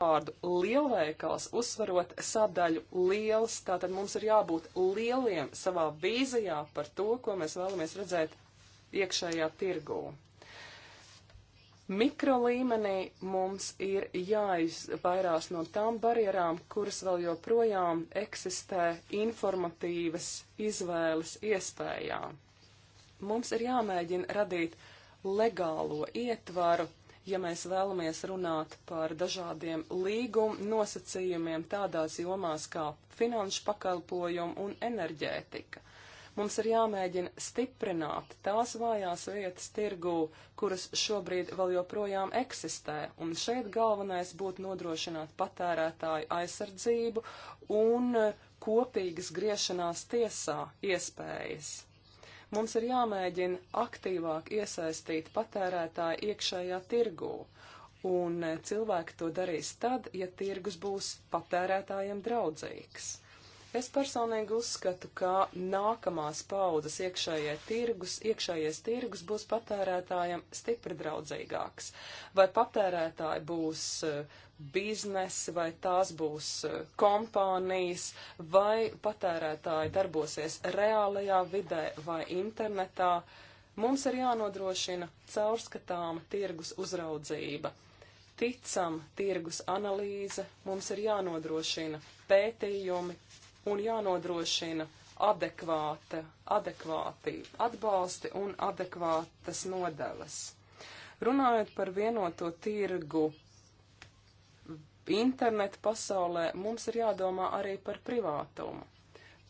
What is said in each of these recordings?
vārdu lielveikals, uzsvarot sadaļu liels, tātad mums ir jābūt lieliem savā vīzijā par to, ko mēs vēlamies redzēt iekšējā tirgū. Mikrolīmenī mums ir jāizvairās no tām barjerām, kuras vēl joprojām eksistē informatīvas izvēles iespējām. Mums ir jāmēģina radīt legālo ietvaru ja mēs vēlamies runāt par dažādiem līguma nosacījumiem tādās jomās kā finanšu pakalpojumu un enerģētika. Mums ir jāmēģina stiprināt tās vājās vietas tirgū, kuras šobrīd vēl joprojām eksistē, un šeit galvenais būtu nodrošināt patērētāju aizsardzību un kopīgas griešanās tiesā iespējas. Mums ir jāmēģina aktīvāk iesaistīt patērētāju iekšējā tirgū. Un eh, cilvēki to darīs tad, ja tirgus būs patērētājiem draudzīgs. Es personīgi uzskatu, ka nākamās paudzes iekšējie tirgus, iekšējais tirgus būs patērētājiem stipri draudzīgāks. Vai patērētāji būs eh, biznesi, vai tās būs eh, kompānijas, vai patērētāji darbosies reālajā vidē vai internetā, mums ir jānodrošina caurskatāma tirgus uzraudzība ticam tirgus analīze, mums ir jānodrošina pētījumi un jānodrošina adekvāta, adekvāti atbalsti un adekvātas nodeles. Runājot par vienoto tirgu internetu pasaulē, mums ir jādomā arī par privātumu.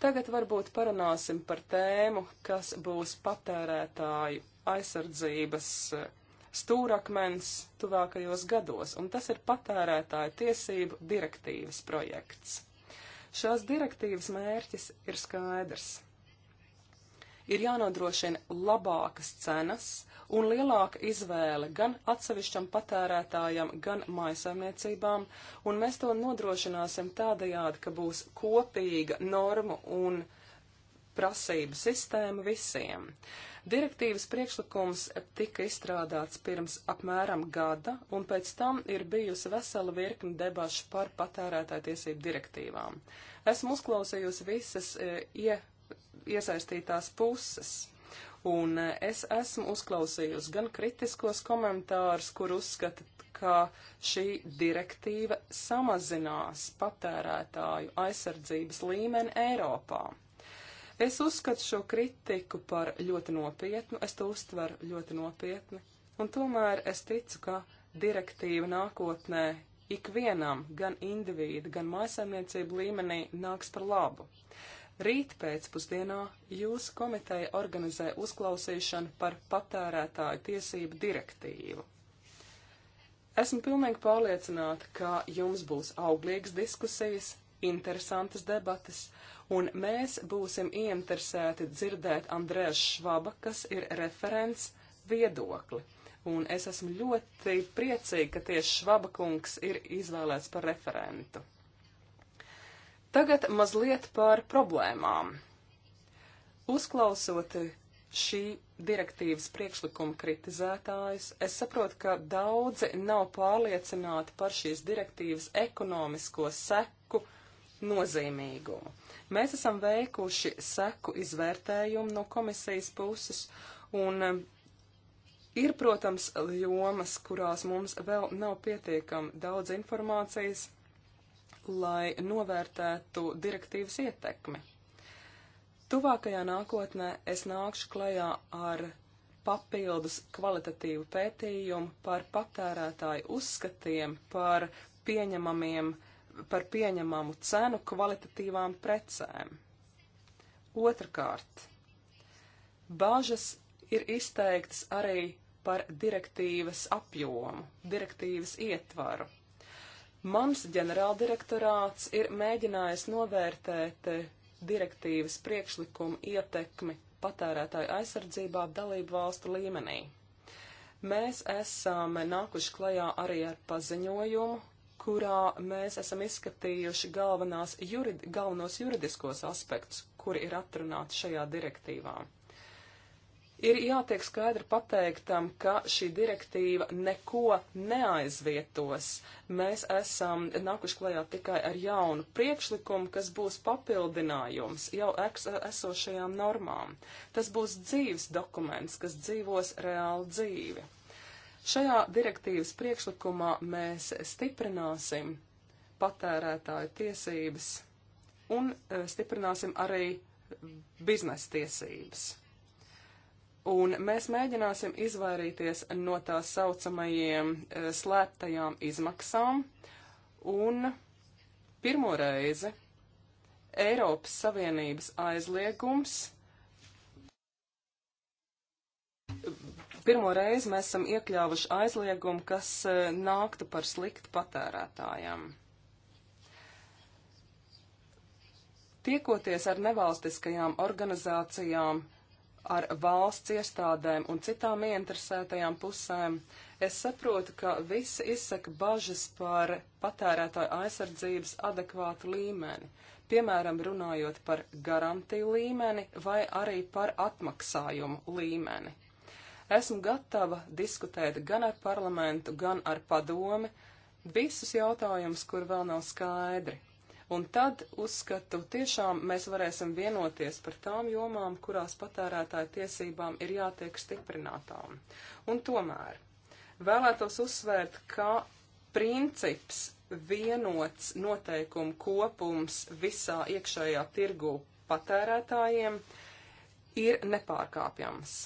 Tagad varbūt parunāsim par tēmu, kas būs patērētāju aizsardzības eh, stūrakmens tuvākajos gados, un tas ir patērētāju tiesību direktīvas projekts. Šās direktīvas mērķis ir skaidrs. Ir jānodrošina labākas cenas un lielāka izvēle gan atsevišķam patērētājam, gan maisaimniecībām, un mēs to nodrošināsim tādajādi, ka būs kopīga normu un prasību sistēma visiem. Uh, Direktīvas priekšlikums tika izstrādāts pirms apmēram gada, un pēc tam ir bijusi vesela virkni debašu par patērētāju tiesību direktīvām. Esmu uzklausījusi visas e, ie, iesaistītās puses. Un e, es esmu uzklausījusi gan kritiskos komentārus, kur uzskata, ka šī direktīva samazinās patērētāju aizsardzības līmeni Eiropā. Es uzskatu šo kritiku par ļoti nopietnu, es to uztveru ļoti nopietni, un tomēr es ticu, ka direktīva nākotnē ikvienam, gan individu, gan mājsaimniecību līmenī, nāks par labu. Rīt pēcpusdienā jūsu komiteja organizē uzklausīšanu par patērētāju tiesību direktīvu. Esmu pilnīgi pārliecināta, ka jums būs auglīgas diskusijas, interesantas debatas, un mēs būsim ieinteresēti dzirdēt Andrēs Švaba, kas ir referents viedokli. Un es esmu ļoti priecīga, ka tieši Švaba kungs ir izvēlēts par referentu. Tagad mazliet par problēmām. Uzklausot šī direktīvas priekšlikuma kritizētājs, es saprotu, ka daudzi nav pārliecināti par šīs direktīvas ekonomisko seku nozīmīgumu. Mēs esam veikuši seku izvērtējumu no komisijas puses, un um, ir, protams, jomas, kurās mums vēl nav pietiekami daudz informācijas, lai novērtētu direktīvas ietekmi. Tuvākajā nākotnē es nākšu klajā ar papildus kvalitatīvu pētījumu par patērētāju uzskatiem, par pieņemamiem uh, par pieņemamu cenu kvalitatīvām precēm. Otrakārt, bažas ir izteiktas arī par direktīvas apjomu, direktīvas ietvaru. Mans ģenerāldirektorāts ir mēģinājis novērtēt eh, direktīvas priekšlikumu ietekmi patērētāju aizsardzībā dalību valstu līmenī. Mēs esam nākuši klajā arī ar paziņojumu, kurā mēs esam izskatījuši galvenās jurid, galvenos juridiskos aspektus, kuri ir atrunāti šajā direktīvā. Ir jātiek skaidri pateiktam, ka šī direktīva neko neaizvietos. Mēs esam nākuši klajā tikai ar jaunu priekšlikumu, kas būs papildinājums jau esošajām normām. Tas būs dzīves dokuments, kas dzīvos reāli dzīvi. Šajā direktīvas priekšlikumā mēs stiprināsim patērētāju tiesības un e, stiprināsim arī biznesa tiesības. Un mēs mēģināsim izvairīties no tā saucamajiem e, slēptajām izmaksām. Un pirmo reizi Eiropas Savienības aizliegums pirmo reizi mēs esam iekļāvuši aizliegumu, kas e, nāktu par sliktu patērētājiem. Tiekoties ar nevalstiskajām organizācijām, ar valsts iestādēm un citām ieinteresētajām pusēm, es saprotu, ka visi izsaka bažas par patērētāju aizsardzības adekvātu līmeni, piemēram, runājot par garantiju līmeni vai arī par atmaksājumu līmeni. Esmu gatava diskutēt gan ar parlamentu, gan ar padomi visus jautājumus, kur vēl nav skaidri. Un tad, uzskatu, tiešām mēs varēsim vienoties par tām jomām, kurās patērētāju tiesībām ir jātiek stiprinātām. Un tomēr vēlētos uzsvērt, ka princips vienots noteikumu kopums visā iekšējā tirgu patērētājiem ir nepārkāpjams.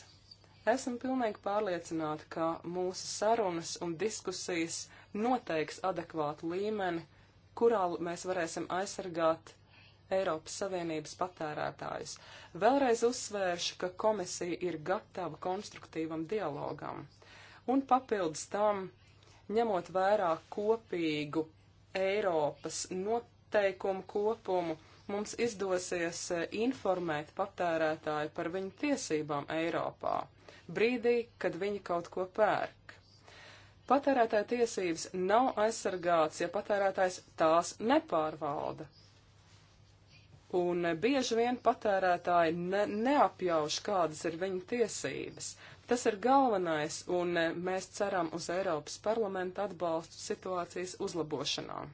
Esmu pilnīgi pārliecināta, ka mūsu sarunas un diskusijas noteiks adekvātu līmeni, kurā mēs varēsim aizsargāt Eiropas Savienības patērētājus. Vēlreiz uzsvēršu, ka komisija ir gatava konstruktīvam dialogam. Un papildus tam, ņemot vērā kopīgu Eiropas noteikumu kopumu, mums izdosies eh, informēt patērētāju par viņu tiesībām Eiropā brīdī, kad viņi kaut ko pērk. Patērētāja tiesības nav aizsargāts, ja patērētājs tās nepārvalda. Un bieži vien patērētāji ne, neapjauš, kādas ir viņa tiesības. Tas ir galvenais, un mēs ceram uz Eiropas parlamenta atbalstu situācijas uzlabošanām.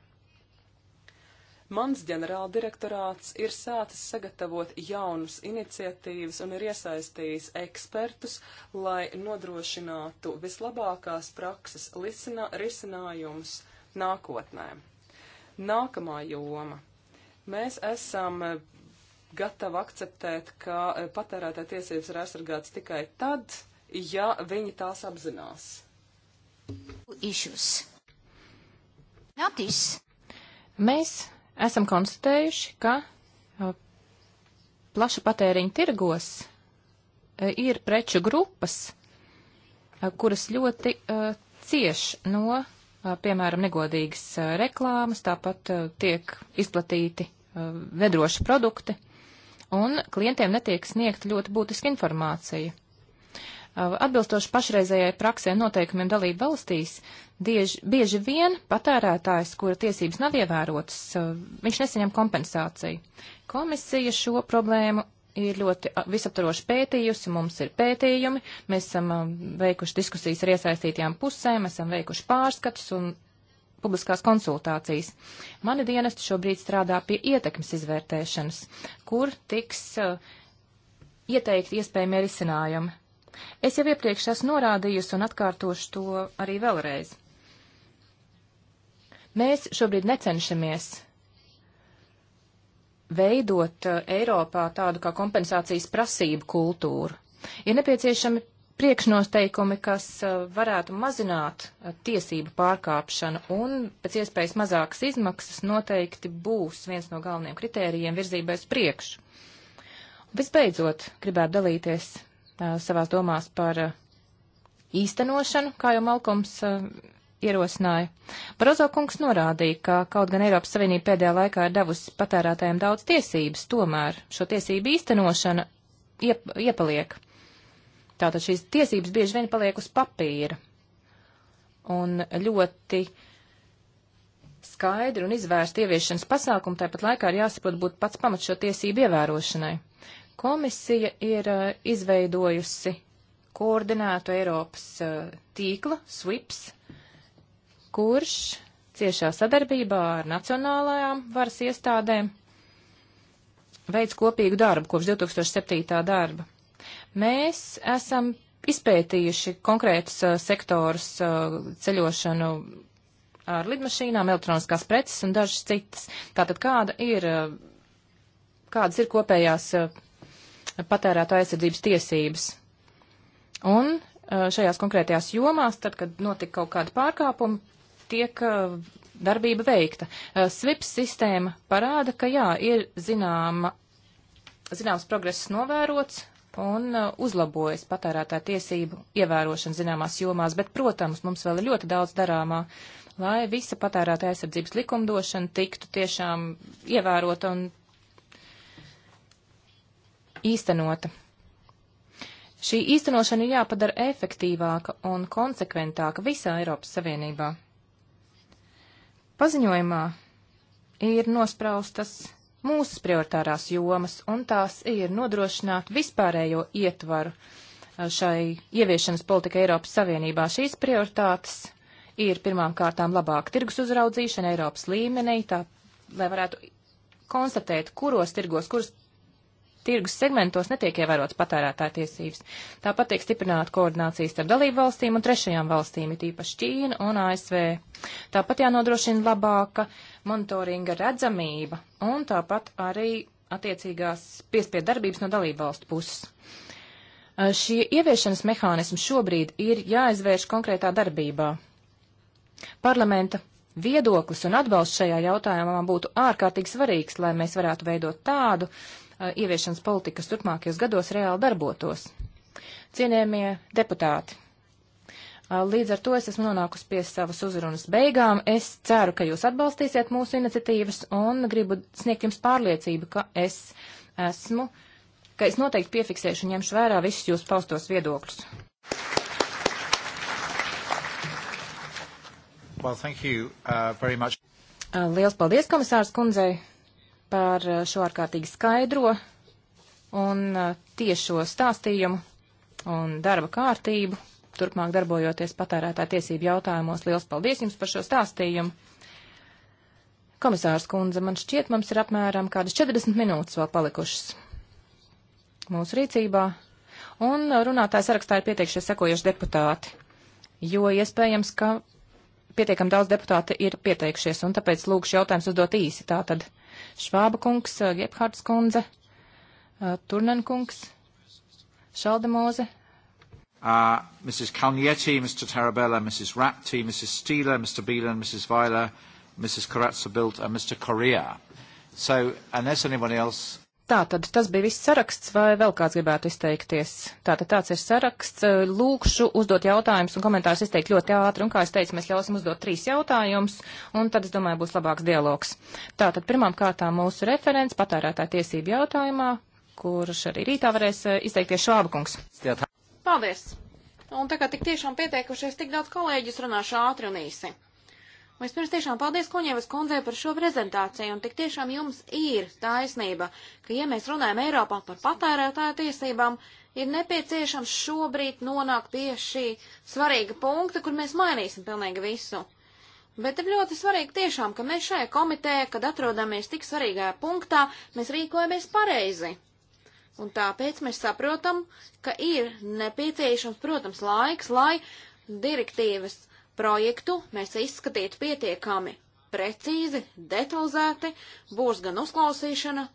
Mans ģenerāldirektorāts ir sācis sagatavot jaunus iniciatīvas un ir iesaistījis ekspertus, lai nodrošinātu vislabākās prakses risinājumus nākotnē. Nākamā joma. Mēs esam eh, gatavi akceptēt, ka eh, patērētāja tiesības ir aizsargātas tikai tad, ja viņi tās apzinās. Issues. Notice. Mēs esam konstatējuši, ka plaša patēriņa tirgos ir preču grupas, kuras ļoti cieš no, piemēram, negodīgas reklāmas, tāpat tiek izplatīti vedroši produkti, un klientiem netiek sniegta ļoti būtiska informācija. Atbilstoši pašreizējai praksē noteikumiem dalība valstīs, diež, bieži vien patērētājs, kura tiesības nav ievērotas, viņš nesaņem kompensāciju. Komisija šo problēmu ir ļoti visaptaroši pētījusi, mums ir pētījumi, mēs esam veikuši diskusijas ar iesaistītajām pusēm, esam veikuši pārskatus un publiskās konsultācijas. Mani dienesti šobrīd strādā pie ietekmes izvērtēšanas, kur tiks uh, ieteikt iespējami risinājumi. Es jau iepriekš esmu norādījusi un atkārtošu to arī vēlreiz. Mēs šobrīd necenšamies veidot eh, Eiropā tādu kā kompensācijas prasību kultūru. Ir nepieciešami priekšnoteikumi, kas eh, varētu mazināt eh, tiesību pārkāpšanu un pēc iespējas mazākas izmaksas noteikti būs viens no galvenajiem kritērijiem virzībai uz priekšu. Visbeidzot, gribētu dalīties savās domās par īstenošanu, kā jau Malkoms ierosināja. Barozo kungs norādīja, ka kaut gan Eiropas Savienība pēdējā laikā ir devusi patērētājiem daudz tiesības, tomēr šo tiesību īstenošana iep iepaliek. Tātad šīs tiesības bieži vien paliek uz papīra. Un ļoti skaidri un izvērsti ieviešanas pasākumi tāpat laikā ir jāsaprot būt pats pamats šo tiesību ievērošanai. Komisija ir eh, izveidojusi koordinētu Eiropas eh, tīkla SWIPS, kurš ciešā sadarbībā ar nacionālajām varas iestādēm veids kopīgu darbu kopš 2007. darba. Mēs esam izpētījuši konkrētus uh, sektorus uh, ceļošanu ar lidmašīnām, elektroniskās preces un dažas citas. Tātad kāda ir, uh, kādas ir kopējās patērētāja aizsardzības tiesības. Un eh, šajās konkrētajās jomās, tad, kad notika kaut kāda pārkāpuma, tiek eh, darbība veikta. SWIPS eh, sistēma parāda, ka jā, ir zināma, zināms progress novērots un uzlabojas patērētāja tiesību ievērošana zināmās jomās, bet, protams, mums vēl ir ļoti daudz darāmā, lai visa patērētāja aizsardzības likumdošana tiktu tiešām ievērota un īstenota. Šī īstenošana ir jāpadara efektīvāka un konsekventāka visā Eiropas Savienībā. Paziņojumā ir nospraustas mūsu prioritārās jomas, un tās ir nodrošināt vispārējo ietvaru uh, šai ieviešanas politika Eiropas Savienībā. Šīs prioritātes ir pirmām kārtām labāka tirgus uzraudzīšana Eiropas līmenī, tā, lai varētu konstatēt, kuros tirgos, kuras tirgus segmentos netiek ievērots patērētāja tiesības. Tāpat tiek stiprināta koordinācija starp dalību valstīm un trešajām valstīm, it īpaši Ķīna un ASV. Tāpat jānodrošina labāka monitoringa redzamība un tāpat arī attiecīgās piespiedu darbības no dalību valstu puses. Šie ieviešanas mehānismi šobrīd ir jāizvērš konkrētā darbībā. Parlamenta viedoklis un atbalsts šajā jautājumā būtu ārkārtīgi svarīgs, lai mēs varētu veidot tādu Uh, ieviešanas politikas turpmākajos gados reāli darbotos. Cienējamie deputāti! Uh, līdz ar to es esmu nonākusi pie savas uzrunas beigām. Es ceru, ka jūs atbalstīsiet mūsu iniciatīvas un gribu sniegt jums pārliecību, ka es esmu, ka es noteikti piefiksēšu un ņemšu vērā visus jūsu paustos viedokļus. Well, thank you, uh, very much. Uh, liels paldies komisārs kundzei par eh, šo ārkārtīgi skaidro un eh, tiešo stāstījumu un darba kārtību, turpmāk darbojoties patērētāja tiesību jautājumos. Liels paldies jums par šo stāstījumu! Komisārs kundze, man šķiet, mums ir apmēram kādas 40 minūtes vēl palikušas mūsu rīcībā, un runātāja sarakstā ir pieteikšies sekojuši deputāti, jo iespējams, ka pietiekam daudz deputāti ir pieteikšies, un tāpēc lūkšu jautājums uzdot īsi. Tātad Švāba kungs, eh, Gebhards kundze, eh, Turnen kungs, Šaldemoze. Uh, Mrs. Calnietti, Mr. Tarabella, Mrs. Rapti, Mrs. Steeler, Mr. Beelan, Mrs. Weiler, Mrs. Karatsa-Bilt, and Mr. Correa. So, unless anyone else Tā tad tas bija viss saraksts, vai vēl kāds gribētu izteikties? Tā tad tāds ir saraksts. Lūkšu uzdot jautājumus un komentārus izteikt ļoti ātri, un kā es teicu, mēs ļausim uzdot trīs jautājumus, un tad, es domāju, būs labāks dialogs. Tā tad pirmām kārtām mūsu referents patērētāja tiesību jautājumā, kurš arī rītā varēs eh, izteikties Švābakungs. Paldies! Un tagad tik tiešām pieteikušies tik daudz kolēģis runāšu ātri un īsi. Vispirms tiešām paldies Kuņevas kundzē par šo prezentāciju, un tik tiešām jums ir taisnība, ka, ja mēs runājam Eiropā par patērētāju tiesībām, ir nepieciešams šobrīd nonākt pie šī svarīga punkta, kur mēs mainīsim pilnīgi visu. Bet ir ļoti svarīgi tiešām, ka mēs šajā komitē, kad atrodamies tik svarīgajā punktā, mēs rīkojamies pareizi. Un tāpēc mēs saprotam, ka ir nepieciešams, protams, laiks, lai direktīvas projektu mēs izskatītu pietiekami precīzi, detalizēti, būs gan uzklausīšana,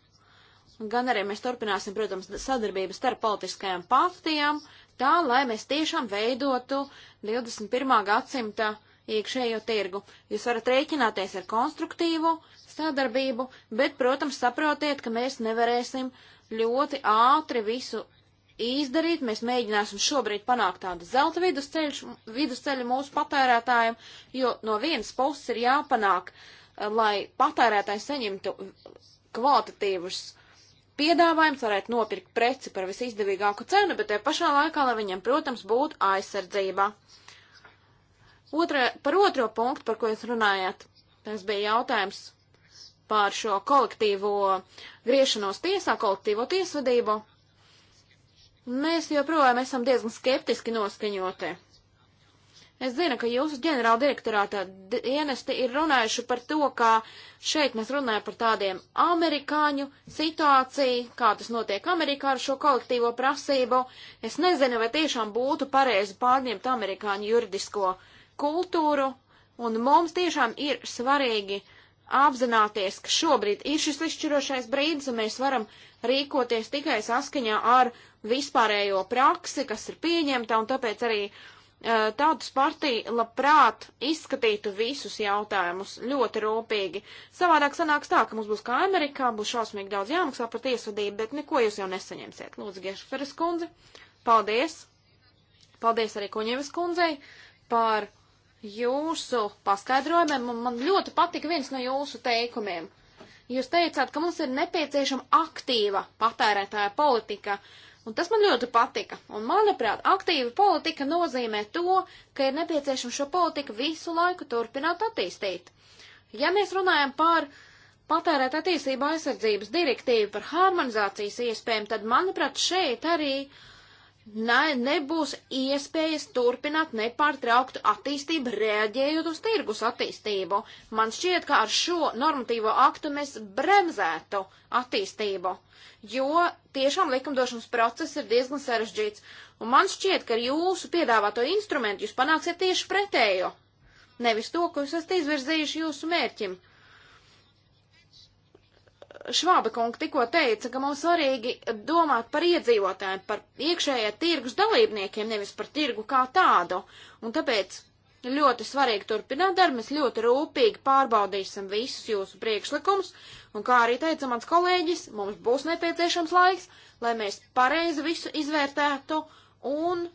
gan arī mēs turpināsim, protams, sadarbību starp politiskajām partijām, tā, lai mēs tiešām veidotu 21. gadsimta iekšējo tirgu. Jūs varat rēķināties ar konstruktīvu sadarbību, bet, protams, saprotiet, ka mēs nevarēsim ļoti ātri visu izdarīt. Mēs mēģināsim šobrīd panākt tādu zelta vidusceļu, vidusceļu mūsu patērētājiem, jo no vienas puses ir jāpanāk, eh, lai patērētājs saņemtu kvalitatīvus piedāvājums, varētu nopirkt preci par visizdevīgāku cenu, bet tajā pašā laikā, lai viņam, protams, būtu aizsardzība. Otra, par otro punktu, par ko jūs runājāt, tas bija jautājums par šo kolektīvo griešanos tiesā, kolektīvo tiesvedību. Mēs joprojām esam diezgan skeptiski noskaņoti. Es zinu, ka jūsu ģenerāla direktorātā dienesti ir runājuši par to, ka šeit mēs runājam par tādiem amerikāņu situāciju, kā tas notiek Amerikā ar šo kolektīvo prasību. Es nezinu, vai tiešām būtu pareizi pārņemt amerikāņu juridisko kultūru, un mums tiešām ir svarīgi apzināties, ka šobrīd ir šis izšķirošais brīdis, un mēs varam rīkoties tikai saskaņā ar vispārējo praksi, kas ir pieņemta, un tāpēc arī uh, Tautas partija labprāt izskatītu visus jautājumus ļoti rūpīgi. Savādāk sanāks tā, ka mums būs kā Amerikā, būs šausmīgi daudz jāmaksā par tiesvedību, bet neko jūs jau nesaņemsiet. Lūdzu, Gešferes kundze, paldies! Paldies arī Kuņevas kundzei par jūsu paskaidrojumiem, un man ļoti patika viens no jūsu teikumiem. Jūs teicāt, ka mums ir nepieciešama aktīva patērētāja politika. Uh, Un tas man ļoti patika. Un, manuprāt, aktīva politika nozīmē to, ka ir nepieciešams šo politiku visu laiku turpināt attīstīt. Ja mēs runājam par patērēt attīstību aizsardzības direktīvu par harmonizācijas iespējām, tad, manuprāt, šeit arī uh, ne, nebūs iespējas turpināt nepārtrauktu attīstību, reaģējot uz tirgus attīstību. Man šķiet, ka ar šo normatīvo aktu mēs bremzētu attīstību, jo tiešām likumdošanas process ir diezgan sarežģīts. Un man šķiet, ka ar jūsu piedāvāto instrumentu jūs panāksiet tieši pretējo, nevis to, ko jūs esat izvirzījuši jūsu mērķim. Uh, Švāba kunga tikko teica, ka mums svarīgi domāt par iedzīvotājiem, par iekšējā tirgus dalībniekiem, nevis par tirgu kā tādu. Un tāpēc ļoti svarīgi turpināt darbu, mēs ļoti rūpīgi pārbaudīsim visus jūsu priekšlikumus, un kā arī teica mans kolēģis, mums būs nepieciešams laiks, lai mēs pareizi visu izvērtētu un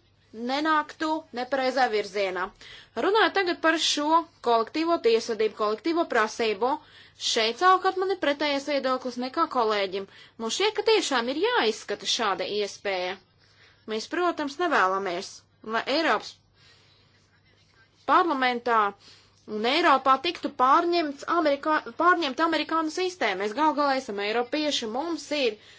nenāktu nepareizā virzienā. Runāju tagad par šo kolektīvo tiesvedību, kolektīvo prasību. Šeit savukārt man ir pretējais viedoklis nekā kolēģim. Mums šķiet, ka tiešām ir jāizskata šāda iespēja. Mēs, protams, nevēlamies, lai Eiropas parlamentā un Eiropā tiktu pārņemts Amerikā, pārņemta amerikāņu sistēma. Mēs gal galā esam eiropieši, mums ir uh,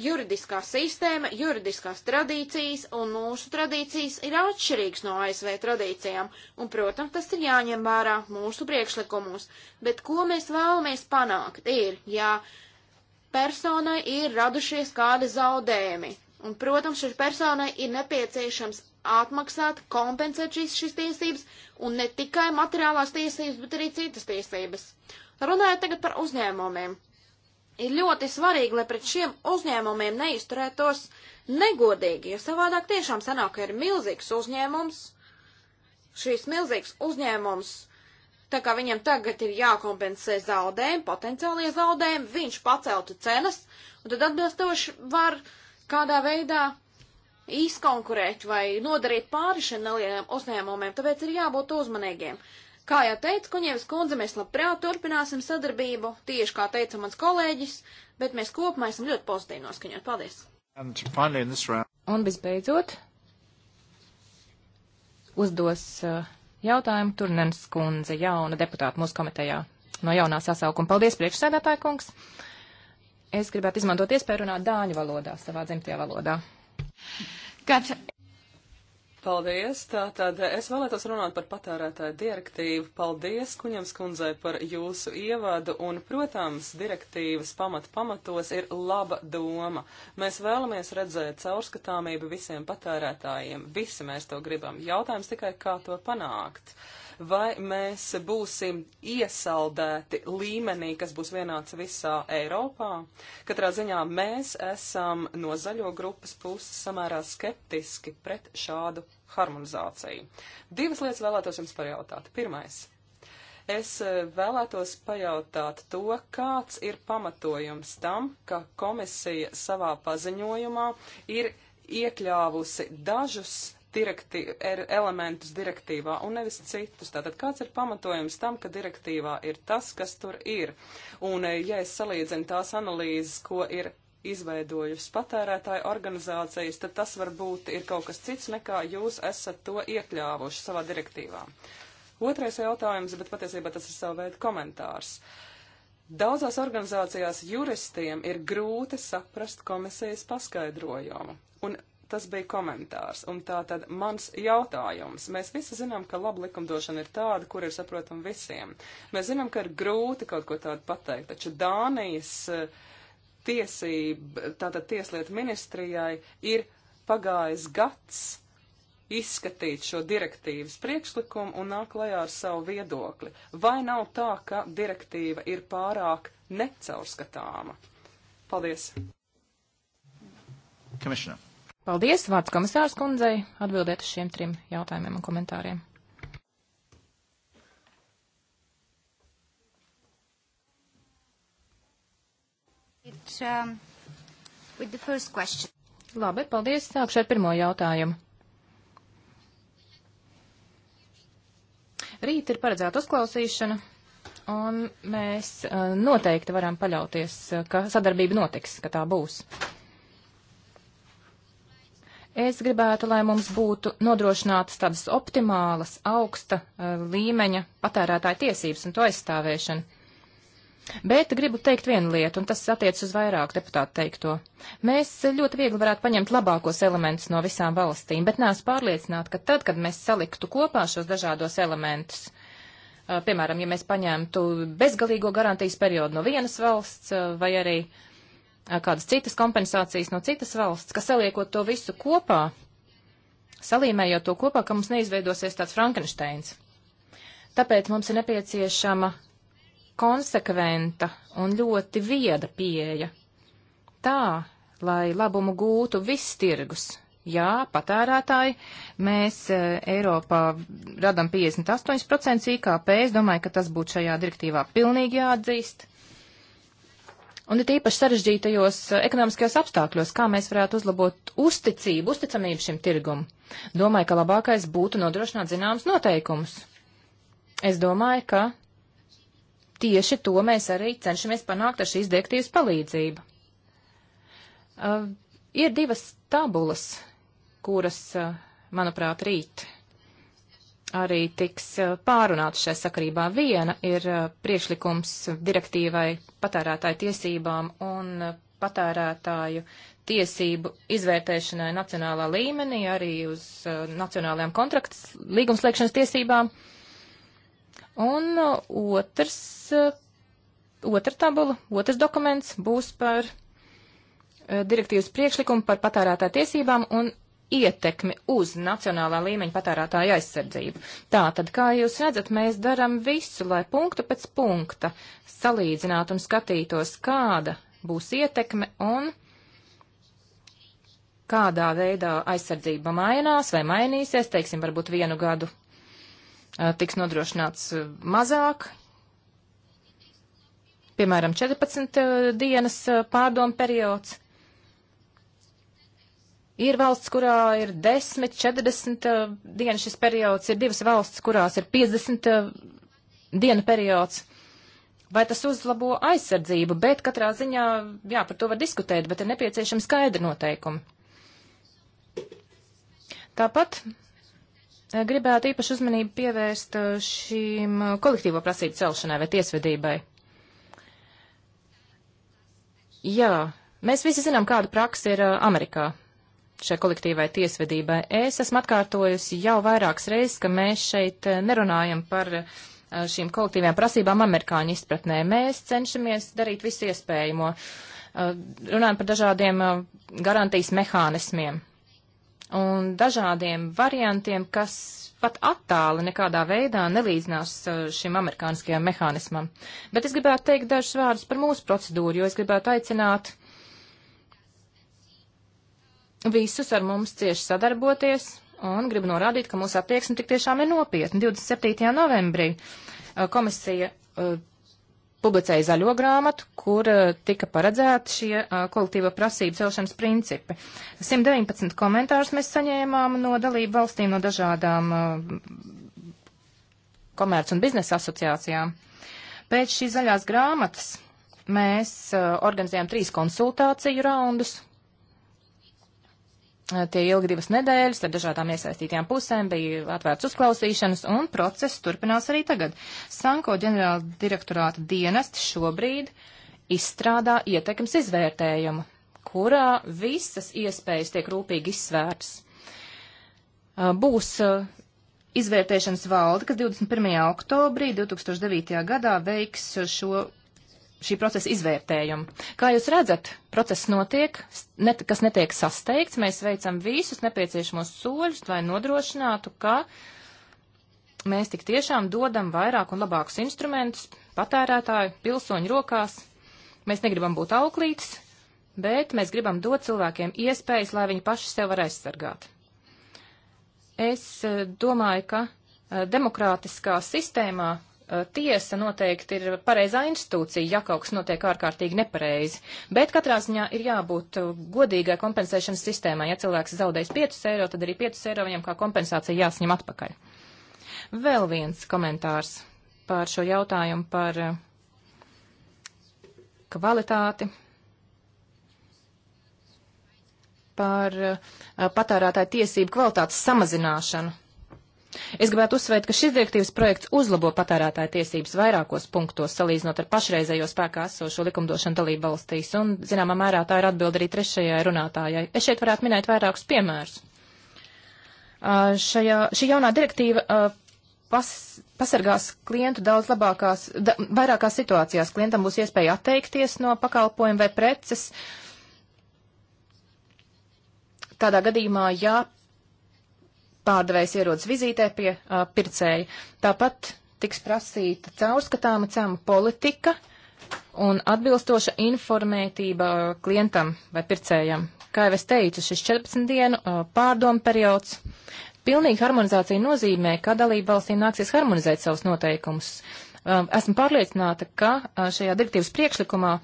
juridiskā sistēma, juridiskās tradīcijas un mūsu tradīcijas ir atšķirīgas no ASV tradīcijām, un, protams, tas ir jāņem vērā mūsu priekšlikumos, bet ko mēs vēlamies panākt ir, ja personai ir radušies kādi zaudējumi, un, protams, šai personai ir nepieciešams atmaksāt, kompensēt šīs, šīs tiesības, un ne tikai materiālās tiesības, bet arī citas tiesības. Runājot tagad par uzņēmumiem ir ļoti svarīgi, lai pret šiem uzņēmumiem neizturētos negodīgi, jo savādāk tiešām sanāk, ka ir milzīgs uzņēmums, šīs milzīgs uzņēmums, tā kā viņam tagad ir jākompensē zaudējumi, potenciālie zaudējumi, viņš paceltu cenas, un tad atbilstoši var kādā veidā izkonkurēt vai nodarīt pāri šiem nelieliem uzņēmumiem, tāpēc ir jābūt uzmanīgiem. Kā jau teicu, Kuņievas kundze, mēs labprāt turpināsim sadarbību, tieši kā teica mans kolēģis, bet mēs kopumā esam ļoti pozitīvi noskaņot. Paldies! Un visbeidzot, uzdos uh, jautājumu Turnens kundze, jauna deputāta mūsu komitejā no jaunā sasaukuma. Paldies, priekšsēdētāja kungs! Es gribētu izmantot iespēju runāt dāņu valodā, savā dzimtajā valodā. Kad Paldies! Tātad es vēlētos runāt par patērētāju direktīvu. Paldies, Kuņams kundzei, par jūsu ievadu. Un, protams, direktīvas pamat pamatos ir laba doma. Mēs vēlamies redzēt caurskatāmību visiem patērētājiem. Visi mēs to gribam. Jautājums tikai, kā to panākt. Uh, vai mēs būsim iesaldēti līmenī, kas būs vienāds visā Eiropā. Katrā ziņā mēs esam no zaļo grupas puses samērā skeptiski pret šādu harmonizāciju. Divas lietas vēlētos jums pajautāt. Pirmais es e, vēlētos pajautāt to, kāds ir pamatojums tam, ka komisija savā paziņojumā ir iekļāvusi dažus direkti er, elementus direktīvā un nevis citus. Tātad kāds ir pamatojums tam, ka direktīvā ir tas, kas tur ir? Un eh, ja es salīdzinu tās analīzes, ko ir izveidojusi patērētāju organizācijas, tad tas varbūt ir kaut kas cits nekā jūs esat to iekļāvuši savā direktīvā. Otrais jautājums, bet patiesībā tas ir savu veidu komentārs. Daudzās organizācijās juristiem ir grūti saprast komisijas paskaidrojumu, un Tas bija komentārs. Un tā tad mans jautājums. Mēs visi zinām, ka laba likumdošana ir tāda, kur ir saprotama visiem. Mēs zinām, ka ir grūti kaut ko tādu pateikt, taču Dānijas eh, tiesība, tātad tieslietu ministrijai ir pagājis gads izskatīt šo direktīvas priekšlikumu un nāk lajā ar savu viedokli. Vai nav tā, ka direktīva ir pārāk necaurskatāma? Paldies! Commissioner. Paldies, vārds komisārs kundzei, atbildēt uz šiem trim jautājumiem un komentāriem. It, um, Labi, paldies, sākšu ar pirmo jautājumu. Rīt ir paredzēta uzklausīšana, un mēs uh, noteikti varam paļauties, ka sadarbība notiks, ka tā būs. Uh, Es gribētu, lai mums būtu nodrošinātas tādas optimālas, augsta uh, līmeņa patērētāja tiesības un to aizstāvēšana. Bet gribu teikt vienu lietu, un tas attiec uz vairāku deputātu teikto. Mēs ļoti viegli varētu paņemt labākos elementus no visām valstīm, bet neesmu pārliecināta, ka tad, kad mēs saliktu kopā šos dažādos elementus, uh, piemēram, ja mēs paņemtu bezgalīgo garantijas periodu no vienas valsts uh, vai arī uh, kādas citas kompensācijas no citas valsts, ka saliekot to visu kopā, salīmējot to kopā, ka mums neizveidosies tāds Frankensteins. Tāpēc mums ir nepieciešama konsekventa un ļoti vieda pieeja. Tā, lai labumu gūtu viss tirgus. Jā, patērētāji, mēs e, Eiropā radam 58% IKP, es domāju, ka tas būtu šajā direktīvā pilnīgi jāatzīst. Un ir īpaši sarežģītajos eh, ekonomiskajos apstākļos, kā mēs varētu uzlabot uzticību, uzticamību šim tirgum. Domāju, ka labākais būtu nodrošināt zināmas noteikumus. Es domāju, ka tieši to mēs arī cenšamies panākt ar šīs direktīvas palīdzību. Uh, ir divas tabulas, kuras, uh, manuprāt, rīt arī tiks eh, pārunāts šai sakarībā. Viena ir eh, priešlikums direktīvai patērētāju tiesībām un eh, patērētāju tiesību izvērtēšanai nacionālā līmenī, arī uz nacionālajām kontraktas līgumslēgšanas tiesībām. Un otrs, otra tabula, otrs dokuments būs par direktīvas priekšlikumu par patērētāju tiesībām un ietekmi uz nacionālā līmeņa patērētāja aizsardzību. Tātad, kā jūs redzat, mēs daram visu, lai punktu pēc punkta salīdzinātu un skatītos, kāda būs ietekme un kādā veidā aizsardzība mainās vai mainīsies, teiksim, varbūt vienu gadu tiks nodrošināts mazāk, piemēram, 14 dienas pārdomu periods, Ir valsts, kurā ir 10, 40 uh, dienu šis periods, ir divas valsts, kurās ir 50 uh, eh, dienu periods. Vai tas uzlabo aizsardzību, bet katrā ziņā, jā, par to var diskutēt, bet ir nepieciešama skaidra noteikuma. Tāpat eh, gribētu īpašu uzmanību pievērst eh, šīm kolektīvo prasību celšanai vai tiesvedībai. Jā, mēs visi zinām, kāda praksa ir Amerikā šai kolektīvai tiesvedībai. Es esmu atkārtojusi jau vairākas reizes, ka mēs šeit eh, nerunājam par eh, šīm kolektīvajām prasībām amerikāņu izpratnē. Mēs cenšamies darīt visu iespējamo. Eh, runājam par dažādiem garantijas mehānismiem un dažādiem variantiem, kas pat attāli nekādā veidā nelīdzinās šim amerikāniskajam mehānismam. Bet es gribētu teikt dažus vārdus par mūsu procedūru, jo es gribētu aicināt visus ar mums cieši sadarboties un gribu norādīt, ka mūsu attieksme tik tiešām ir nopietna. 27. novembrī uh, komisija uh, publicēja zaļo grāmatu, kur uh, tika paredzēti šie uh, kolektīvo prasību celšanas principi. 119 komentārus mēs saņēmām no dalību valstīm, no dažādām uh, komerc un biznesa asociācijām. Pēc šīs zaļās grāmatas mēs uh, organizējām trīs konsultāciju raundus, tie ilgi divas nedēļas, ar dažādām iesaistītajām pusēm bija atvērts uzklausīšanas, un process turpinās arī tagad. Sanko ģenerāla direktorāta dienesti šobrīd izstrādā ietekmes izvērtējumu, kurā visas iespējas tiek rūpīgi izsvērtas. Uh, būs uh, izvērtēšanas valde, kas 21. oktobrī 2009. gadā veiks šo šī procesa izvērtējumu. Kā jūs redzat, process notiek, net, kas netiek sasteigts, mēs veicam visus nepieciešamos soļus, lai nodrošinātu, ka mēs tik tiešām dodam vairāk un labākus instrumentus patērētāju, pilsoņu rokās. Mēs negribam būt auklītis, bet mēs gribam dot cilvēkiem iespējas, lai viņi paši sev var aizsargāt. Es eh, domāju, ka eh, demokrātiskā sistēmā tiesa noteikti ir pareizā institūcija, ja kaut kas notiek ārkārtīgi nepareizi. Bet katrā ziņā ir jābūt godīgai kompensēšanas sistēmai. Ja cilvēks zaudējis 5 eiro, tad arī 5 eiro viņam kā kompensācija jāsņem atpakaļ. Vēl viens komentārs par šo jautājumu par kvalitāti, par patērētāju tiesību kvalitātes samazināšanu. Es gribētu uzsvērt, ka šis direktīvas projekts uzlabo patērētāju tiesības vairākos punktos, salīdzinot ar pašreizējo spēkā esošo likumdošanu dalību valstīs, un, zināmā mērā, tā ir atbilde arī trešajai runātājai. Es šeit varētu minēt vairākus piemērus. Uh, šajā, šī jaunā direktīva uh, pas, pasargās klientu daudz labākās, da, vairākās situācijās. Klientam būs iespēja atteikties no pakalpojuma vai preces. Tādā gadījumā, ja pārdevējs ierodas vizītē pie uh, pircēja. Tāpat tiks prasīta caurskatāma cēma politika un atbilstoša informētība klientam vai pircējam. Kā jau es teicu, šis 14 dienu uh, pārdomu periods. Pilnīga harmonizācija nozīmē, ka dalību valstīm nāksies harmonizēt savus noteikumus. Uh, esmu pārliecināta, ka uh, šajā direktīvas priekšlikumā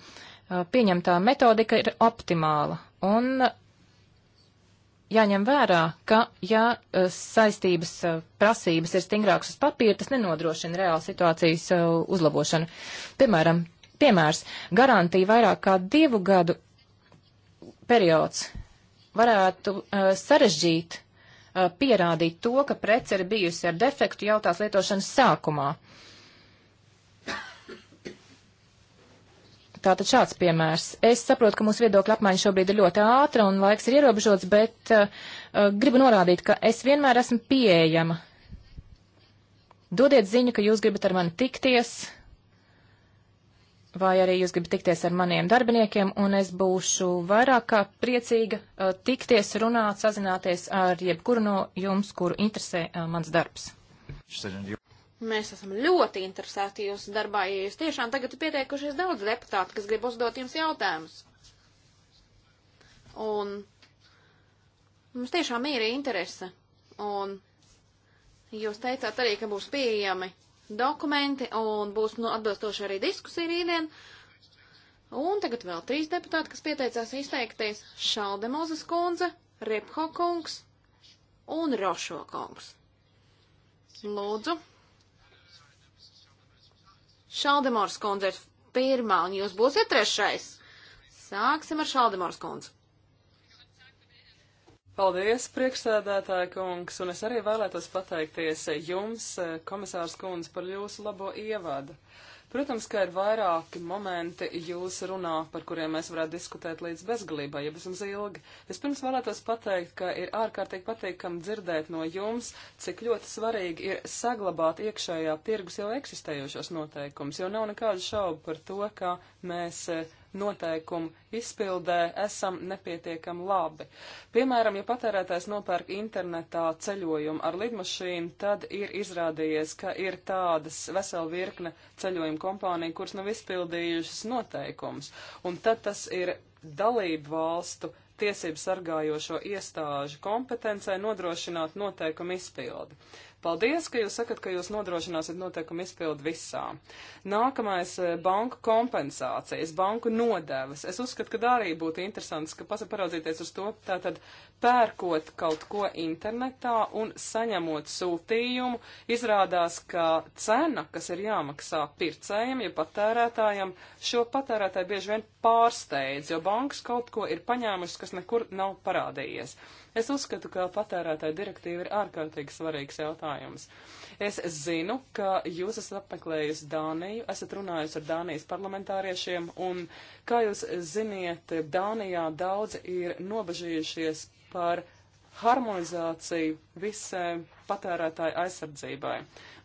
pieņemtā metodika ir optimāla un jāņem vērā, ka, ja eh, saistības eh, prasības ir stingrākas uz papīra, tas nenodrošina reāli situācijas eh, uzlabošanu. Piemēram, piemērs garantija vairāk kā divu gadu periods varētu sarežģīt pierādīt to, ka prece ir bijusi ar defektu jau tās lietošanas sākumā. Uh, Tātad šāds piemērs. Es saprotu, ka mūsu viedokļa apmaiņa šobrīd ir ļoti ātra un laiks ir ierobežots, bet uh, uh, gribu norādīt, ka es vienmēr esmu pieejama. Dodiet ziņu, ka jūs gribat ar mani tikties, vai arī jūs gribat tikties ar maniem darbiniekiem, un es būšu vairāk kā priecīga uh, tikties, runāt, sazināties ar jebkuru no jums, kuru interesē uh, mans darbs. Mēs esam ļoti interesēti jūsu darbā, ja jūs tiešām tagad ir pieteikušies daudz deputātu, kas grib uzdot jums jautājumus. Un mums tiešām ir interese. Un jūs teicāt arī, ka būs pieejami dokumenti un būs nu, atbilstoši arī diskusija rītdien. Un tagad vēl trīs deputāti, kas pieteicās izteikties - Šaldemozes kundze, Repho kungs un Rošo kungs. Lūdzu, Šaldemors kundze ir pirmā, un jūs būsiet trešais. Sāksim ar Šaldemors kundzi. Paldies, priekšsēdētāja kungs, un es arī vēlētos pateikties jums, eh, komisārs kundze, par jūsu labo ievadu. Uh, Protams, ka ir vairāki momenti jūsu runā, par kuriem mēs varētu diskutēt līdz bezgalībai, ja vismaz ilgi. Es pirms vēlētos pateikt, ka ir ārkārtīgi patīkam dzirdēt no jums, cik ļoti svarīgi ir saglabāt iekšējā tirgus jau eksistējošos noteikumus, jo nav nekādu šaubu par to, ka mēs. Eh, noteikumu izpildē esam nepietiekami labi. Piemēram, ja patērētājs nopērk internetā ceļojumu ar lidmašīnu, tad ir izrādījies, ka ir tādas vesela virkne ceļojumu kompāniju, kuras nav izpildījušas noteikumus. Un tad tas ir dalību valstu tiesību sargājošo iestāžu kompetencē nodrošināt noteikumu izpildi. Paldies, ka jūs sakat, ka jūs nodrošināsiet noteikumu izpildu visā. Nākamais eh, - banku kompensācijas, banku nodevas. Es uzskatu, ka arī būtu interesants, ka paraudzīties uz to, tātad pērkot kaut ko internetā un saņemot sūtījumu, izrādās, ka cena, kas ir jāmaksā pircējiem, ja patērētājiem, šo patērētāju bieži vien pārsteidz, jo bankas kaut ko ir paņēmušas, kas nekur nav parādījies. Es uzskatu, ka patērētāja direktīva ir ārkārtīgi svarīgs jautājums. Es zinu, ka jūs esat apmeklējusi Dāniju, esat runājusi ar Dānijas parlamentāriešiem, un, kā jūs ziniet, Dānijā daudz ir nobežījušies par harmonizāciju visai patērētāju aizsardzībai.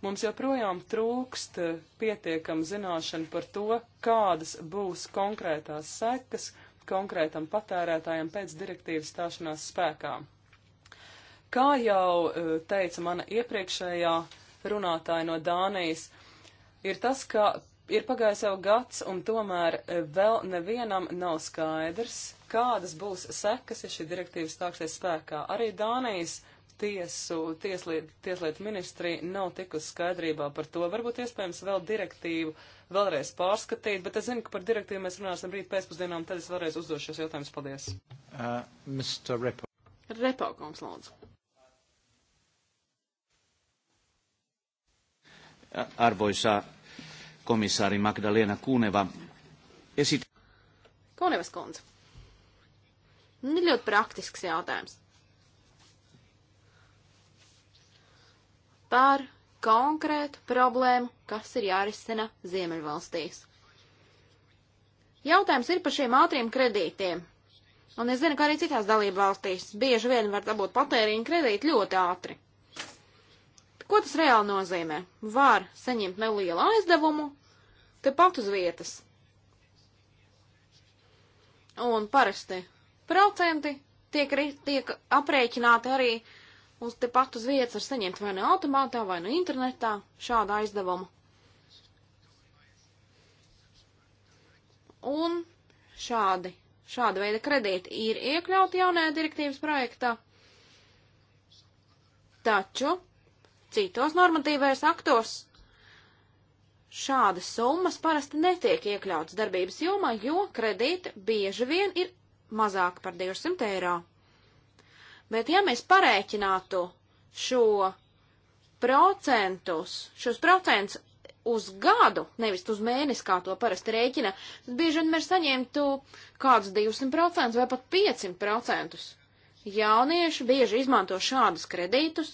Mums joprojām trūkst pietiekam zināšanu par to, kādas būs konkrētās sekas konkrētam patērētājam pēc direktīvas stāšanās spēkā. Kā jau e, teica mana iepriekšējā runātāja no Dānijas, ir tas, ka ir pagājis jau gads un tomēr e, vēl nevienam nav skaidrs, kādas būs sekas, ja šī direktīva stāksies spēkā. Arī Dānijas uh, tiesu, tieslietu, tieslietu ministrija nav tikusi skaidrībā par to. Varbūt iespējams vēl direktīvu vēlreiz pārskatīt, bet es zinu, ka par direktīvu mēs runāsim rīt pēcpusdienā, un tad es vēlreiz uzdošu šos jautājumus. Paldies. Uh, Mr. Repo. Repo, kungs, lūdzu. Arvoisa komissaari Magdalena Kuneva, esit... Kunevas kundze. Nu, ļoti praktisks jautājums. par konkrētu problēmu, kas ir jārisina Ziemeļvalstīs. Jautājums ir par šiem ātriem kredītiem. Un es zinu, ka arī citās dalību valstīs bieži vien var dabūt patēriņu kredīti ļoti ātri. Ko tas reāli nozīmē? Var saņemt nelielu aizdevumu tepat uz vietas. Un parasti procenti tiek, tiek aprēķināti arī uh, un tepat uz vietas var saņemt vai nu no automātā, vai nu no internetā šādu aizdevumu. Un šādi, šāda veida kredīti ir iekļauti jaunajā direktīvas projektā, taču citos normatīvais aktos šādas summas parasti netiek iekļautas darbības jomā, jo kredīti bieži vien ir mazāk par 200 eiro. Bet ja mēs parēķinātu šo procentus, šos procentus uz gadu, nevis uz mēnesi, kā to parasti rēķina, tad bieži vien mēs saņemtu kādus 200% vai pat 500%. Jaunieši bieži izmanto šādus kredītus,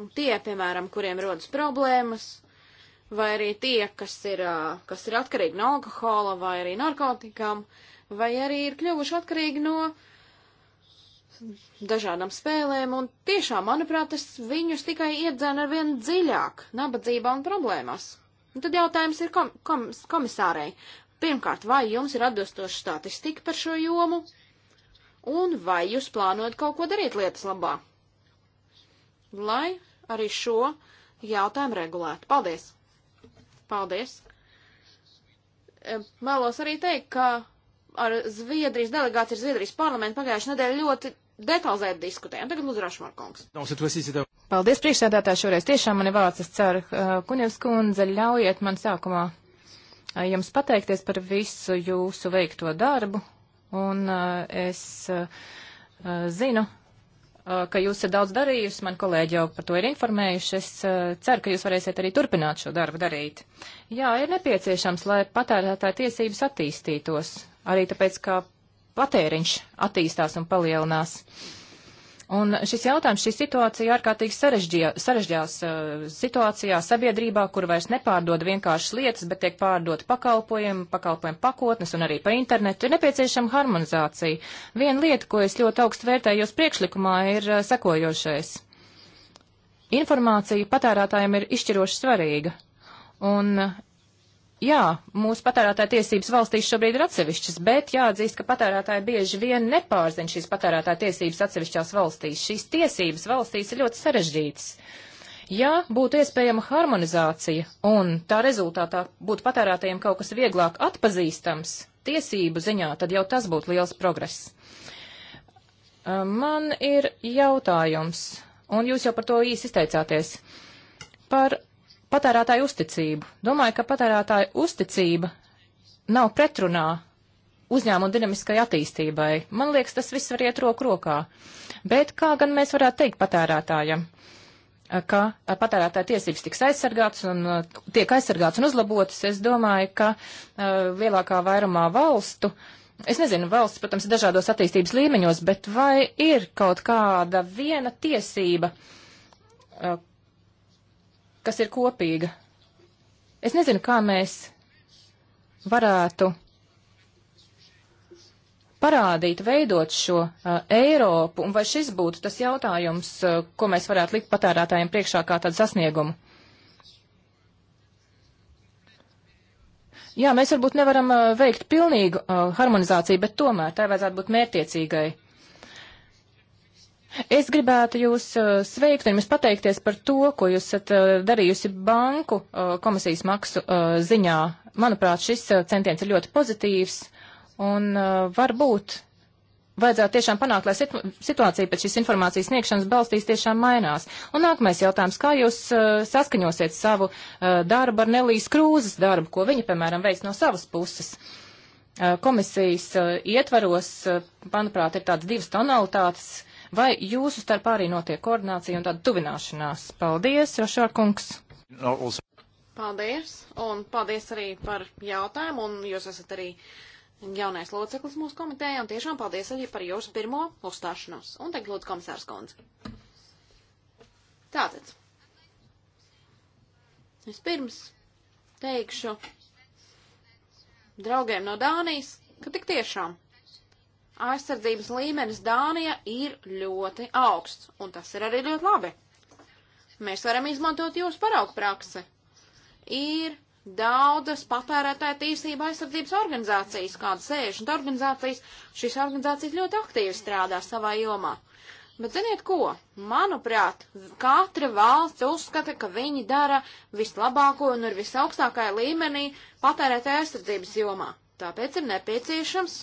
un tie, piemēram, kuriem rodas problēmas, vai arī tie, kas ir, kas ir atkarīgi no alkohola vai arī narkotikām, vai arī ir kļuvuši atkarīgi no uh, dažādām spēlēm, un tiešām, manuprāt, tas viņus tikai iedzēna ar vien dziļāk nabadzībā un problēmās. Un tad jautājums ir kom kom komisārei. Pirmkārt, vai jums ir atbilstoša statistika par šo jomu, un vai jūs plānojat kaut ko darīt lietas labā? Lai arī šo jautājumu regulētu. Paldies! Paldies! Mēlos e, arī teikt, ka ar Zviedrijas delegāciju Zviedrijas parlamentu pagājušajā nedēļā ļoti detalizēti diskutējam. Tagad lūdzu Rašmarkungs. Paldies priekšsēdētāji šoreiz. Tiešām man ir vārds, es ceru, uh, Kuņevs kundze, ļaujiet man sākumā uh, jums pateikties par visu jūsu veikto darbu. Un uh, es zinu, ka jūs esat daudz darījusi, man kolēģi jau par to ir informējuši. Es ceru, ka jūs varēsiet arī turpināt šo darbu darīt. Jā, ir nepieciešams, lai patērētāja tiesības attīstītos. Arī tāpēc, ka patēriņš attīstās un palielinās. Un šis jautājums, šī situācija ārkārtīgi sarežģījās uh, situācijā sabiedrībā, kur vairs nepārdod vienkāršas lietas, bet tiek pārdot pakalpojumi, pakalpojumi pakotnes un arī pa internetu, ir nepieciešama harmonizācija. Viena lieta, ko es ļoti augstu vērtēju jūs priekšlikumā, ir uh, sekojošais. Informācija patērētājiem ir izšķiroši svarīga, un uh, Jā, mūsu patērētāja tiesības valstīs šobrīd ir atsevišķas, bet jāatzīst, ka patērētāji bieži vien nepārzina šīs patērētāja tiesības atsevišķās valstīs. Šīs tiesības valstīs ir ļoti sarežģītas. Ja būtu iespējama harmonizācija un tā rezultātā būtu patērētājiem kaut kas vieglāk atpazīstams tiesību ziņā, tad jau tas būtu liels progress. Man ir jautājums, un jūs jau par to īsi izteicāties, par patērētāju uzticību. Domāju, ka patērētāju uzticība nav pretrunā uzņēmumu dinamiskai attīstībai. Man liekas, tas viss var iet roku rokā. Bet kā gan mēs varētu teikt patērētājam, ka eh, patērētāja tiesības tiks aizsargātas un eh, tiek aizsargātas un uzlabotas? Es domāju, ka uh, lielākā vairumā valstu. Es nezinu, valsts, protams, ir dažādos attīstības līmeņos, bet vai ir kaut kāda viena tiesība, uh, kas ir kopīga. Es nezinu, kā mēs varētu parādīt, veidot šo uh, Eiropu, un vai šis būtu tas jautājums, uh, ko mēs varētu likt patērētājiem priekšā kā tādu sasniegumu? Jā, mēs varbūt nevaram uh, veikt pilnīgu uh, harmonizāciju, bet tomēr tā vajadzētu būt mērtiecīgai. Es gribētu jūs uh, sveikt un jums pateikties par to, ko jūs esat uh, darījusi banku uh, komisijas maksu ziņā. Manuprāt, šis centiens ir ļoti pozitīvs un varbūt vajadzētu tiešām panākt, lai situācija pēc šīs informācijas sniegšanas balstīs tiešām mainās. Un nākamais jautājums, kā jūs uh, saskaņosiet savu uh, darbu ar Nelijas Krūzes darbu, ko viņa, piemēram, veids no savas puses? Uh, komisijas ietvaros, manuprāt, ir tādas divas tonalitātes, Vai jūsu starpā arī notiek koordinācija un tāda tuvināšanās? Paldies, Rošārkungs! Paldies, un paldies arī par jautājumu, un jūs esat arī jaunais loceklis mūsu komitejā, un tiešām paldies arī par jūsu pirmo uzstāšanos. Un tagad lūdzu komisārs Kondze. Tātad. Es pirms teikšu draugiem no Dānijas, ka tik tiešām aizsardzības līmenis Dānijā ir ļoti augsts, un tas ir arī ļoti labi. Mēs varam izmantot jūsu paraugu praksi. Ir daudzas patērētāja tīsība aizsardzības organizācijas, kādas 60 organizācijas, šīs organizācijas ļoti aktīvi strādā savā jomā. Bet ziniet ko? Manuprāt, katra valsts uzskata, ka viņi dara vislabāko un ir visaugstākajā līmenī patērētāja aizsardzības jomā. Tāpēc ir nepieciešams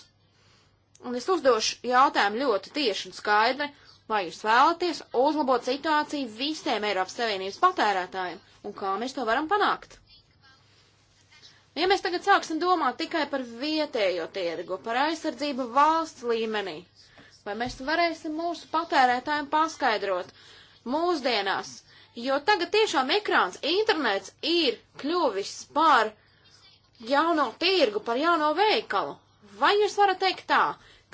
Un es uzdošu jautājumu ļoti tieši un skaidri, vai jūs vēlaties uzlabot situāciju visiem Eiropas Savienības patērētājiem, un kā mēs to varam panākt. Ja mēs tagad sāksim domāt tikai par vietējo tirgu, par aizsardzību valsts līmenī, vai mēs varēsim mūsu patērētājiem paskaidrot mūsdienās, jo tagad tiešām ekrāns, internets ir kļuvis par jauno tirgu, par jauno veikalu. Vai jūs varat teikt tā,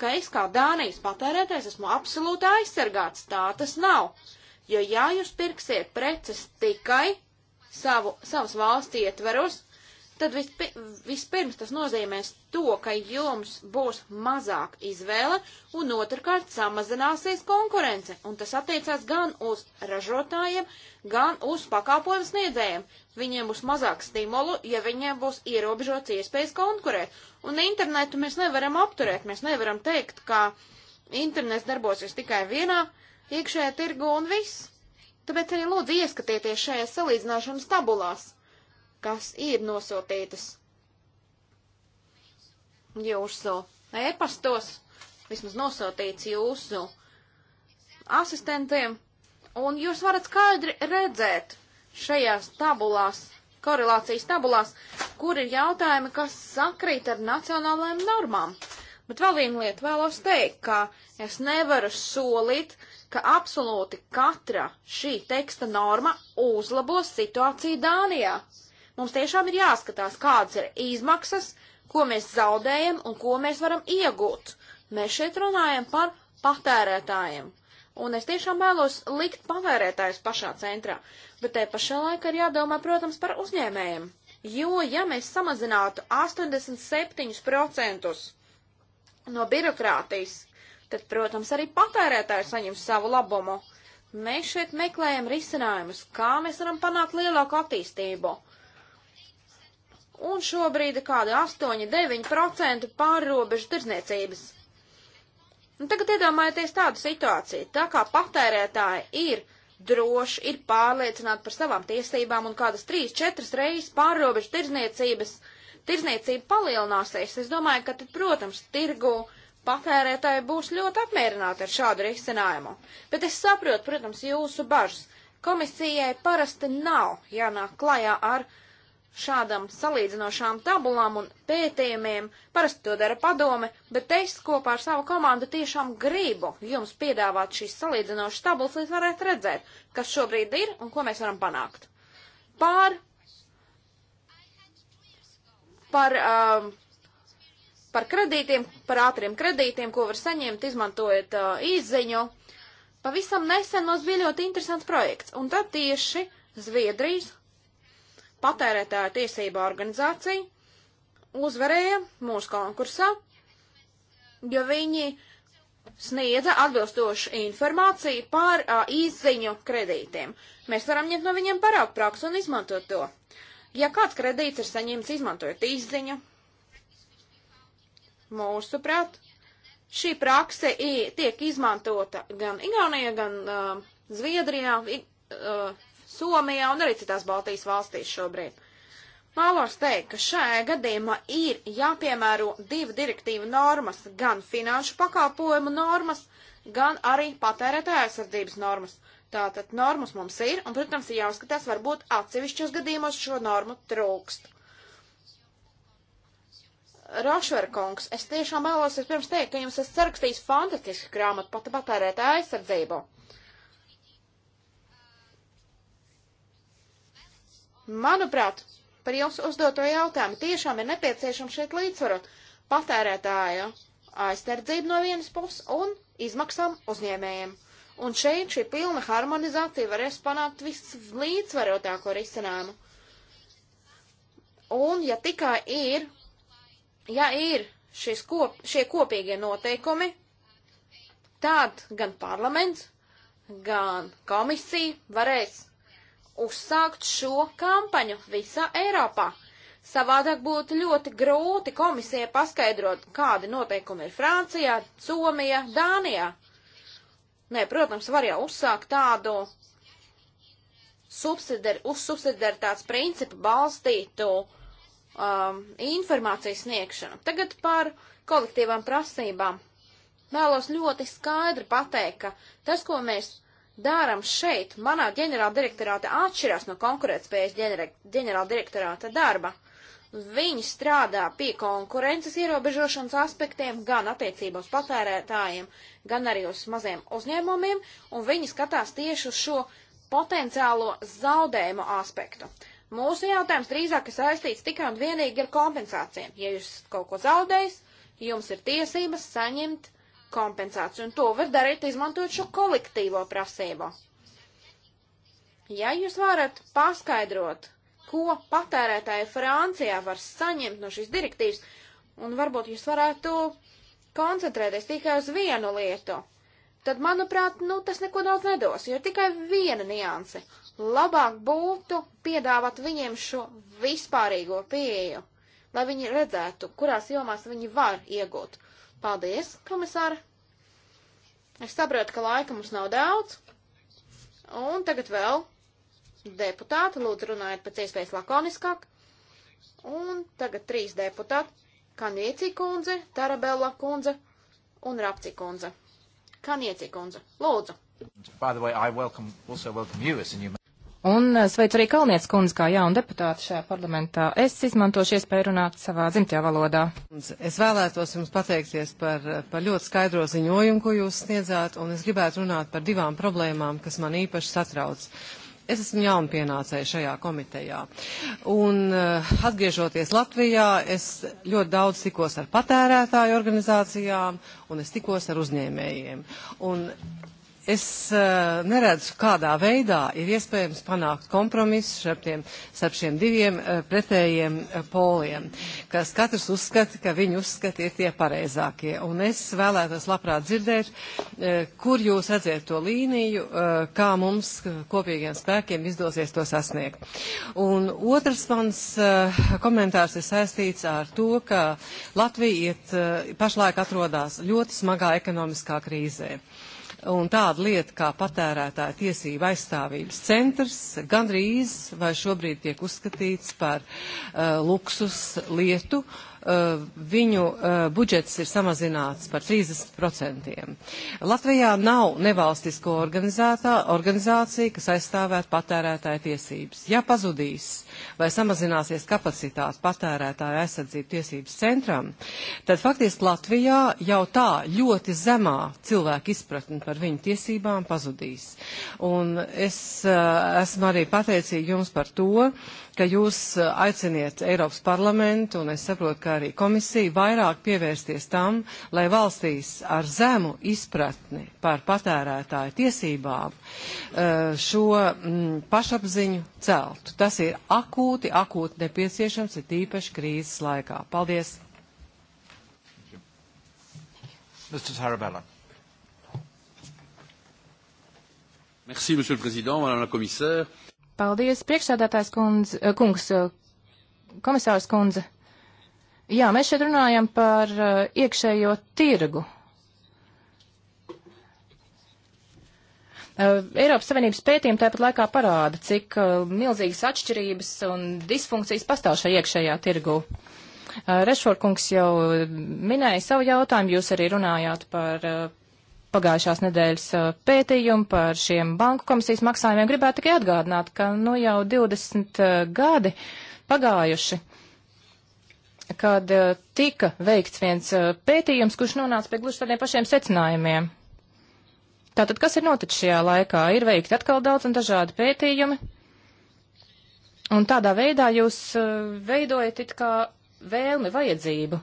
ka es kā Dānijas patērētājs esmu absolūti aizsargāts. Tā tas nav. Jo ja jūs pirksiet preces tikai savu, savas valsts ietveros, tad vispi, vispirms tas nozīmēs to, ka jums būs mazāk izvēle un otrkārt samazināsies konkurence. Un tas attiecās gan uz ražotājiem, gan uz pakāpojumu sniedzējiem. Viņiem būs mazāk stimulu, ja viņiem būs ierobežots iespējas konkurēt. Un internetu mēs nevaram apturēt, mēs nevaram teikt, ka internets darbosies tikai vienā iekšējā tirgu un viss. Tāpēc arī lūdzu ieskatieties šajās salīdzināšanas tabulās kas ir nosūtītas jūsu ēpastos, vismaz nosūtīts jūsu asistentiem, un jūs varat skaidri redzēt šajās tabulās, korelācijas tabulās, kur ir jautājumi, kas sakrīt ar nacionālajām normām. Bet vēl viena lieta vēlos teikt, ka es nevaru solīt, ka absolūti katra šī teksta norma uzlabos situāciju Dānijā. Mums tiešām ir jāskatās, kādas ir izmaksas, ko mēs zaudējam un ko mēs varam iegūt. Mēs šeit runājam par patērētājiem. Un es tiešām vēlos likt patērētājus pašā centrā, bet te pašā laikā ir jādomā, protams, par uzņēmējiem. Jo, ja mēs samazinātu 87% no birokrātijas, tad, protams, arī patērētāji saņems savu labumu. Mēs šeit meklējam risinājumus, kā mēs varam panākt lielāku attīstību un šobrīd ir kādi 8-9% pārrobežu tirdzniecības. Un tagad iedomājieties tādu situāciju, tā kā patērētāji ir droši, ir pārliecināti par savām tiesībām un kādas 3-4 reizes pārrobežu tirdzniecības tirdzniecība palielināsies. Es domāju, ka, tad, protams, tirgu patērētāji būs ļoti apmierināti ar šādu risinājumu. Bet es saprotu, protams, jūsu bažas. Komisijai parasti nav jānāk klajā ar uh, šādām salīdzinošām tabulām un pētījumiem. Parasti to dara padome, bet es kopā ar savu komandu tiešām gribu jums piedāvāt šīs salīdzinošas tabulas, lai varētu redzēt, kas šobrīd ir un ko mēs varam panākt. Pār, par, um, par kredītiem, par ātriem kredītiem, ko var saņemt, izmantojot uh, izziņu. Pavisam nesen mums bija ļoti interesants projekts, un tad tieši Zviedrijas patērētāju tiesību organizācija uzvarēja mūsu konkursā, jo viņi sniedza atbilstošu informāciju par a, izziņu kredītiem. Mēs varam ņemt no viņiem parādu praksu un izmantot to. Ja kāds kredīts ir saņemts izmantojot izziņu, mūsuprāt, šī prakse tiek izmantota gan Igaunijā, gan uh, Zviedrijā. I, uh, Somijā un arī citās Baltijas valstīs šobrīd. Pāvārs teica, ka šajā gadījumā ir jāpiemēro divu direktīvu normas, gan finanšu pakāpojumu normas, gan arī patērētāja aizsardzības normas. Tātad normas mums ir, un, protams, ir jāskatās, varbūt atsevišķos gadījumos šo normu trūkst. Rošverkungs, es tiešām vēlos es pirms teikt, ka jums esmu sarakstījis fantastisku grāmatu pat patērētāja aizsardzību. Manuprāt, par jūsu uzdoto jautājumu tiešām ir nepieciešams šeit līdzsvarot patērētāja aizsardzību no vienas puses un izmaksām uzņēmējiem. Un šeit šī pilna harmonizācija varēs panākt vislīdzvarotāko risinājumu. Un ja tikai ir, ja ir šis kop, šie kopīgie noteikumi, tad gan parlaments, gan komisija varēs uzsākt šo kampaņu visā Eiropā. Savādāk būtu ļoti grūti komisijai paskaidrot, kādi noteikumi ir Francijā, Somijā, Dānijā. Nē, protams, var jau uzsākt tādu subsidiar, uz subsidiaritātes principu balstītu um, informācijas sniegšanu. Tagad par kolektīvām prasībām. Vēlos ļoti skaidri pateikt, ka tas, ko mēs darām šeit, manā ģenerāla direktorāta, atšķirās no konkurētspējas ģenerāla direktorāta darba. Viņi strādā pie konkurences ierobežošanas aspektiem, gan attiecībā uz patērētājiem, gan arī uz maziem uzņēmumiem, un viņi skatās tieši uz šo potenciālo zaudējumu aspektu. Mūsu jautājums drīzāk ir saistīts tikai un vienīgi ar kompensācijām. Ja jūs kaut ko zaudējat, jums ir tiesības saņemt uh, kompensāciju, un to var darīt, izmantojot šo kolektīvo prasību. Ja jūs varat paskaidrot, ko patērētāji Francijā var saņemt no šīs direktīvas, un varbūt jūs varētu koncentrēties tikai uz vienu lietu, tad, manuprāt, nu, tas neko daudz nedos, jo tikai viena nianse. Labāk būtu piedāvāt viņiem šo vispārīgo pieeju, lai viņi redzētu, kurās jomās viņi var iegūt. Paldies, komisāra! Es saprotu, ka laika mums nav daudz. Un tagad vēl deputāti, lūdzu runājiet pēc iespējas lakoniskāk. Un tagad trīs deputāti - Kanieci kundze, Tarabella kundze un Rapci kundze. Kanieci kundze, lūdzu! By the way, I welcome, also welcome you as a new Un eh, sveicu arī Kalnietes kundzi kā jaunu deputātu šajā parlamentā. Es izmantošu iespēju runāt savā dzimtajā valodā. Es vēlētos jums pateikties par, par ļoti skaidro ziņojumu, ko jūs sniedzāt, un es gribētu runāt par divām problēmām, kas man īpaši satrauc. Es esmu jaunpienācēja šajā komitejā. Un uh, atgriežoties Latvijā, es ļoti daudz tikos ar patērētāju organizācijām, un es tikos ar uzņēmējiem. Un Es uh, neredzu, kādā veidā ir iespējams panākt kompromisu starp šiem diviem uh, pretējiem uh, poliem, kas katrs uzskata, ka viņu uzskati ir tie pareizākie. Un es vēlētos labprāt dzirdēt, uh, kur jūs redzēt to līniju, uh, kā mums kopīgiem spēkiem izdosies to sasniegt. Un otrs mans uh, komentārs ir saistīts ar to, ka Latvija iet, uh, pašlaik atrodas ļoti smagā ekonomiskā krīzē. Uh, un tāda lieta kā patērētāja tiesība aizstāvības centrs gandrīz vai šobrīd tiek uzskatīts par uh, luksus lietu, Eh, viņu eh, budžets ir samazināts par 30%. Latvijā nav nevalstisko organizāciju, kas aizstāvētu patērētāju tiesības. Ja pazudīs vai samazināsies kapacitāte patērētāju aizsardzību tiesības centram, tad faktiski Latvijā jau tā ļoti zemā cilvēka izpratne par viņu tiesībām pazudīs. Un es eh, esmu arī pateicīga jums par to, ka jūs eh, aiciniet Eiropas parlamentu, un es saprotu, ka arī komisiju, vairāk pievērsties tam, lai valstīs ar zemu izpratni par patērētāju tiesībām eh, šo mm, pašapziņu celtu. Tas ir akūti, akūti nepieciešams, ir tīpaši krīzes laikā. Paldies! Mr. Tarabella. Merci, Monsieur le Président, Madame la Commissaire. Euh, Paldies, priekšsādātājs kundz, eh, kungs, eh, komisārs kundze. Jā, mēs šeit runājam par eh, iekšējo tirgu. Eiropas Savienības pētījumi tāpat laikā parāda, cik milzīgas atšķirības un disfunkcijas pastāv šajā iekšējā tirgu. Rešvorkungs jau minēja savu jautājumu, jūs arī runājāt par pagājušās nedēļas uh, pētījumu par šiem banku komisijas maksājumiem, gribētu tikai atgādināt, ka nu jau 20 uh, gadi pagājuši, kad uh, tika veikts viens pētījums, kurš nonāca pie gluži tādiem pašiem secinājumiem. Tātad, kas ir noticis šajā laikā? Ir veikti atkal daudz un dažādi pētījumi, un tādā veidā jūs veidojat it kā vēlmi, vajadzību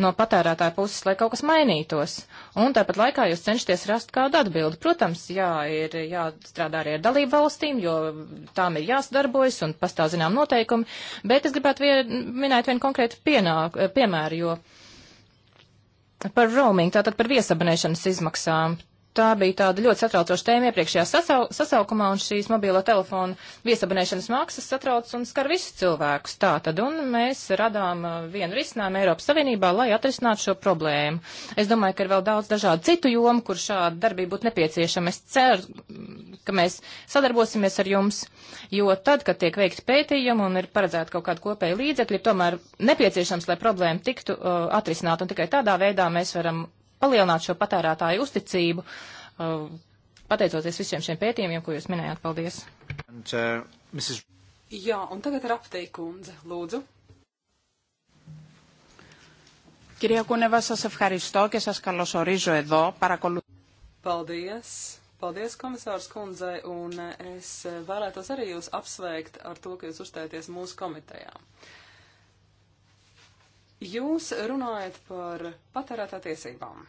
no patērētāja puses, lai kaut kas mainītos. Un tāpat laikā jūs cenšaties rast kādu atbildi. Protams, jā, ir jāstrādā arī ar dalību valstīm, jo tām ir jāsadarbojas un pastāv zinām noteikumi, bet es gribētu vien, minēt vienu konkrētu pienāk, piemēru, jo par roaming, tātad par viesabonēšanas izmaksām, tā bija tāda ļoti satraucoša tēma iepriekšējā sasau sasaukumā, un šīs mobilo telefonu viesabunēšanas maksas satrauc un skar visus cilvēkus. Tā tad, un mēs radām uh, vienu risinājumu Eiropas Savienībā, lai atrisinātu šo problēmu. Es domāju, ka ir vēl daudz dažādu citu jomu, kur šāda darbība būtu nepieciešama. Es ceru, mm, ka mēs sadarbosimies ar jums, jo tad, kad tiek veikti pētījumi un ir paredzēta kaut kāda kopēja līdzekļa, tomēr nepieciešams, lai problēma tiktu uh, atrisināta, un tikai tādā veidā mēs varam palielināt šo patērētāju uzticību, uh, pateicoties visiem šiem pētījumiem, ko jūs minējāt. Paldies! And, uh, Mrs... Jā, un tagad ir apteikundze, lūdzu. Κυρία Κούνεβα, σας ευχαριστώ και σας καλωσορίζω εδώ. Παρακολου... Paldies! Paldies, komisārs kundzei, un es vēlētos arī jūs apsveikt ar to, ka jūs uzstājaties mūsu komitejā. Uh, Jūs runājat par patērētā tiesībām.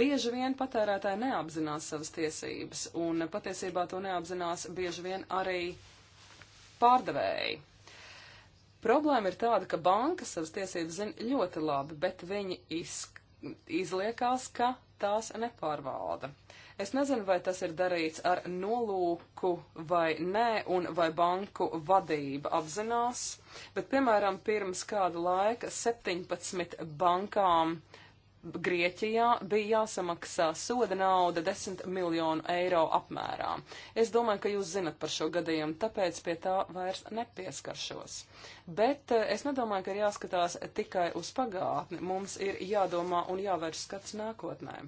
Bieži vien patērētāji neapzinās savas tiesības, un patiesībā to neapzinās bieži vien arī pārdevēji. Problēma ir tāda, ka banka savas tiesības zina ļoti labi, bet viņi izk izliekās, ka tās nepārvalda. Uh, Es nezinu, vai tas ir darīts ar nolūku vai nē, un vai banku vadība apzinās, bet, piemēram, pirms kāda laika 17 bankām Grieķijā bija jāsamaksā soda nauda 10 miljonu eiro apmērā. Es domāju, ka jūs zinat par šo gadījumu, tāpēc pie tā vairs nepieskaršos. Bet eh, es nedomāju, ka ir jāskatās tikai uz pagātni. Mums ir jādomā un jāvērš skats nākotnē.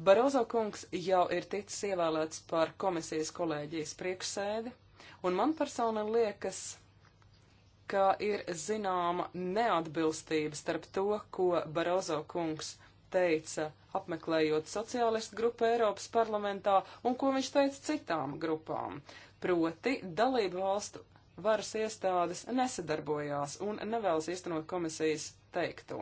Barozo kungs jau ir ticis ievēlēts par komisijas kolēģijas priekšsēdi, un man persona liekas, ka ir zināma neatbilstība starp to, ko Barozo kungs teica apmeklējot sociālistu grupu Eiropas parlamentā un ko viņš teica citām grupām. Proti, dalību valstu varas iestādes nesadarbojās un nevēlas īstenot komisijas teikto.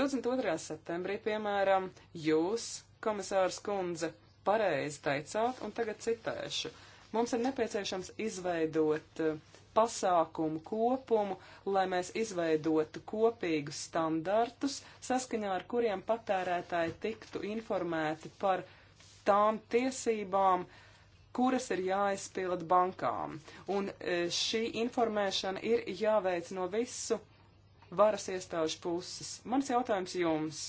22. septembrī, piemēram, jūs komisārs kundze, pareizi teicāt, un tagad citēšu. Mums ir nepieciešams izveidot eh, pasākumu kopumu, lai mēs izveidotu kopīgus standartus, saskaņā ar kuriem patērētāji tiktu informēti par tām tiesībām, kuras ir jāizpild bankām. Un eh, šī informēšana ir jāveic no visu varas iestāžu puses. Mans jautājums jums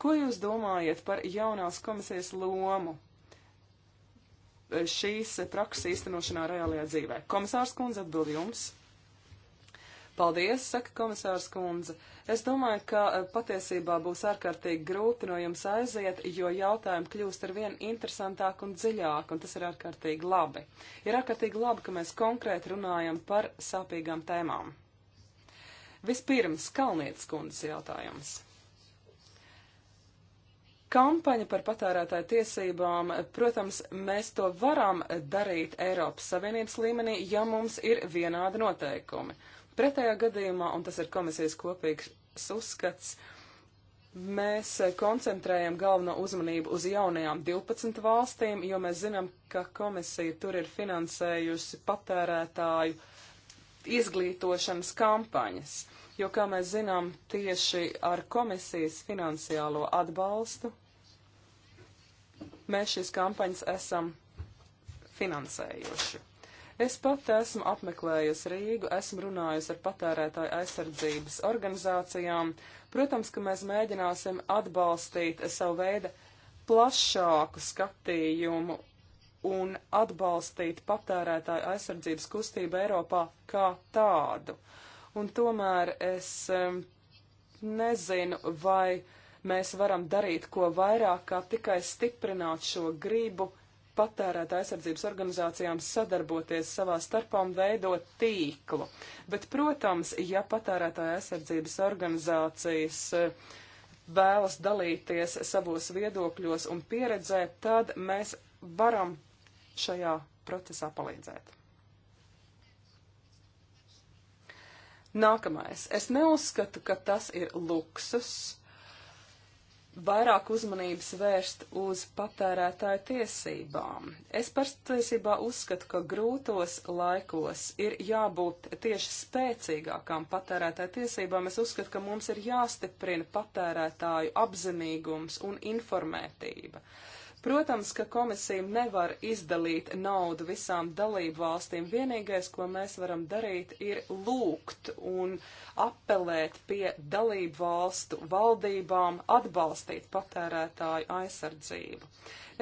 Ko jūs domājat par jaunās komisijas lomu eh, šīs prakses īstenošanā reālajā dzīvē? Komisārs kundze atbild jums. Paldies, saka komisārs kundze. Es domāju, ka eh, patiesībā būs ārkārtīgi grūti no jums aiziet, jo jautājumi kļūst ar vien interesantāk un dziļāk, un tas ir ārkārtīgi labi. Ir ārkārtīgi labi, ka mēs konkrēti runājam par sāpīgām tēmām. Vispirms, Kalnietes kundzes jautājums. Kampaņa par patērētāju tiesībām, protams, mēs to varam darīt Eiropas Savienības līmenī, ja mums ir vienādi noteikumi. Pretējā gadījumā, un tas ir komisijas kopīgs uzskats, mēs koncentrējam galveno uzmanību uz jaunajām 12 valstīm, jo mēs zinām, ka komisija tur ir finansējusi patērētāju izglītošanas kampaņas jo, kā mēs zinām, tieši ar komisijas finansiālo atbalstu mēs šīs kampaņas esam finansējuši. Es pati esmu apmeklējusi Rīgu, esmu runājusi ar patērētāju aizsardzības organizācijām. Protams, ka mēs mēģināsim atbalstīt savu veidu plašāku skatījumu un atbalstīt patērētāju aizsardzības kustību Eiropā kā tādu un tomēr es nezinu, vai mēs varam darīt ko vairāk, kā tikai stiprināt šo gribu patērēta aizsardzības organizācijām sadarboties savā starpā un veidot tīklu. Bet, protams, ja patērētāja aizsardzības organizācijas eh, vēlas dalīties savos viedokļos un pieredzē, tad mēs varam šajā procesā palīdzēt. Nākamais. Es neuzskatu, ka tas ir luksus. Vairāk uzmanības vērst uz patērētāju tiesībām. Es patiesībā uzskatu, ka grūtos laikos ir jābūt tieši spēcīgākām patērētāju tiesībām. Es uzskatu, ka mums ir jāstiprina patērētāju apzinīgums un informētība. Uh, Protams, ka komisija nevar izdalīt naudu visām dalību valstīm. Vienīgais, ko mēs varam darīt, ir lūgt un apelēt pie dalību valstu valdībām atbalstīt patērētāju aizsardzību.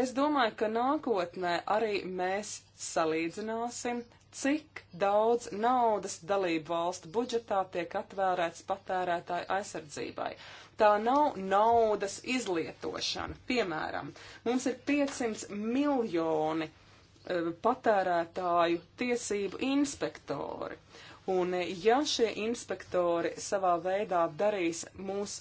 Es domāju, ka nākotnē arī mēs salīdzināsim, cik daudz naudas dalību valstu budžetā tiek atvērēts patērētāju aizsardzībai. Tā nav naudas izlietošana. Piemēram, mums ir 500 miljoni uh, patērētāju tiesību inspektori. Un e, ja šie inspektori savā veidā darīs mūs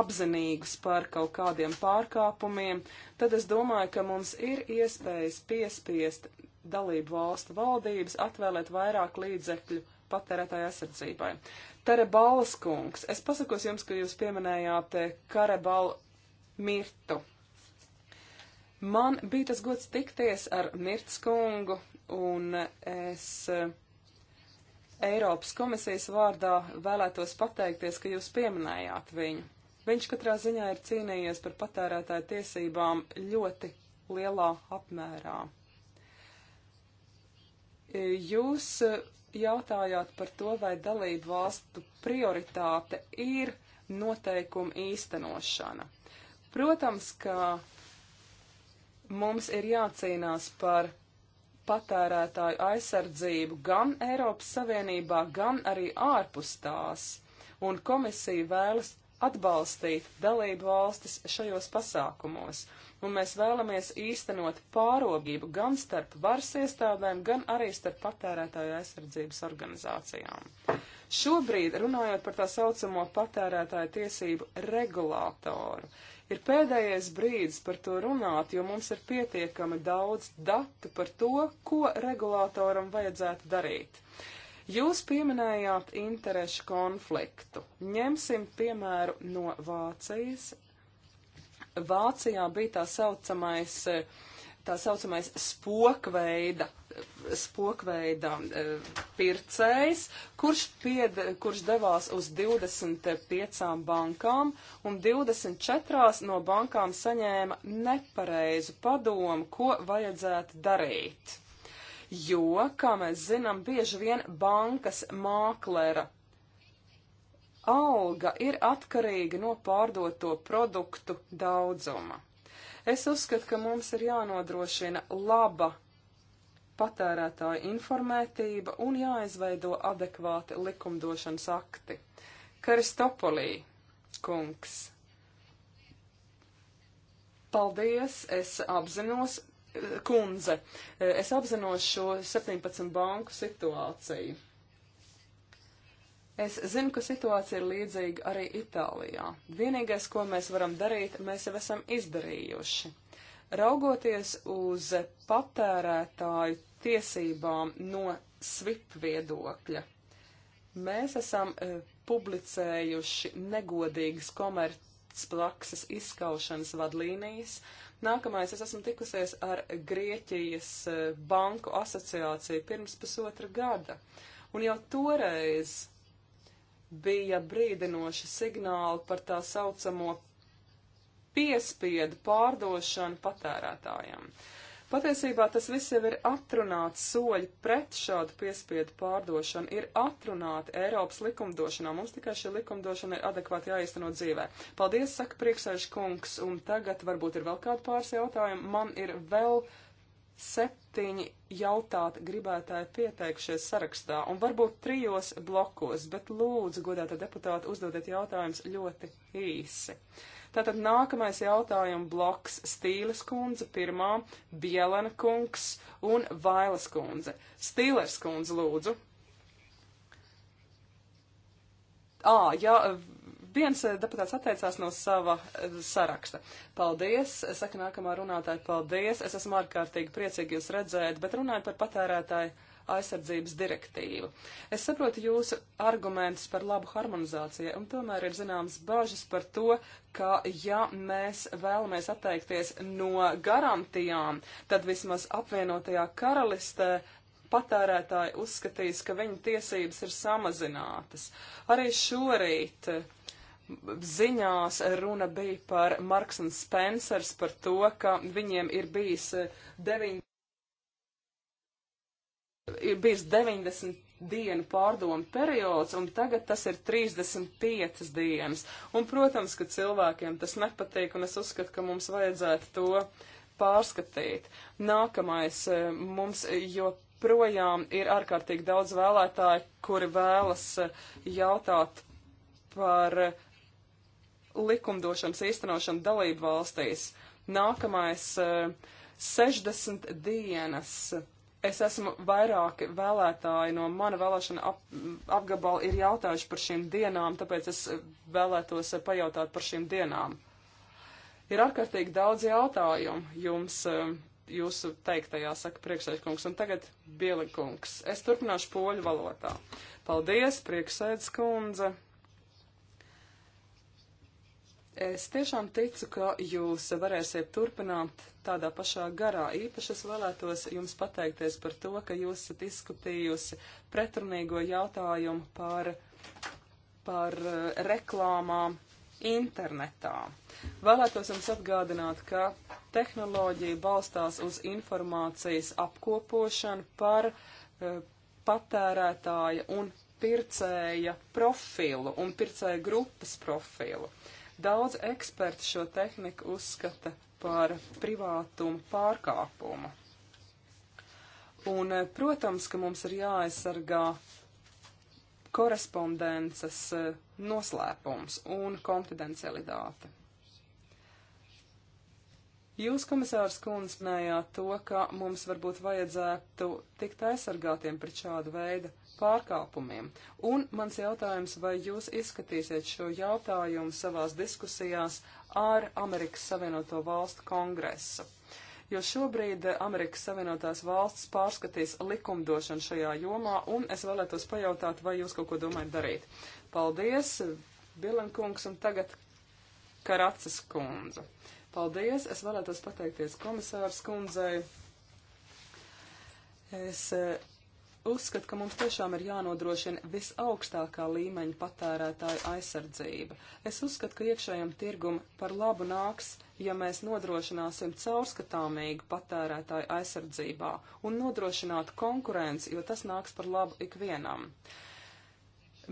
apzinīgus par kaut kādiem pārkāpumiem, tad es domāju, ka mums ir iespējas piespiest dalību valstu valdības atvēlēt vairāk līdzekļu patērētāja aizsardzībai. Terebalas kungs, es pasakos jums, ka jūs pieminējāt eh, Karebalu Mirtu. Man bija tas gods tikties ar Mirts kungu, un es eh, Eiropas komisijas vārdā vēlētos pateikties, ka jūs pieminējāt viņu. Viņš katrā ziņā ir cīnījies par patērētāju tiesībām ļoti lielā apmērā. Eh, jūs jautājāt par to, vai dalību valstu prioritāte ir noteikuma īstenošana. Protams, ka mums ir jācīnās par patērētāju aizsardzību gan Eiropas Savienībā, gan arī ārpus tās, un komisija vēlas atbalstīt dalību valstis šajos pasākumos un mēs vēlamies īstenot pārobežu gan starp varas iestādēm, gan arī starp patērētāju aizsardzības organizācijām. Šobrīd, runājot par tā saucamo patērētāju tiesību regulātoru, ir pēdējais brīdis par to runāt, jo mums ir pietiekami daudz datu par to, ko regulātoram vajadzētu darīt. Jūs pieminējāt interešu konfliktu. Ņemsim piemēru no Vācijas, Vācijā bija tā saucamais, eh, tā saucamais spokveida, eh, spokveida eh, pircējs, kurš, pied, kurš devās uz 25 bankām un 24 no bankām saņēma nepareizu padomu, ko vajadzētu darīt. Jo, kā mēs zinām, bieži vien bankas māklera alga ir atkarīga no pārdoto produktu daudzuma. Es uzskatu, ka mums ir jānodrošina laba patērētāja informētība un jāizveido adekvāti likumdošanas akti. Karistopolī, kungs. Paldies, es apzinos, kundze, es apzinos šo 17 banku situāciju. Es zinu, ka situācija ir līdzīga arī Itālijā. Vienīgais, ko mēs varam darīt, mēs jau esam izdarījuši. Raugoties uz patērētāju tiesībām no SWIP viedokļa, mēs esam e, publicējuši negodīgas komercprakses izskaušanas vadlīnijas. Nākamais, es esmu tikusies ar Grieķijas e, banku asociāciju pirms pusotra gada. Un jau toreiz bija brīdinoši signāli par tā saucamo piespiedu pārdošanu patērētājiem. Patiesībā tas viss jau ir atrunāts soļi pret šādu piespiedu pārdošanu, ir atrunāti Eiropas likumdošanā. Mums tikai šī likumdošana ir adekvāti jāizteno dzīvē. Paldies, saka priekšsēž kungs, un tagad varbūt ir vēl kādi pāris jautājumi. Man ir vēl septiņi jautāt gribētāji pieteikšies sarakstā, un varbūt trijos blokos, bet lūdzu, godātā deputāta, uzdodiet jautājumus ļoti īsi. Tātad nākamais jautājuma bloks - Stīles kundze pirmā, Bielena kungs un Vailas kundze. Stīlers kundze, lūdzu. Ā, jā, viens eh, deputāts atteicās no sava eh, saraksta. Paldies, saka nākamā runātāja, paldies. Es esmu ārkārtīgi priecīgi jūs redzēt, bet runāju par patērētāju aizsardzības direktīvu. Es saprotu jūsu argumentus par labu harmonizāciju, un tomēr ir zināmas bažas par to, ka ja mēs vēlamies atteikties no garantijām, tad vismaz apvienotajā karalistē patērētāji uzskatīs, ka viņu tiesības ir samazinātas. Arī šorīt uh, ziņās runa bija par Marks un Spencers, par to, ka viņiem ir bijis, eh, deviņ... ir bijis 90 dienu pārdomu periods, un tagad tas ir 35 dienas. Un, protams, ka cilvēkiem tas nepatīk, un es uzskatu, ka mums vajadzētu to pārskatīt. Nākamais eh, mums joprojām ir ārkārtīgi daudz vēlētāju, kuri vēlas eh, jautāt par likumdošanas īstenošana dalību valstīs. Nākamais 60 eh, dienas. Es esmu vairāki vēlētāji no mana vēlēšana ap, apgabala ir jautājuši par šīm dienām, tāpēc es vēlētos pajautāt par šīm dienām. Ir ārkārtīgi daudz jautājumu jums eh, jūsu teiktajā, saka priekšsēdkungs, un tagad bielikungs. Es turpināšu poļu valodā. Paldies, priekšsēdskundze! kundze! Es tiešām ticu, ka jūs varēsiet turpināt tādā pašā garā. Īpaši es vēlētos jums pateikties par to, ka jūs esat izskatījusi pretrunīgo jautājumu par, par eh, reklāmām internetā. Vēlētos jums atgādināt, ka tehnoloģija balstās uz informācijas apkopošanu par uh, patērētāja un pircēja profilu un pircēja grupas profilu. Uh, Daudz eksperti šo tehniku uzskata par privātumu pārkāpumu. Un, eh, protams, ka mums ir jāaizsargā korespondences eh, noslēpums un konfidencialitāte. Jūs, komisārs Kunz, minējāt to, ka mums varbūt vajadzētu tikt aizsargātiem pret šādu veidu pārkāpumiem. Un mans jautājums, vai jūs izskatīsiet šo jautājumu savās diskusijās ar Amerikas Savienoto Valstu kongresu? Jo šobrīd Amerikas Savienotās valsts pārskatīs likumdošanu šajā jomā, un es vēlētos pajautāt, vai jūs kaut ko domājat darīt. Paldies, Bilankungs, un tagad Karacas kundze. Paldies, es vēlētos pateikties komisārs kundzei. Es uzskatu, ka mums tiešām ir jānodrošina visaugstākā līmeņa patērētāju aizsardzība. Es uzskatu, ka iekšējam tirgum par labu nāks, ja mēs nodrošināsim caurskatāmīgu patērētāju aizsardzībā un nodrošinātu konkurenci, jo tas nāks par labu ikvienam. Uh,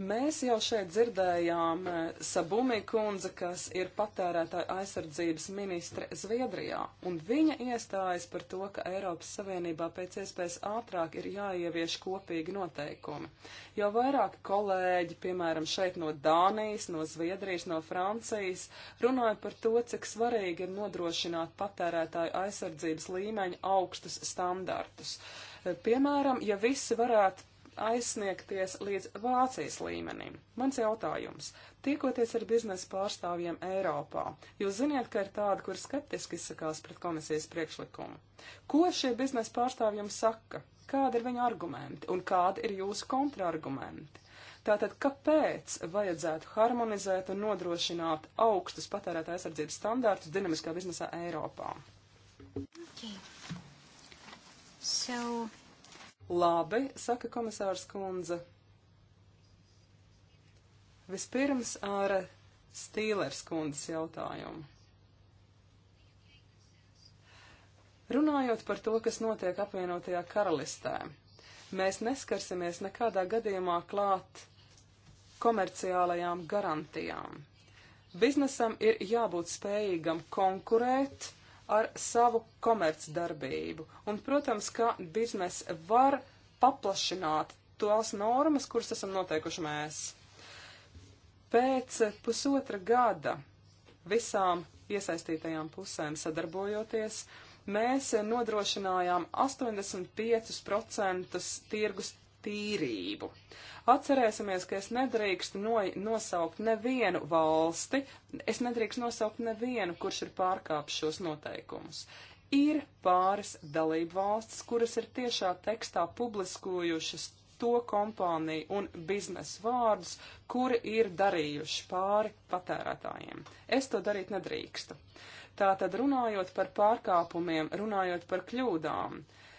Mēs jau šeit dzirdējām eh, Sabumī kundze, kas ir patērētāja aizsardzības ministre Zviedrijā, un viņa iestājas par to, ka Eiropas Savienībā pēc iespējas ātrāk ir jāievieš kopīgi noteikumi. Jo vairāk kolēģi, piemēram, šeit no Dānijas, no Zviedrijas, no Francijas, runāja par to, cik svarīgi ir nodrošināt patērētāju aizsardzības līmeņa augstus standartus. Eh, piemēram, ja visi varētu aizsniegties līdz Vācijas līmenim. Mans jautājums. Tiekoties ar biznesa pārstāvjiem Eiropā, jūs ziniet, ka ir tādi, kur skeptiski izsakās pret komisijas priekšlikumu. Ko šie biznesa pārstāvjiem saka? Kādi ir viņu argumenti un kādi ir jūsu kontrargumenti? Tātad, kāpēc vajadzētu harmonizēt un nodrošināt augstus patērētāja aizsardzības standārtus dinamiskā biznesā Eiropā? Okay. So, Labi, saka komisārs kundze. Vispirms ar Stīlers kundzes jautājumu. Runājot par to, kas notiek apvienotajā karalistē, mēs neskarsimies nekādā gadījumā klāt komerciālajām garantijām. Biznesam ir jābūt spējīgam konkurēt ar savu komercdarbību. Un, protams, ka biznes var paplašināt tās normas, kuras esam noteikuši mēs. Pēc pusotra gada visām iesaistītajām pusēm sadarbojoties, mēs nodrošinājām 85% tirgus tīrību. Atcerēsimies, ka es nedrīkstu no, nosaukt nevienu valsti, es nedrīkstu nosaukt nevienu, kurš ir pārkāpis šos noteikumus. Ir pāris dalību valstis, kuras ir tiešā tekstā publiskojušas to kompāniju un biznesu vārdus, kuri ir darījuši pāri patērētājiem. Es to darīt nedrīkstu. Tātad runājot par pārkāpumiem, runājot par kļūdām, uh,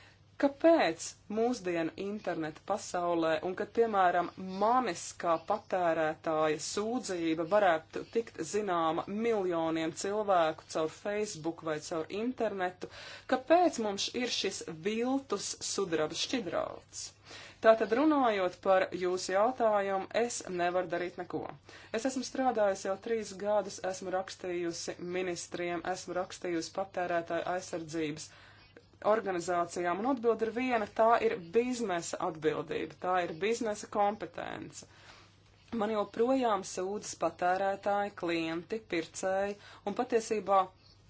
Kāpēc mūsdienu interneta pasaulē un kad, piemēram, manis kā patērētāja sūdzība varētu tikt zināma miljoniem cilvēku caur Facebook vai caur internetu, kāpēc mums ir šis viltus sudraba šķidrauts? Tātad runājot par jūsu jautājumu, es nevaru darīt neko. Es esmu strādājusi jau trīs gadus, esmu rakstījusi ministriem, esmu rakstījusi patērētāju aizsardzības organizācijām, un atbilde ir viena - tā ir biznesa atbildība, tā ir biznesa kompetence. Man joprojām sūdzas patērētāji, klienti, pircēji, un patiesībā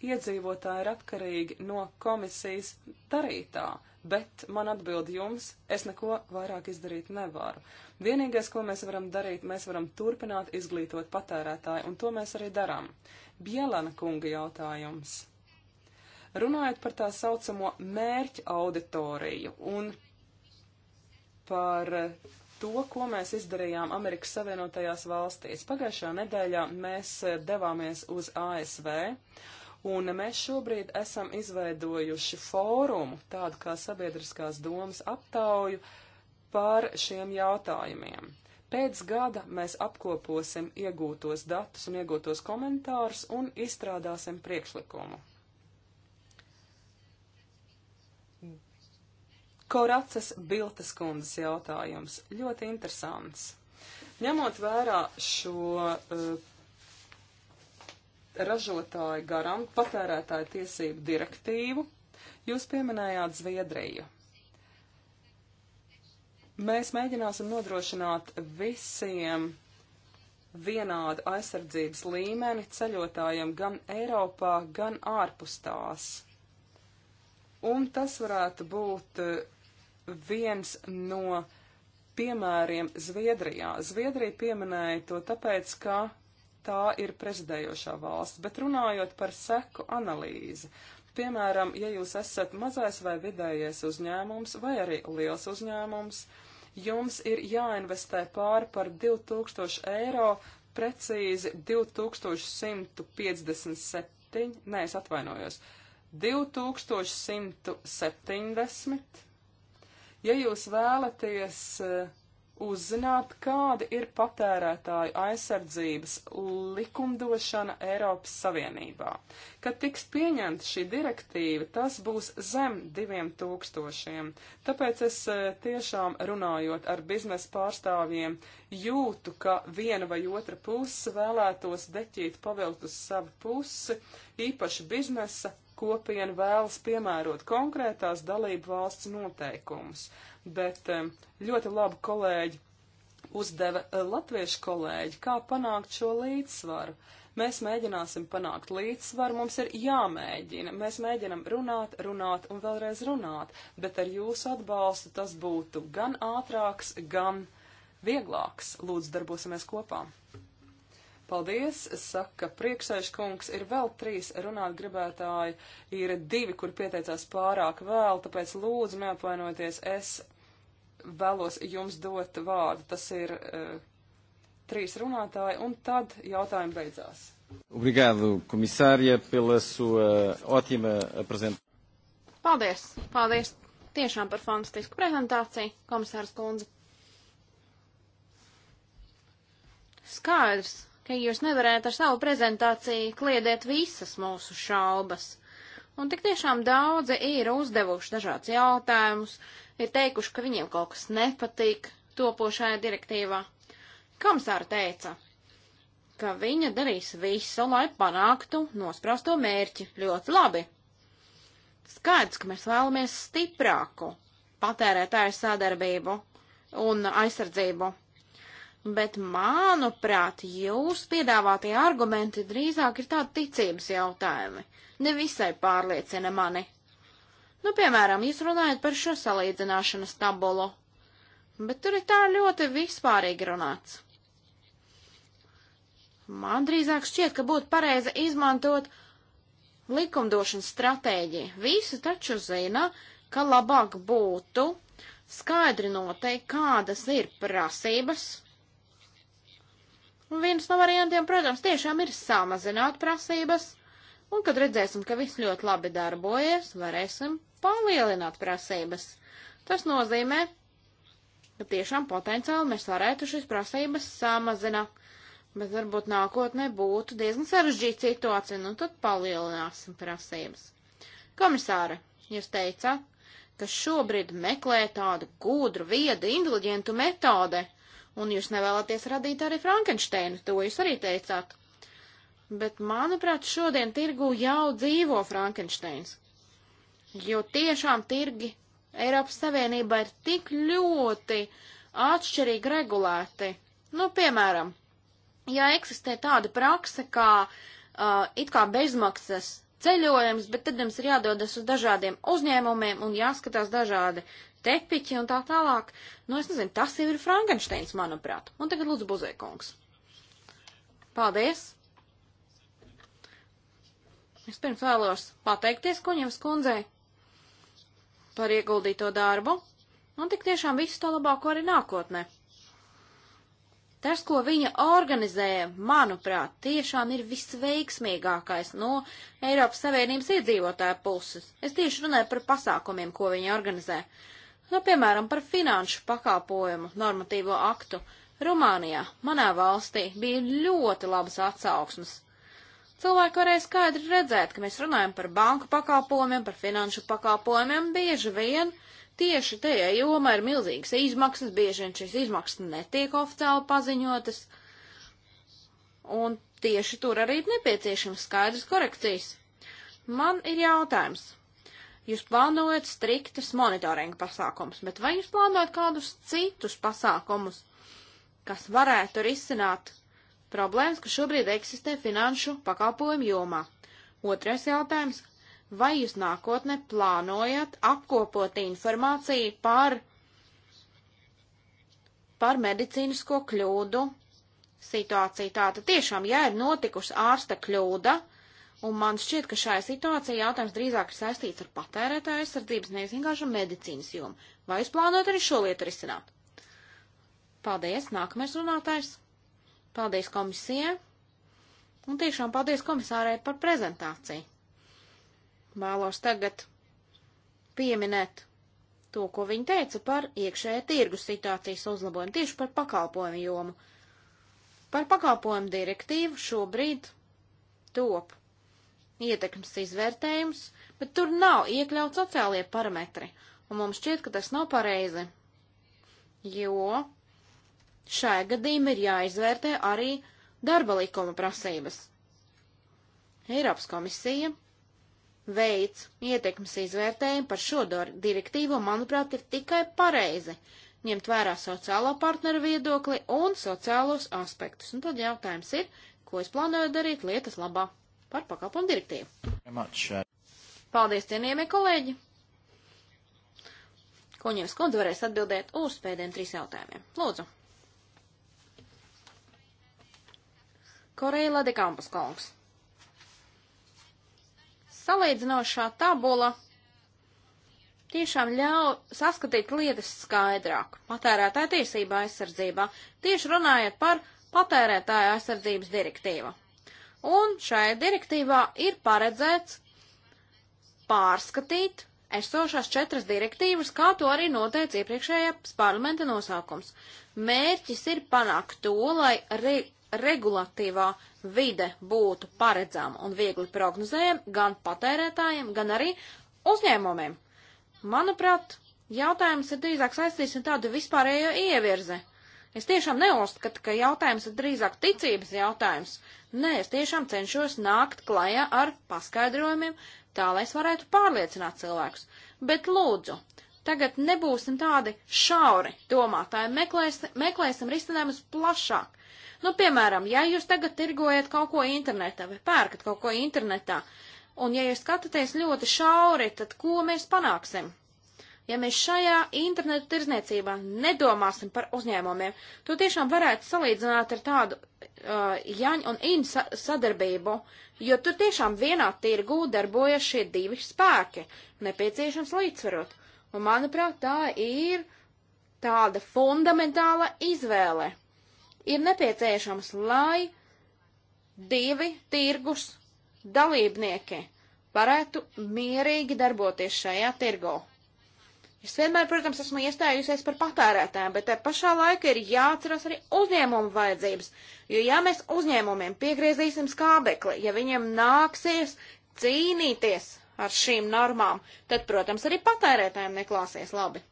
iedzīvotāji ir atkarīgi no komisijas darītā, bet man atbild jums, es neko vairāk izdarīt nevaru. Vienīgais, ko mēs varam darīt, mēs varam turpināt izglītot patērētāju, un to mēs arī darām. Bielana kunga jautājums. Runājot par tā saucamo mērķa auditoriju un par to, ko mēs izdarījām Amerikas Savienotajās valstīs. Pagājušajā nedēļā mēs devāmies uz ASV, un mēs šobrīd esam izveidojuši fórumu, tādu kā sabiedriskās domas aptauju, par šiem jautājumiem. Pēc gada mēs apkoposim iegūtos datus un iegūtos komentārus un izstrādāsim priekšlikumu. Koracas Biltas kundzes jautājums. Ļoti interesants. Ņemot vērā šo uh, ražotāju garam patērētāju tiesību direktīvu, jūs pieminējāt Zviedriju. Mēs mēģināsim nodrošināt visiem vienādu aizsardzības līmeni ceļotājiem gan Eiropā, gan ārpus tās. Un tas varētu būt uh, viens no piemēriem Zviedrijā. Zviedrija pieminēja to tāpēc, ka tā ir prezidējošā valsts, bet runājot par seku analīzi. Piemēram, ja jūs esat mazais vai vidējais uzņēmums vai arī liels uzņēmums, jums ir jāinvestē pāri par 2000 eiro, precīzi 2157, nē, es atvainojos, 2170 Ja jūs vēlaties eh, uzzināt, kāda ir patērētāju aizsardzības likumdošana Eiropas Savienībā, kad tiks pieņemta šī direktīva, tas būs zem diviem tūkstošiem. Tāpēc es eh, tiešām runājot ar biznesa pārstāvjiem jūtu, ka viena vai otra puse vēlētos deķīt pavilt uz savu pusi, īpaši biznesa kopiena vēlas piemērot konkrētās dalību valsts noteikumus, bet ļoti labi kolēģi uzdeva e, latviešu kolēģi, kā panākt šo līdzsvaru. Mēs mēģināsim panākt līdzsvaru, mums ir jāmēģina. Mēs mēģinam runāt, runāt un vēlreiz runāt, bet ar jūsu atbalstu tas būtu gan ātrāks, gan vieglāks. Lūdzu, darbosimies kopā! Paldies, saka priekšsēžkungs, ir vēl trīs runāt gribētāji, ir divi, kur pieteicās pārāk vēl, tāpēc lūdzu neapvainojieties, es vēlos jums dot vārdu. Tas ir uh, trīs runātāji, un tad jautājumi beidzās. Obrigado, komisārija, pela sua eh, ótima apresentação. Paldies! Paldies tiešām par fantastisku prezentāciju, komisārs Kundze. Skaidrs, ka jūs nevarētu ar savu prezentāciju kliedēt visas mūsu šaubas. Un tik tiešām daudzi ir uzdevuši dažāds jautājumus, ir teikuši, ka viņiem kaut kas nepatīk topošajā direktīvā. Komisāra teica, ka viņa darīs visu, lai panāktu nospraustu mērķi ļoti labi. Skaidrs, ka mēs vēlamies stiprāku patērētāju sadarbību un aizsardzību bet manuprāt, jūs piedāvātie argumenti drīzāk ir tādi ticības jautājumi. Nevisai pārliecina mani. Nu, piemēram, jūs runājat par šo salīdzināšanas tabulu, bet tur ir tā ļoti vispārīgi runāts. Man drīzāk šķiet, ka būtu pareizi izmantot likumdošanas stratēģiju. Visi taču zina, ka labāk būtu skaidri noteikt, kādas ir prasības, Un viens no variantiem, protams, tiešām ir samazināt prasības, un kad redzēsim, ka viss ļoti labi darbojas, varēsim palielināt prasības. Tas nozīmē, ka tiešām potenciāli mēs varētu šīs prasības samazināt, bet varbūt nākotnē būtu diezgan sarežģīta situācija, nu tad palielināsim prasības. Komisāra, jūs teicāt, ka šobrīd meklē tādu gudru, viedu, inteliģentu metode, un jūs nevēlaties radīt arī Frankensteinu, to jūs arī teicāt. Bet, manuprāt, šodien tirgu jau dzīvo Frankensteins, jo tiešām tirgi Eiropas Savienībā ir tik ļoti atšķirīgi regulēti. Nu, piemēram, ja eksistē tāda prakse kā uh, it kā bezmaksas ceļojums, bet tad jums ir jādodas uz dažādiem uzņēmumiem un jāskatās dažādi tepiķi un tā tālāk. Nu, es nezinu, tas jau ir Frankensteins, manuprāt. Un tagad lūdzu Buzēkungs. Paldies! Es pirms vēlos pateikties kuņiem skundzei par ieguldīto darbu un tik tiešām visu to labāko arī nākotnē. Tas, ko viņa organizēja, manuprāt, tiešām ir visveiksmīgākais no Eiropas Savienības iedzīvotāja puses. Es tieši runāju par pasākumiem, ko viņa organizē. Nu, piemēram, par finanšu pakāpojumu normatīvo aktu. Rumānijā, manā valstī, bija ļoti labas atsauksmes. Cilvēki varēja skaidri redzēt, ka mēs runājam par banku pakāpojumiem, par finanšu pakāpojumiem, bieži vien uh, Tieši tajā jomā ir milzīgas izmaksas, bieži vien šīs izmaksas netiek oficiāli paziņotas, un tieši tur arī ir nepieciešams skaidrs korekcijas. Man ir jautājums. Jūs plānojat striktas monitoringa pasākums, bet vai jūs plānojat kādus citus pasākumus, kas varētu risināt problēmas, kas šobrīd eksistē finanšu pakalpojumu jomā? Otrais jautājums vai jūs nākotnē plānojat apkopot informāciju par, par medicīnisko kļūdu situāciju. Tātad tiešām, ja ir notikusi ārsta kļūda, un man šķiet, ka šajā situācijā jautājums drīzāk ir saistīts ar patērētāju aizsardzības, nevis vienkārši ar medicīnas jomu. Vai jūs plānojat arī šo lietu risināt? Paldies, nākamais runātājs. Paldies komisijai. Un tiešām paldies komisārai par prezentāciju. Vēlos tagad pieminēt to, ko viņi teica par iekšējā tirgus situācijas uzlabojumu, tieši par pakalpojumu jomu. Par pakalpojumu direktīvu šobrīd top ietekmes izvērtējums, bet tur nav iekļauts sociālie parametri, un mums šķiet, ka tas nav pareizi, jo šajā gadījumā ir jāizvērtē arī darba likuma prasības. Eiropas komisija veids ietekmes izvērtējumu par šo direktīvu, manuprāt, ir tikai pareizi ņemt vērā sociālo partneru viedokli un sociālos aspektus. Un tad jautājums ir, ko es plānoju darīt lietas labā par pakalpojumu direktīvu. Uh, Paldies, cienījamie kolēģi! Koņevs kundze varēs atbildēt uz pēdējiem trīs jautājumiem. Lūdzu! Koreila de Campos kungs salīdzinošā tabula tiešām ļauj saskatīt lietas skaidrāk patērētāja tiesība aizsardzībā, tieši runājot par patērētāja aizsardzības direktīvu. Un šajā direktīvā ir paredzēts pārskatīt esošās četras direktīvas, kā to arī noteica iepriekšējais parlamenta nosaukums. Mērķis ir panākt to, lai re regulatīvā vide būtu paredzama un viegli prognozējama gan patērētājiem, gan arī uzņēmumiem. Manuprāt, jautājums ir drīzāk saistīts ar tādu vispārējo ievirzi. Es tiešām neuzskatu, ka jautājums ir drīzāk ticības jautājums. Nē, es tiešām cenšos nākt klajā ar paskaidrojumiem, tā lai es varētu pārliecināt cilvēkus. Bet lūdzu, tagad nebūsim tādi šauri domātāji, meklēsim, meklēsim risinājumus plašāk. Nu, piemēram, ja jūs tagad tirgojat kaut ko internetā vai pērkat kaut ko internetā, un ja jūs skatāties ļoti šauri, tad ko mēs panāksim? Ja mēs šajā internetu tirzniecībā nedomāsim par uzņēmumiem, to tiešām varētu salīdzināt ar tādu uh, Jaņu un Inu sa sadarbību, jo tur tiešām vienā tirgū darbojas šie divi spēki, nepieciešams līdzsvarot. Un, manuprāt, tā ir tāda fundamentāla izvēle ir nepieciešams, lai divi tirgus dalībnieki varētu mierīgi darboties šajā tirgu. Es vienmēr, protams, esmu iestājusies par patērētājiem, bet te pašā laikā ir jāatceras arī uzņēmumu vajadzības, jo ja mēs uzņēmumiem piegriezīsim skābekli, ja viņiem nāksies cīnīties ar šīm normām, tad, protams, arī patērētājiem neklāsies labi.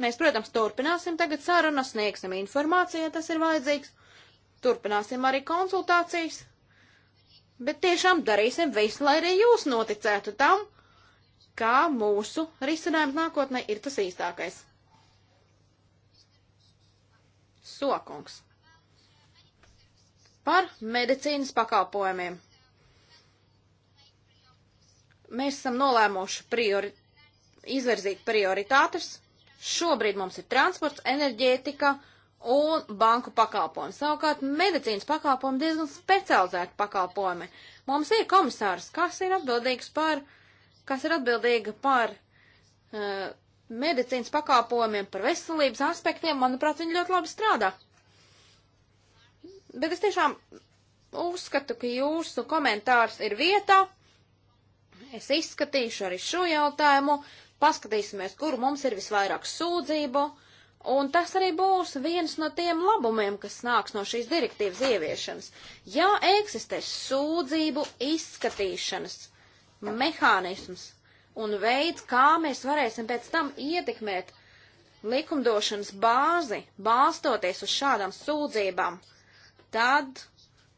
Mēs, protams, turpināsim tagad sarunas, sniegsim informāciju, ja tas ir vajadzīgs, turpināsim arī konsultācijas, bet tiešām darīsim visu, lai arī jūs noticētu tam, kā mūsu risinājums nākotnē ir tas īstākais. Sokungs. Par medicīnas pakalpojumiem. Mēs esam nolēmuši priori... izvirzīt prioritātes Šobrīd mums ir transports, enerģētika un banku pakalpojumi. Savukārt medicīnas pakalpojumi diezgan specializēti pakalpojumi. Mums ir komisārs, kas ir atbildīgs par, kas ir atbildīga par uh, medicīnas pakalpojumiem, par veselības aspektiem. Manuprāt, viņi ļoti labi strādā. Bet es tiešām uzskatu, ka jūsu komentārs ir vietā. Es izskatīšu arī šo jautājumu paskatīsimies, kur mums ir visvairāk sūdzību, un tas arī būs viens no tiem labumiem, kas nāks no šīs direktīvas ieviešanas. Ja eksistē sūdzību izskatīšanas mehānisms un veids, kā mēs varēsim pēc tam ietekmēt likumdošanas bāzi, bāstoties uz šādām sūdzībām, tad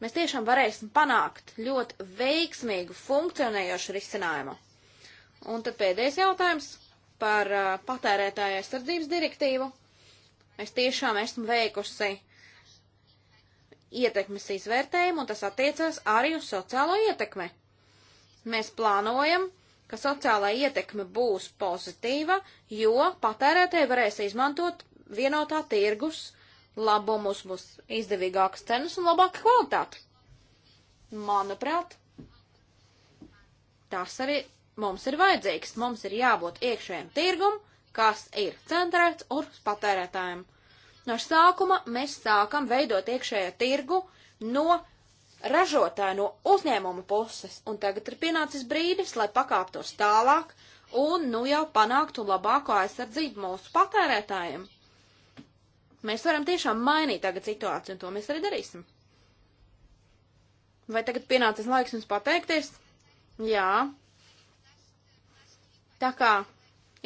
mēs tiešām varēsim panākt ļoti veiksmīgu funkcionējošu risinājumu. Un tad pēdējais jautājums par uh, patērētāja aizsardzības direktīvu. Es tiešām esmu veikusi ietekmes izvērtējumu, un tas attiecas arī uz sociālo ietekmi. Mēs plānojam, ka sociālā ietekme būs pozitīva, jo patērētāji varēs izmantot vienotā tirgus labumus, būs izdevīgākas cenas un labāka kvalitāte. Manuprāt, tas arī mums ir vajadzīgs. Mums ir jābūt iekšējiem tirgum, kas ir centrēts uz patērētājiem. No sākuma mēs sākam veidot iekšējo tirgu no ražotāja, no uzņēmuma puses, un tagad ir pienācis brīdis, lai pakāptos tālāk un nu jau panāktu labāko aizsardzību mūsu patērētājiem. Mēs varam tiešām mainīt tagad situāciju, un to mēs arī darīsim. Vai tagad pienācis laiks jums pateikties? Jā, Tā kā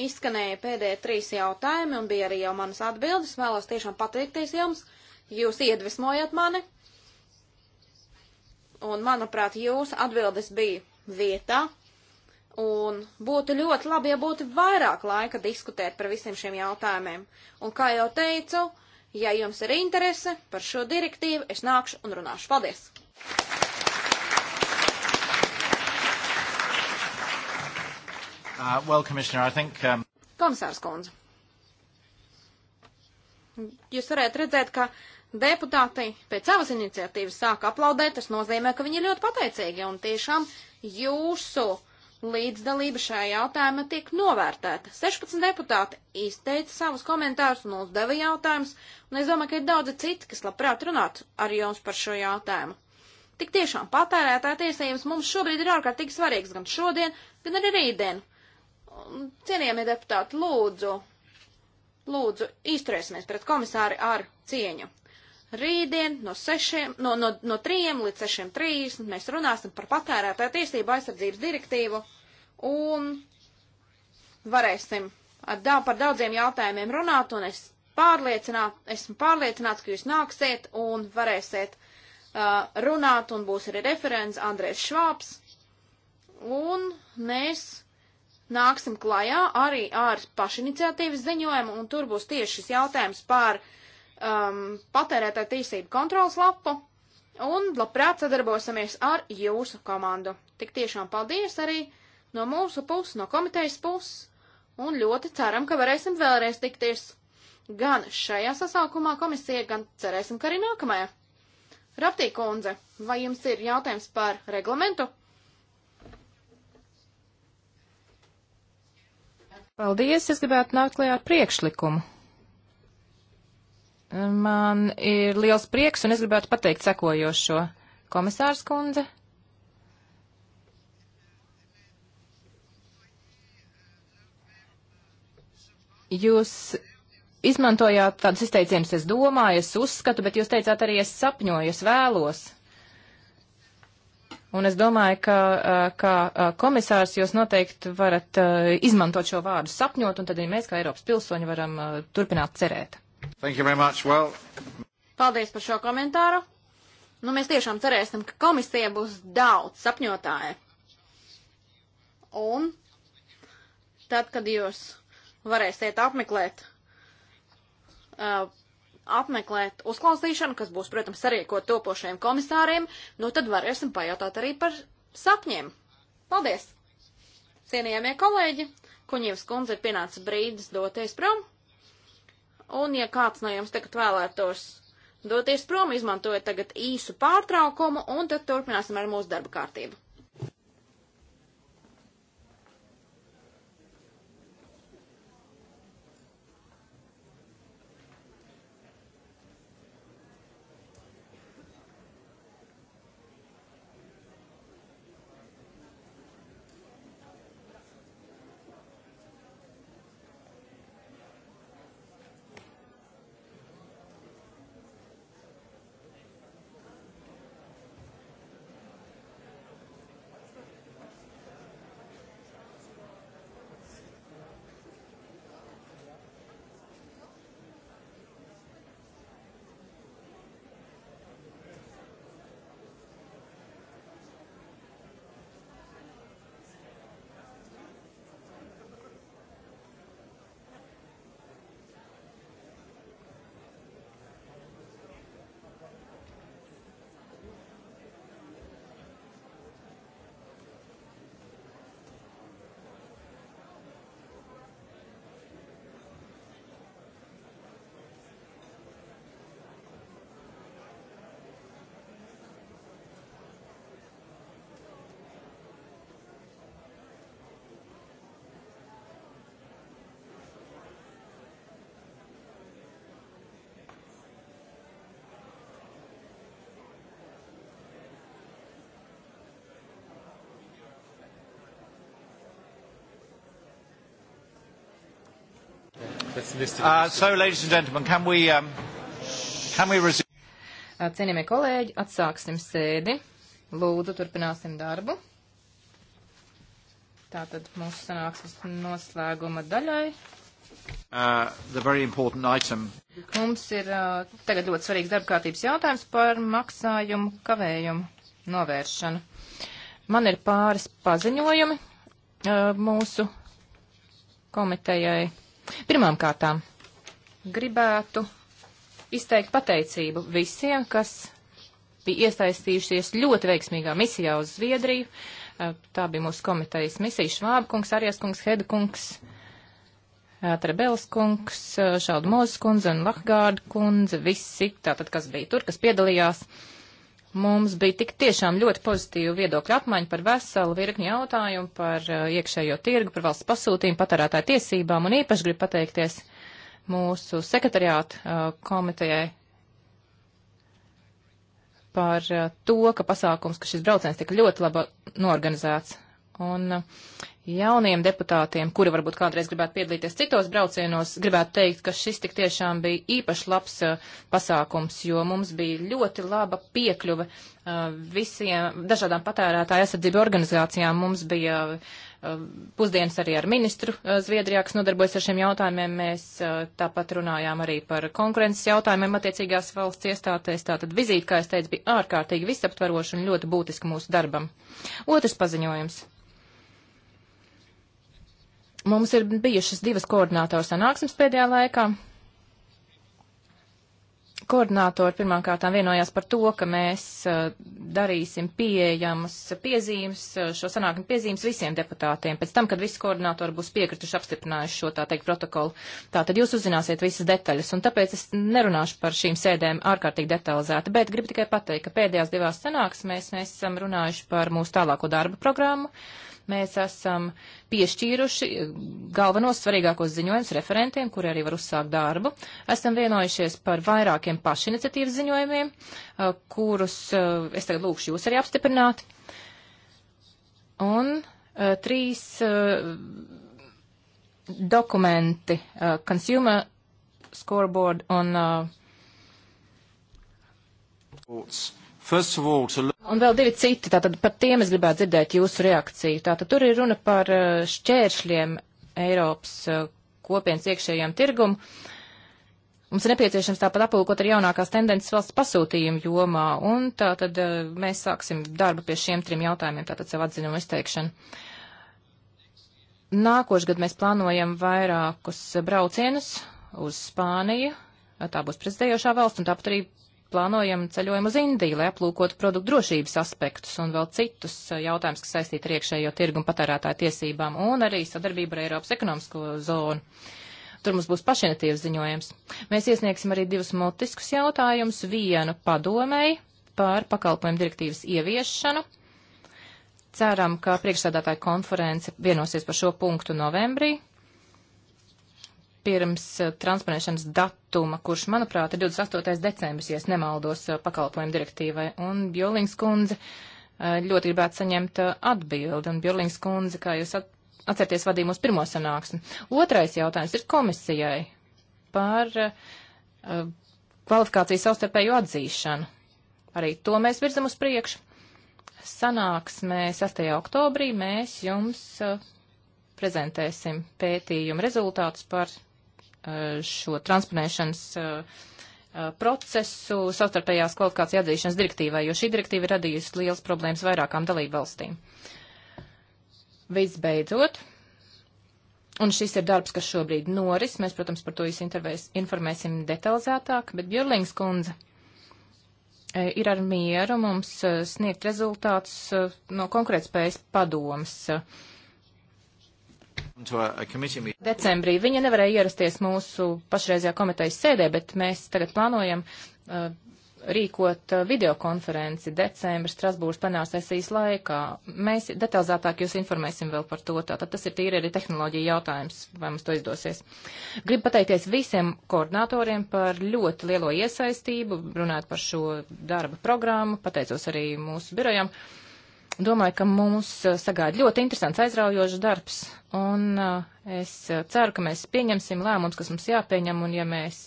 izskanēja pēdējie trīs jautājumi un bija arī jau manas atbildes, vēlos tiešām pateikties jums, jūs iedvesmojat mani. Un, manuprāt, jūsu atbildes bija vietā. Un būtu ļoti labi, ja būtu vairāk laika diskutēt par visiem šiem jautājumiem. Un, kā jau teicu, ja jums ir interese par šo direktīvu, es nākšu un runāšu. Paldies! Uh, well, Commissioner, I think... Um... Komisārs Kundze. Jūs varētu redzēt, ka deputāti pēc savas iniciatīvas sāka aplaudēt, tas nozīmē, ka viņi ir ļoti pateicīgi un tiešām jūsu līdzdalība šajā jautājumā tiek novērtēta. 16 deputāti izteica savus komentārus un uzdeva jautājumus, un es domāju, ka ir daudzi citi, kas labprāt runātu ar jums par šo jautājumu. Tik tiešām patērētāja tiesības mums šobrīd ir ārkārtīgi svarīgas gan šodien, gan arī rītdien. Cienījamie deputāti, lūdzu, lūdzu, izturēsimies pret komisāri ar cieņu. Rītdien no, sešiem, no, no, no 3 līdz 6.30 mēs runāsim par patērētāju tiesību aizsardzības direktīvu un varēsim da, par daudziem jautājumiem runāt, un es pārliecināt, esmu pārliecināts, ka jūs nāksiet un varēsiet uh, runāt, un būs arī referents Andrēs Švāps. Un mēs nāksim klajā arī ar pašiniciatīvas ziņojumu, un tur būs tieši šis jautājums par um, patērētāju tīsību kontrolas lapu, un labprāt sadarbosimies ar jūsu komandu. Tik tiešām paldies arī no mūsu puses, no komitejas puses, un ļoti ceram, ka varēsim vēlreiz tikties gan šajā sasaukumā komisija, gan cerēsim, ka arī nākamajā. Raptī kundze, vai jums ir jautājums par reglamentu? Paldies, es gribētu nākt klajā ar priekšlikumu. Man ir liels prieks, un es gribētu pateikt sekojošo. Komisārs kundze. Jūs izmantojāt tādus izteicienus, es domāju, es uzskatu, bet jūs teicāt arī es sapņoju, es vēlos. Un es domāju, ka kā komisārs jūs noteikti varat izmantot šo vārdu sapņot, un tad arī mēs, kā Eiropas pilsoņi, varam turpināt cerēt. Well... Paldies par šo komentāru. Nu, mēs tiešām cerēsim, ka komisija būs daudz sapņotāja. Un tad, kad jūs varēsiet apmeklēt uh, apmeklēt uzklausīšanu, kas būs, protams, sarīkot topošajiem komisāriem, nu tad varēsim pajautāt arī par sapņiem. Paldies! Cienījamie kolēģi, Kuņevs kundze ir pienācis brīdis doties prom, un ja kāds no jums tagad vēlētos doties prom, izmantojiet tagad īsu pārtraukumu, un tad turpināsim ar mūsu darba kārtību. that's listed. Uh, so, ladies and gentlemen, can we, um, can we resume? Uh, cienījamie kolēģi, atsāksim sēdi. Lūdzu, turpināsim darbu. Tātad mūsu sanāksmes noslēguma daļai. Uh, Mums ir uh, tagad ļoti svarīgs darbkārtības jautājums par maksājumu kavējumu novēršanu. Man ir pāris paziņojumi uh, mūsu komitejai. Pirmām kārtām gribētu izteikt pateicību visiem, kas bija iesaistījušies ļoti veiksmīgā misijā uz Zviedriju. Eh, tā bija mūsu komitejas misija Švābkungs, Arieskungs, Hedekungs, Trebelskungs, eh, Šauda Mozes kundze un Lahgārda kundze. Visi tātad, kas bija tur, kas piedalījās. Uh, Mums bija tik tiešām ļoti pozitīva viedokļa apmaiņa par veselu virkni jautājumu, par uh, iekšējo tirgu, par valsts pasūtījumu, patērētāju tiesībām un īpaši gribu pateikties mūsu sekretariātu uh, komitejai par uh, to, ka pasākums, ka šis brauciens tika ļoti labi norganizēts. Un eh, jauniem deputātiem, kuri varbūt kādreiz gribētu piedalīties citos braucienos, gribētu teikt, ka šis tik tiešām bija īpaši labs uh, pasākums, jo mums bija ļoti laba piekļuve uh, visiem dažādām patērētāju aizsardzību organizācijām. Mums bija uh, pusdienas arī ar ministru Zviedrijā, kas nodarbojas ar šiem jautājumiem. Mēs tāpat runājām arī par konkurences jautājumiem attiecīgās valsts iestātēs. Tātad vizīte, kā es teicu, bija ārkārtīgi visaptveroša un ļoti būtiska mūsu darbam. Otrs paziņojums. Mums ir bijušas divas koordinātoru sanāksmes pēdējā laikā. Koordinātori pirmkārtām vienojās par to, ka mēs uh, darīsim pieejamas piezīmes, uh, šo sanākumu piezīmes visiem deputātiem, pēc tam, kad visi koordinātori būs piekrituši apstiprinājuši šo tā teikt protokolu. Tātad jūs uzzināsiet visas detaļas, un tāpēc es nerunāšu par šīm sēdēm ārkārtīgi detalizēti, bet gribu tikai pateikt, ka pēdējās divās sanāksmēs mēs esam runājuši par mūsu tālāko darba programmu. Uh, Mēs esam piešķīruši galvenos svarīgākos ziņojumus referentiem, kuri arī var uzsākt darbu. Esam vienojušies par vairākiem pašiniciatīvas ziņojumiem, uh, kurus uh, es tagad lūkšu jūs arī apstiprināt. Un uh, trīs dokumenti - Consumer Scoreboard un. Sports. Uh, Un vēl divi citi, tātad par tiem es gribētu dzirdēt jūsu reakciju. Tātad tur ir runa par eh, šķēršļiem Eiropas eh, kopienas iekšējiem tirgumu. Mums ir nepieciešams tāpat aplūkot ar jaunākās tendences valsts pasūtījumu jomā, un tātad eh, mēs sāksim darbu pie šiem trim jautājumiem, tātad savu atzinumu izteikšanu. Nākošgad mēs plānojam vairākus braucienus uz Spāniju, tā būs prezidējošā valsts, un tāpat arī plānojam ceļojumu uz Indiju, lai aplūkotu produktu drošības aspektus un vēl citus eh, jautājumus, kas saistīti ar iekšējo tirgu un patērētāju tiesībām, un arī sadarbību ar Eiropas ekonomisko zonu. Tur mums būs pašinitīvas ziņojums. Mēs iesniegsim arī divus motiskus jautājumus. Vienu padomēji par pakalpojumu direktīvas ieviešanu. Ceram, ka priekšsēdātāja konference vienosies par šo punktu novembrī pirms eh, transponēšanas datuma, kurš, manuprāt, ir 28. decembris, ja es nemaldos eh, pakalpojumu direktīvai. Un Bjolings kundze eh, ļoti gribētu saņemt atbildi. Un Bjolings kundze, kā jūs atcerieties, vadīja mūsu pirmo sanāksmi. Otrais jautājums ir komisijai par kvalifikāciju savstarpēju atzīšanu. Arī to mēs virzam uz priekšu. Sanāksmē 6. oktobrī mēs jums prezentēsim pētījumu rezultātus par Eh, šo transponēšanas eh, eh, procesu savstarpējās kvalifikācijas atzīšanas direktīvai, jo šī direktīva ir radījusi liels problēmas vairākām dalību valstīm. Visbeidzot, un šis ir darbs, kas šobrīd noris, mēs, protams, par to jūs informēsim detalizētāk, bet Björlings kundze ir ar mieru mums sniegt rezultātus no konkrētspējas padomas. Uh, Decembrī viņa nevarēja ierasties mūsu pašreizajā komitejas sēdē, bet mēs tagad plānojam uh, rīkot uh, videokonferenci decembra Strasbūras plenārsesijas laikā. Mēs detalizētāk jūs informēsim vēl par to. Tātad tas ir tīri arī tehnoloģija jautājums, vai mums to izdosies. Gribu pateikties visiem koordinatoriem par ļoti lielo iesaistību, runāt par šo darba programmu, pateicos arī mūsu birojam. Uh, Domāju, ka mūs eh, sagaida ļoti interesants, aizraujošs darbs, un eh, es eh, ceru, ka mēs pieņemsim lēmums, kas mums jāpieņem, un ja mēs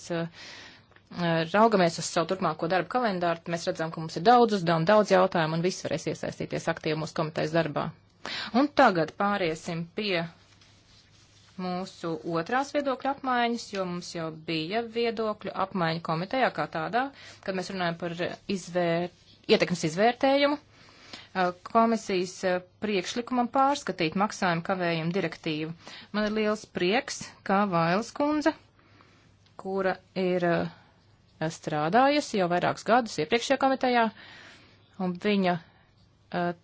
raugamies uz savu turpmāko darbu kalendāru, tad mēs redzam, ka mums ir daudz uzdevumu, daudz jautājumu, un viss varēs iesaistīties aktīvi mūsu komitejas darbā. Un tagad pāriesim pie mūsu otrās viedokļa apmaiņas, jo mums jau bija viedokļu apmaiņa komitejā kā tādā, kad mēs runājam par izvēr... ietekmes izvērtējumu. Uh, komisijas uh, priekšlikumam pārskatīt maksājumu kavējumu direktīvu. Man ir liels prieks, kā Vails kundze, kura ir uh, strādājusi jau vairākus gadus iepriekšējā komitejā, un viņa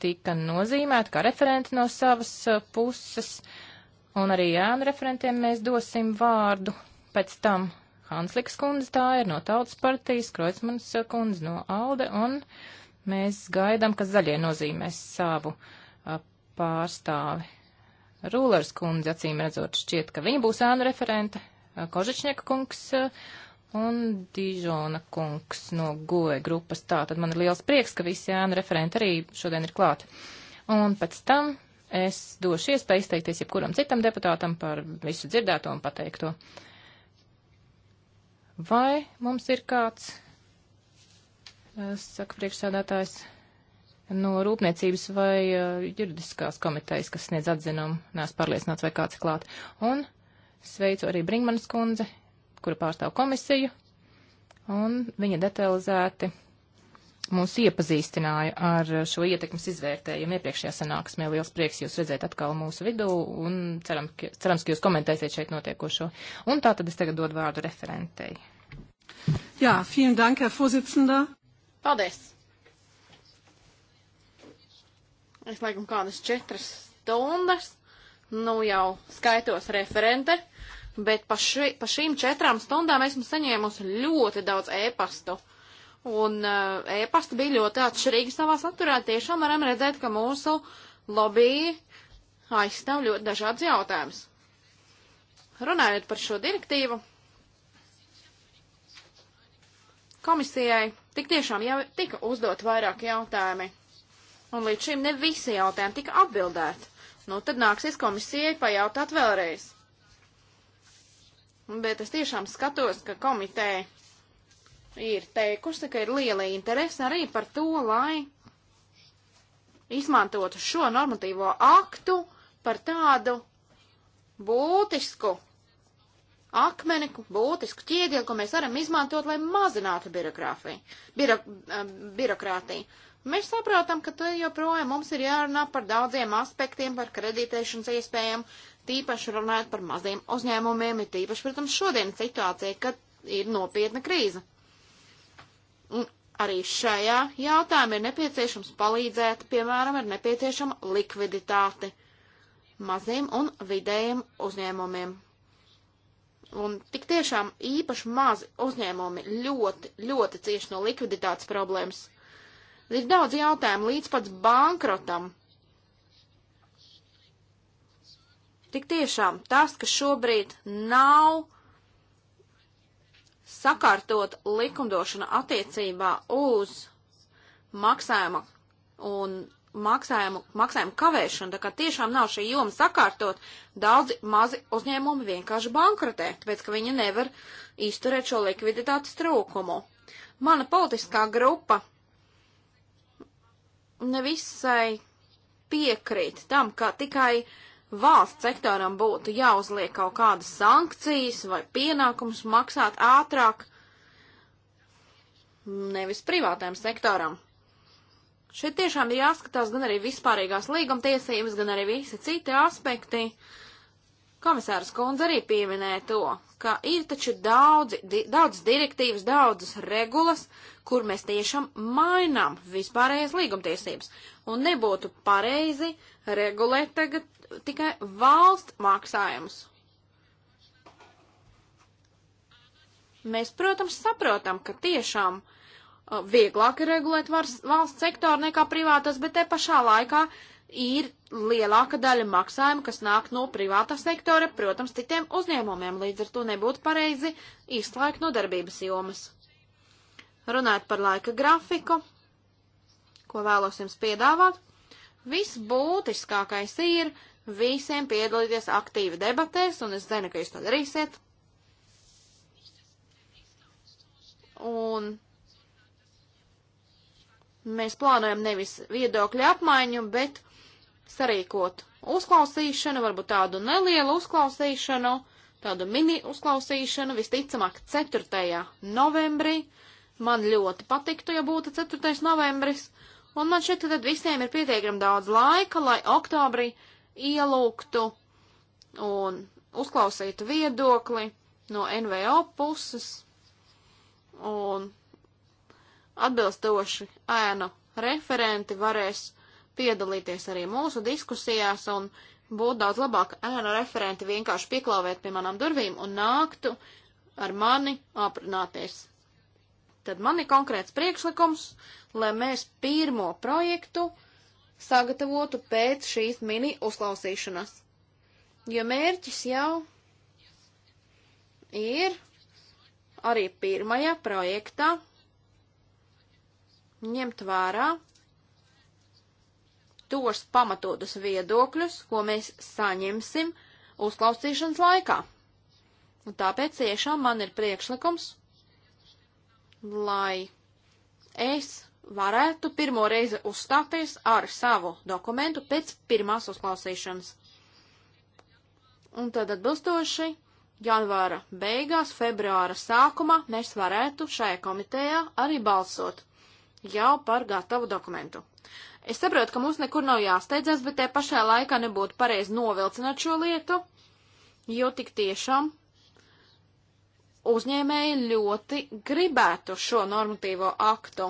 tika nozīmēta kā referenti no savas puses, un arī ēnu referentiem mēs dosim vārdu pēc tam. Hanslikas kundze tā ir no Tautas partijas, Kreutzmanis kundze no Alde un uh, Mēs gaidām, ka zaļie nozīmēs savu a, pārstāvi. Rūlers kundze, acīm redzot, šķiet, ka viņa būs ēnu referente, Kožičnieka kungs a, un Dižona kungs no GOE grupas. Tā tad man ir liels prieks, ka visi ēnu referenti arī šodien ir klāt. Un pēc tam es došu iespēju izteikties jebkuram citam deputātam par visu dzirdēto un pateikto. Vai mums ir kāds saka priekšsādātājs, no rūpniecības vai eh, juridiskās komitejas, kas sniedz atzinumu, neesmu pārliecināts, vai kāds ir klāt. Un sveicu arī Brinkmanas kundze, kura pārstāv komisiju, un viņa detalizēti mūs iepazīstināja ar šo ietekmes izvērtējumu iepriekšējā sanāksmē. Liels prieks jūs redzēt atkal mūsu vidū un ceram, ka, cerams, ka jūs komentēsiet šeit notiekošo. Un tā tad es tagad dodu vārdu referentei. Jā, vielen dank, Herr Vorsitzender. Paldies! Es laikam kādas četras stundas, nu jau skaitos referente, bet pa, ši, pa šīm četrām stundām esmu saņēmusi ļoti daudz ēpastu. Un uh, eh, ēpasti bija ļoti atšķirīgi savā saturā. Tiešām varam redzēt, ka mūsu lobby aizstāv ļoti dažādas jautājumas. Runājot par šo direktīvu, komisijai Tik tiešām jau tika uzdot vairāk jautājumi, un līdz šim ne visi jautājumi tika atbildēti. Nu, tad nāksies komisijai pajautāt vēlreiz. Bet es tiešām skatos, ka komiteja ir teikusi, ka ir liela interese arī par to, lai izmantotu šo normatīvo aktu par tādu būtisku akmeni, būtisku ķiedeli, ko mēs varam izmantot, lai mazinātu biro, eh, birokrātiju. Mēs saprotam, ka tur joprojām mums ir jārunā par daudziem aspektiem, par kreditēšanas iespējām, tīpaši runājot par maziem uzņēmumiem, ir tīpaši, protams, šodienas situācija, kad ir nopietna krīze. Un arī šajā jautājumā ir nepieciešams palīdzēt, piemēram, ir nepieciešama likviditāte maziem un vidējiem uzņēmumiem. Un tik tiešām īpaši mazi uzņēmumi ļoti, ļoti cieši no likviditātes problēmas. Ir daudz jautājumu līdz pats bankrotam. Tik tiešām tas, ka šobrīd nav sakārtot likumdošana attiecībā uz maksājuma un maksājumu, maksājumu kavēšanu, tā kā tiešām nav šī joma sakārtot, daudzi mazi uzņēmumi vienkārši bankrotē, tāpēc ka viņi nevar izturēt šo likviditātes trūkumu. Mana politiskā grupa nevisai piekrīt tam, ka tikai valsts sektoram būtu jāuzliek kaut kādas sankcijas vai pienākums maksāt ātrāk, nevis privātajam sektoram. Šeit tiešām ir jāskatās gan arī vispārīgās līgumtiesības, gan arī visi citi aspekti. Komisārs Kundze arī pieminēja to, ka ir taču daudz, di, daudz direktīvas, daudzas regulas, kur mēs tiešām mainām vispārējās līgumtiesības. Un nebūtu pareizi regulēt tagad tikai valsts maksājumus. Mēs, protams, saprotam, ka tiešām uh, Uh, vieglāk ir regulēt vars, valsts sektoru nekā privātas, bet te pašā laikā ir lielāka daļa maksājumu, kas nāk no privātā sektora, protams, citiem uzņēmumiem, līdz ar to nebūtu pareizi izslēgt no darbības jomas. Runājot par laika grafiku, ko vēlos jums piedāvāt, viss būtiskākais ir visiem piedalīties aktīvi debatēs, un es zinu, ka jūs to darīsiet. Un Mēs plānojam nevis viedokļu apmaiņu, bet sarīkot uzklausīšanu, varbūt tādu nelielu uzklausīšanu, tādu mini uzklausīšanu, visticamāk 4. novembrī. Man ļoti patiktu, ja būtu 4. novembris, un man šķiet, ka tad visiem ir pietiekami daudz laika, lai oktobrī ielūgtu un uzklausītu viedokli no NVO puses. Un atbilstoši ēnu referenti varēs piedalīties arī mūsu diskusijās un būtu daudz labāk ēnu referenti vienkārši pieklauvēt pie manām durvīm un nāktu ar mani aprunāties. Tad man ir konkrēts priekšlikums, lai mēs pirmo projektu sagatavotu pēc šīs mini uzklausīšanas. Jo mērķis jau ir arī pirmajā projektā ņemt vērā tos pamatotus viedokļus, ko mēs saņemsim uzklausīšanas laikā. Un tāpēc tiešām man ir priekšlikums, lai es varētu pirmo reizi uzstāties ar savu dokumentu pēc pirmās uzklausīšanas. Un tad atbilstoši janvāra beigās, februāra sākumā mēs varētu šajā komitejā arī balsot jau par gatavu dokumentu. Es saprotu, ka mums nekur nav jāsteidzas, bet te pašā laikā nebūtu pareizi novilcināt šo lietu, jo tik tiešām uzņēmēji ļoti gribētu šo normatīvo aktu.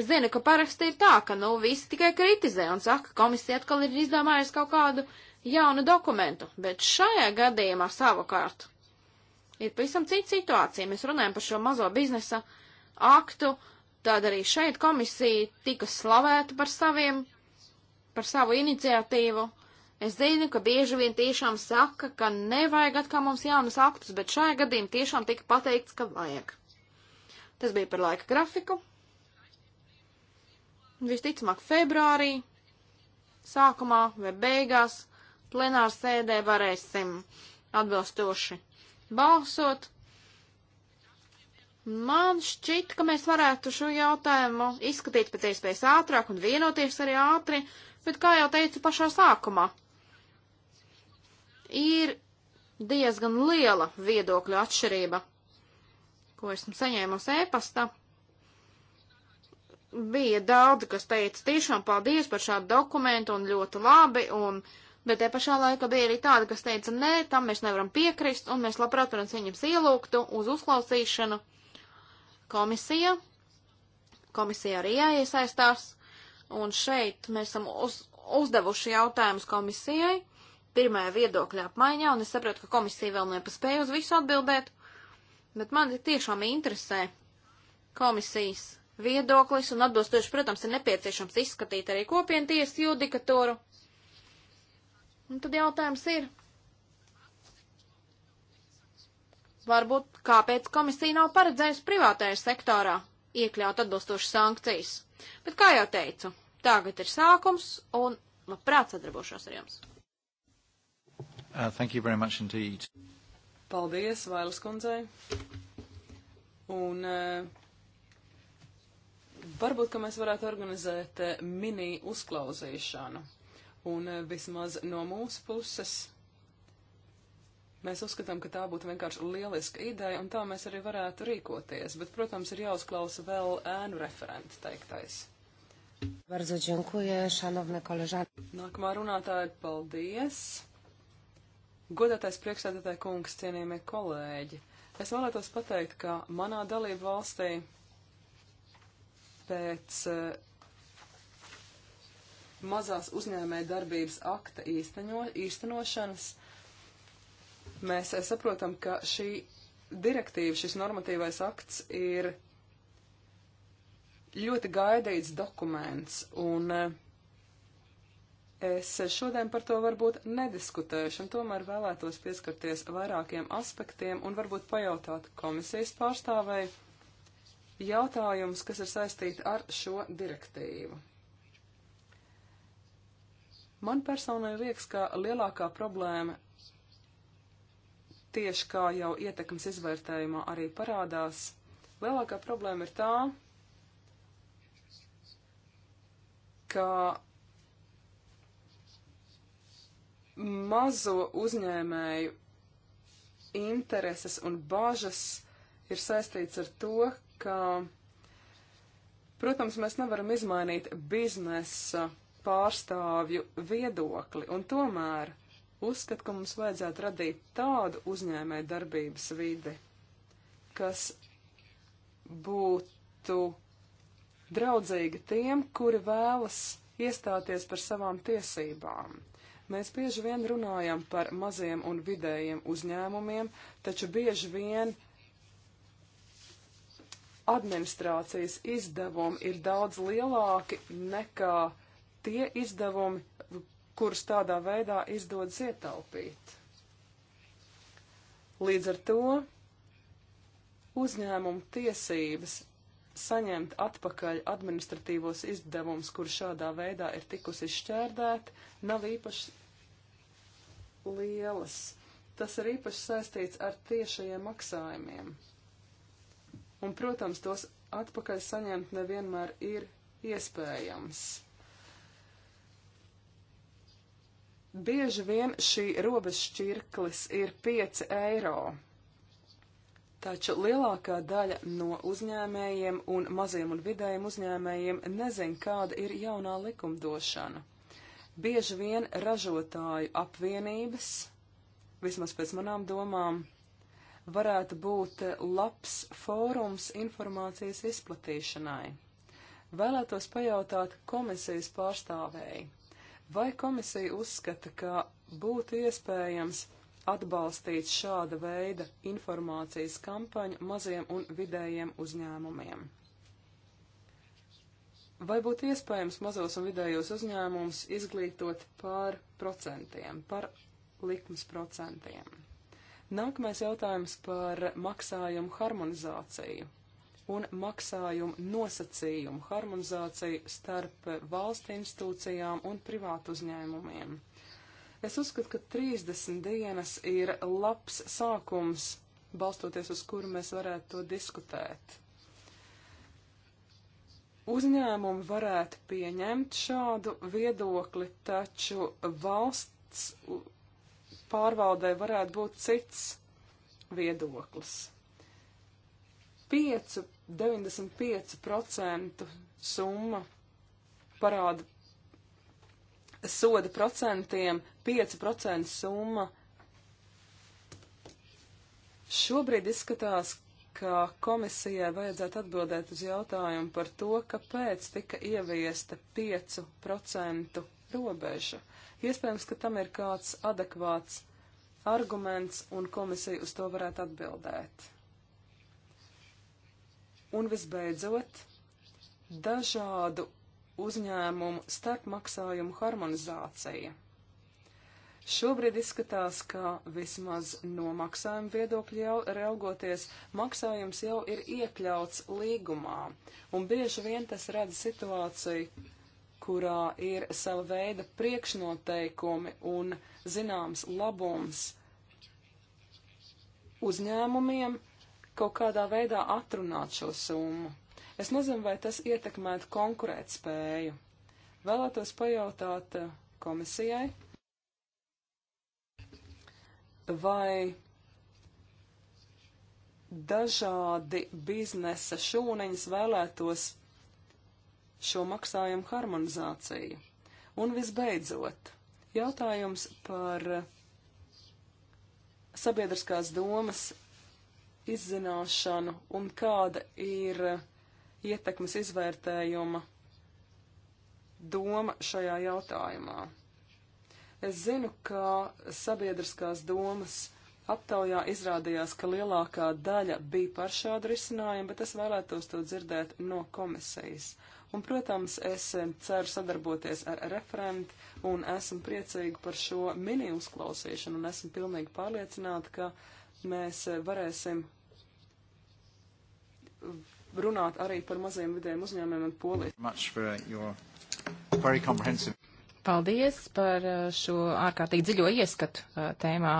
Es zinu, ka paraksti ir tā, ka nu visi tikai kritizē un saka, komisija atkal ir izdomājusi kaut kādu jaunu dokumentu, bet šajā gadījumā savukārt ir pavisam cita situācija. Mēs runājam par šo mazo biznesa aktu, uh, Tad arī šeit komisija tika slavēta par saviem, par savu iniciatīvu. Es zinu, ka bieži vien tiešām saka, ka nevajag atkal mums jaunus aktus, bet šajā gadījumā tiešām tika pateikts, ka vajag. Tas bija par laika grafiku. Visticamāk, februārī, sākumā vai beigās plenārsēdē varēsim atbilstoši balsot Man šķiet, ka mēs varētu šo jautājumu izskatīt pēc iespējas ātrāk un vienoties arī ātri, bet kā jau teicu pašā sākumā, ir diezgan liela viedokļu atšķirība, ko esmu saņēmusi ēpasta. Bija daudzi, kas teica tiešām paldies par šādu dokumentu un ļoti labi, un, bet te pašā laikā bija arī tādi, kas teica, nē, tam mēs nevaram piekrist, un mēs labprāt, protams, viņam ielūgtu uz uzklausīšanu komisija. Komisija arī jāiesaistās. Un šeit mēs esam uz, uzdevuši jautājumus komisijai pirmajā viedokļa apmaiņā, un es saprotu, ka komisija vēl nepaspēja uz visu atbildēt, bet man tiešām interesē komisijas viedoklis, un atbilstoši, protams, ir nepieciešams izskatīt arī kopienties judikatūru. Un tad jautājums ir, Varbūt kāpēc komisija nav paredzējusi privātajā sektorā iekļaut atbilstošas sankcijas. Bet, kā jau teicu, tagad ir sākums un labprāt sadarbošos ar jums. Uh, thank you very much indeed. Paldies, Vailas kundzei. Un uh, varbūt, ka mēs varētu organizēt uh, mini uzklausīšanu. Un uh, vismaz no mūsu puses Mēs uzskatām, ka tā būtu vienkārši lieliska ideja, un tā mēs arī varētu rīkoties, bet, protams, ir jāuzklausa vēl ēnu referenta teiktais. Bardzo dziękuję, szanowne koleżanki. Nākamā runātāja, paldies. Godātais priekšsēdētāja kungs, cienījamie kolēģi, es vēlētos pateikt, ka manā dalību valstī pēc uh, mazās uzņēmē darbības akta īsteno, īstenošanas uh, Mēs saprotam, ka šī direktīva, šis normatīvais akts ir ļoti gaidīts dokuments, un eh, es šodien par to varbūt nediskutēšu, un tomēr vēlētos pieskarties vairākiem aspektiem un varbūt pajautāt komisijas pārstāvēju jautājumus, kas ir saistīti ar šo direktīvu. Man personīgi liekas, ka lielākā problēma tieši kā jau ietekmes izvērtējumā arī parādās, lielākā problēma ir tā, ka mazo uzņēmēju intereses un bažas ir saistīts ar to, ka, protams, mēs nevaram izmainīt biznesa pārstāvju viedokli, un tomēr Uzskat, ka mums vajadzētu radīt tādu uzņēmē darbības vidi, kas būtu draudzīga tiem, kuri vēlas iestāties par savām tiesībām. Mēs bieži vien runājam par maziem un vidējiem uzņēmumiem, taču bieži vien administrācijas izdevumi ir daudz lielāki nekā tie izdevumi, kurus tādā veidā izdodas ietaupīt. Līdz ar to uzņēmumu tiesības saņemt atpakaļ administratīvos izdevumus, kur šādā veidā ir tikusi izšķērdēti, nav īpaši lielas. Tas ir īpaši saistīts ar tiešajiem maksājumiem. Un, protams, tos atpakaļ saņemt nevienmēr ir iespējams. Bieži vien šī robežšķirklis ir 5 eiro. Taču lielākā daļa no uzņēmējiem un maziem un vidējiem uzņēmējiem nezin, kāda ir jaunā likumdošana. Bieži vien ražotāju apvienības, vismaz pēc manām domām, varētu būt labs fórums informācijas izplatīšanai. Vēlētos pajautāt komisijas pārstāvēji, Vai komisija uzskata, ka būtu iespējams atbalstīt šāda veida informācijas kampaņu maziem un vidējiem uzņēmumiem? Vai būtu iespējams mazos un vidējos uzņēmumus izglītot par procentiem, par likmes procentiem? Nākamais jautājums par maksājumu harmonizāciju un maksājumu nosacījumu harmonizāciju starp valsts institūcijām un privātu uzņēmumiem. Es uzskatu, ka 30 dienas ir labs sākums, balstoties uz kuru mēs varētu to diskutēt. Uzņēmumi varētu pieņemt šādu viedokli, taču valsts pārvaldē varētu būt cits viedoklis. 95, 95% summa parāda soda procentiem, 5% summa. Šobrīd izskatās, ka komisijai vajadzētu atbildēt uz jautājumu par to, kāpēc tika ieviesta 5% robeža. Iespējams, ka tam ir kāds adekvāts arguments, un komisija uz to varētu atbildēt. Un visbeidzot, dažādu uzņēmumu starpmaksājumu harmonizācija. Šobrīd izskatās, ka vismaz no maksājuma viedokļa jau raugoties, maksājums jau ir iekļauts līgumā, un bieži vien tas rada situāciju, kurā ir sava veida priekšnoteikumi un zināms labums uzņēmumiem, kaut kādā veidā atrunāt šo summu. Es nezinu, vai tas ietekmētu konkurētspēju. Vēlētos pajautāt eh, komisijai, vai dažādi biznesa šūniņas vēlētos šo maksājumu harmonizāciju. Un visbeidzot, jautājums par sabiedriskās domas izzināšanu un kāda ir ietekmes izvērtējuma doma šajā jautājumā. Es zinu, ka sabiedriskās domas aptaujā izrādījās, ka lielākā daļa bija par šādu risinājumu, bet es vēlētos to dzirdēt no komisijas. Un, protams, es ceru sadarboties ar referentu un esmu priecīga par šo mini uzklausīšanu un esmu pilnīgi pārliecināta, ka uh, mēs eh, varēsim runāt arī par maziem vidiem uzņēmumiem un poliju. Uh, Paldies par uh, šo ārkārtīgi dziļo ieskatu uh, tēmā.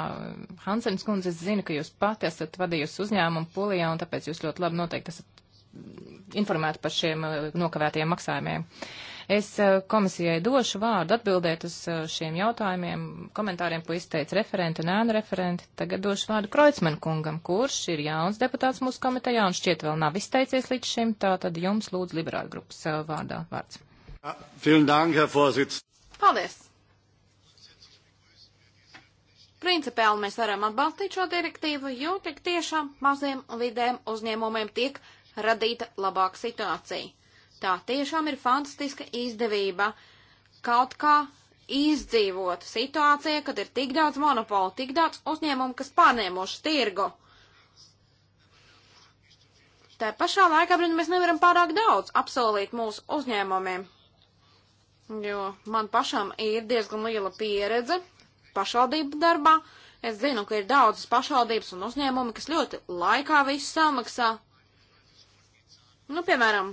Hansens kundze, es zinu, ka jūs pati esat vadījusi uzņēmumu Polijā, un tāpēc jūs ļoti labi noteikti esat informēti par šiem nokavētajiem maksājumiem. Uh, Es eh, komisijai došu vārdu atbildēt uz eh, šiem jautājumiem, komentāriem, ko izteica referenti un ēnu referenti. Tagad došu vārdu Kreutzmann kungam, kurš ir jauns deputāts mūsu komitejā un šķiet vēl nav izteicies līdz šim. Tātad jums lūdzu liberāļu grupas eh, vārdā vārds. Paldies! Principiāli mēs varam atbalstīt šo direktīvu, jo tik tiešām maziem un vidējiem uzņēmumiem tiek radīta labāka situācija. Tā tiešām ir fantastiska izdevība kaut kā izdzīvot situācijā, kad ir tik daudz monopolu, tik daudz uzņēmumu, kas pārņēmuši tirgu. Tā pašā laikā, protams, mēs nevaram pārāk daudz apsolīt mūsu uzņēmumiem, jo man pašam ir diezgan liela pieredze pašvaldību darbā. Es zinu, ka ir daudzas pašvaldības un uzņēmumi, kas ļoti laikā visu samaksā. Nu, piemēram,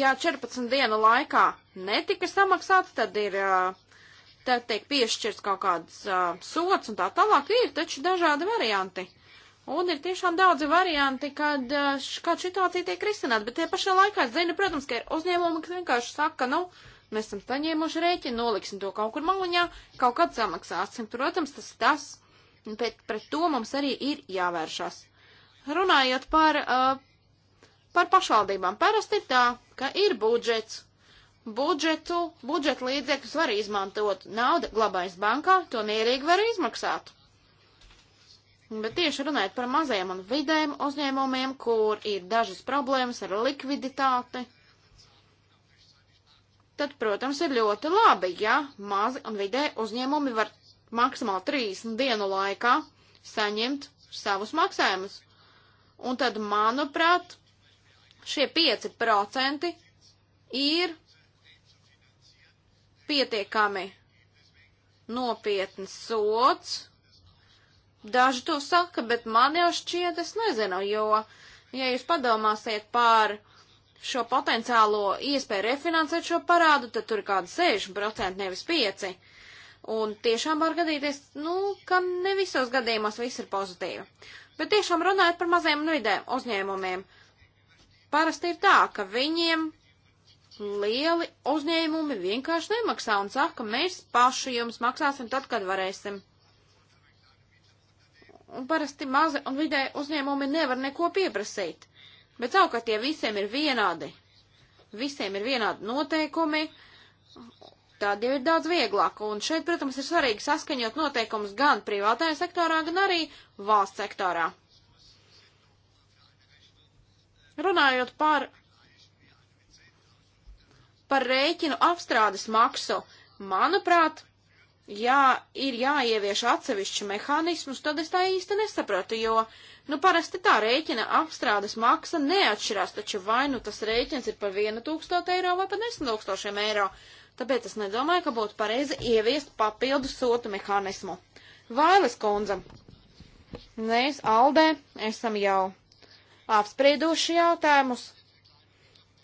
ja 14 dienu laikā netika samaksāts, tad ir, tad tiek piešķirts kaut kāds uh, sots un tā tālāk. Ir taču dažādi varianti. Un ir tiešām daudzi varianti, kad, kad situācija tiek risināta, bet tie pašā laikā es zinu, protams, ka ir uzņēmumi, kas vienkārši saka, nu, mēs esam saņēmuši rēķinu, noliksim to kaut kur maliņā, kaut kad samaksāsim. Protams, tas ir tas, bet pret to mums arī ir jāvēršas. Runājot par uh, Par pašvaldībām parasti ir tā, ka ir budžets. Budžetu, budžeta līdzekļus var izmantot. Nauda glabājas bankā, to mierīgi var izmaksāt. Bet tieši runājot par mazajiem un vidējiem uzņēmumiem, kur ir dažas problēmas ar likviditāti, tad, protams, ir ļoti labi, ja mazi un vidēji uzņēmumi var maksimāli 30 dienu laikā saņemt savus maksājumus. Un tad, manuprāt, Šie 5% ir pietiekami nopietns sots. Daži to saka, bet man jau šķiet, es nezinu, jo, ja jūs padomāsiet par šo potenciālo iespēju refinansēt šo parādu, tad tur ir kādi 6%, nevis 5%. Un tiešām var gadīties, nu, ka ne visos gadījumos viss ir pozitīvi. Bet tiešām runājot par maziem un vidēm uzņēmumiem, uh, parasti ir tā, ka viņiem lieli uzņēmumi vienkārši nemaksā un saka, mēs paši jums maksāsim tad, kad varēsim. Un parasti mazi un vidēji uzņēmumi nevar neko pieprasīt. Bet savukārt tie visiem ir vienādi. Visiem ir vienādi noteikumi. Tad jau ir daudz vieglāk, un šeit, protams, ir svarīgi saskaņot noteikumus gan privātajā sektorā, gan arī valsts sektorā. Runājot par, par rēķinu apstrādes maksu, manuprāt, jā, ir jāievieš atsevišķi mehānismus, tad es tā īsti nesapratu, jo, nu, parasti tā rēķina apstrādes maksa neatšķirās, taču vai nu tas rēķins ir par 1000 eiro vai par 10 000 eiro, tāpēc es nedomāju, ka būtu pareizi ieviest papildu sotu mehānismu. Vailes kundze, mēs Aldē esam jau apsprieduši jautājumus.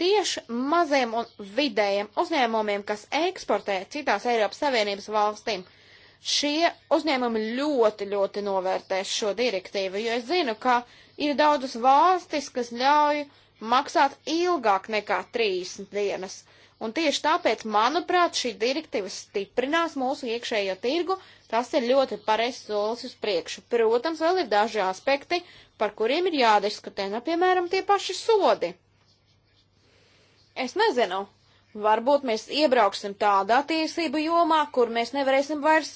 Tieši maziem un vidējiem uzņēmumiem, kas eksportē citās Eiropas Savienības valstīm, šie uzņēmumi ļoti, ļoti novērtēs šo direktīvu, jo es zinu, ka ir daudzas valstis, kas ļauj maksāt ilgāk nekā 30 dienas. Un tieši tāpēc, manuprāt, šī direktīva stiprinās mūsu iekšējo tirgu, Tas ir ļoti pareizs solis uz priekšu. Protams, vēl ir daži aspekti, par kuriem ir jādiskutē, nu, piemēram, tie paši sodi. Es nezinu, varbūt mēs iebrauksim tādā tiesību jomā, kur mēs nevarēsim vairs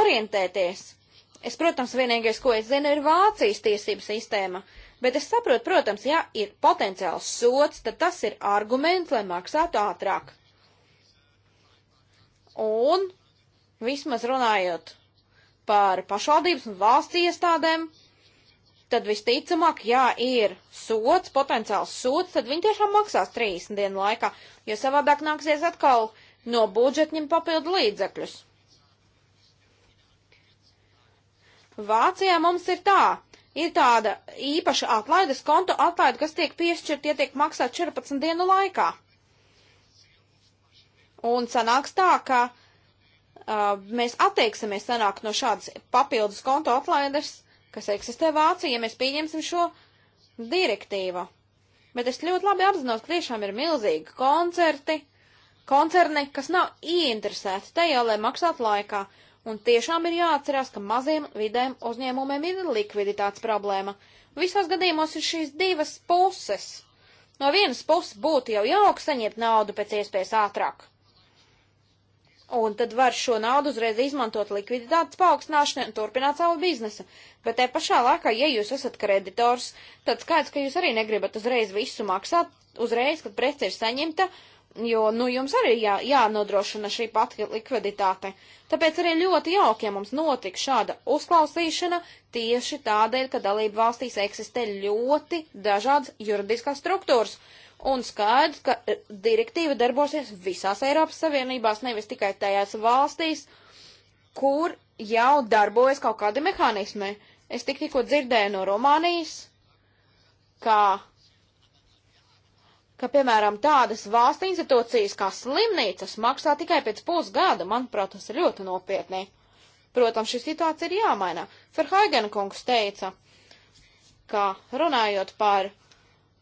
orientēties. Es, protams, vienīgais, ko es zinu, ir Vācijas tiesību sistēma, bet es saprotu, protams, ja ir potenciāls sots, tad tas ir arguments, lai maksātu ātrāk. Un vismaz runājot par pašvaldības un valsts iestādēm, tad visticamāk, ja ir sots, potenciāls sots, tad viņi tiešām maksās 30 dienu laikā, jo savādāk nāksies atkal no budžeta ņemt papildu līdzekļus. Vācijā mums ir tā, ir tāda īpaša atlaides konta atlaide, kas tiek piešķirt, tie tiek maksāt 14 dienu laikā. Un sanāks tā, ka Uh, mēs atteiksimies sanākt no šādas papildus konto atlaides, kas eksistē Vācijā, ja mēs pieņemsim šo direktīvu. Bet es ļoti labi apzinos, ka tiešām ir milzīgi koncerti, koncerni, kas nav ieinteresēti tajā, lai maksātu laikā. Un tiešām ir jāatcerās, ka maziem vidēm uzņēmumiem ir likviditātes problēma. Visos gadījumos ir šīs divas puses. No vienas puses būtu jau jauki saņemt naudu pēc iespējas ātrāk. Un tad var šo naudu uzreiz izmantot likviditātes paaugstināšanai un turpināt savu biznesu. Bet te pašā laikā, ja jūs esat kreditors, tad skaidrs, ka jūs arī negribat uzreiz visu maksāt, uzreiz, kad prece ir saņemta, jo, nu, jums arī jā, jānodrošina šī pati likviditāte. Tāpēc arī ļoti jauki, ja mums notika šāda uzklausīšana tieši tādēļ, ka dalību valstīs eksistē ļoti dažādas juridiskās struktūras un skaidrs, ka e, direktīva darbosies visās Eiropas Savienībās, nevis tikai tajās valstīs, kur jau darbojas kaut kādi mehānismi. Es tik tikko dzirdēju no Romānijas, ka, ka, piemēram, tādas valsts institūcijas kā slimnīcas maksā tikai pēc pusgada. Manuprāt, tas ir ļoti nopietni. Protams, šī situācija ir jāmaina. Ferhaigena kungs teica, ka runājot par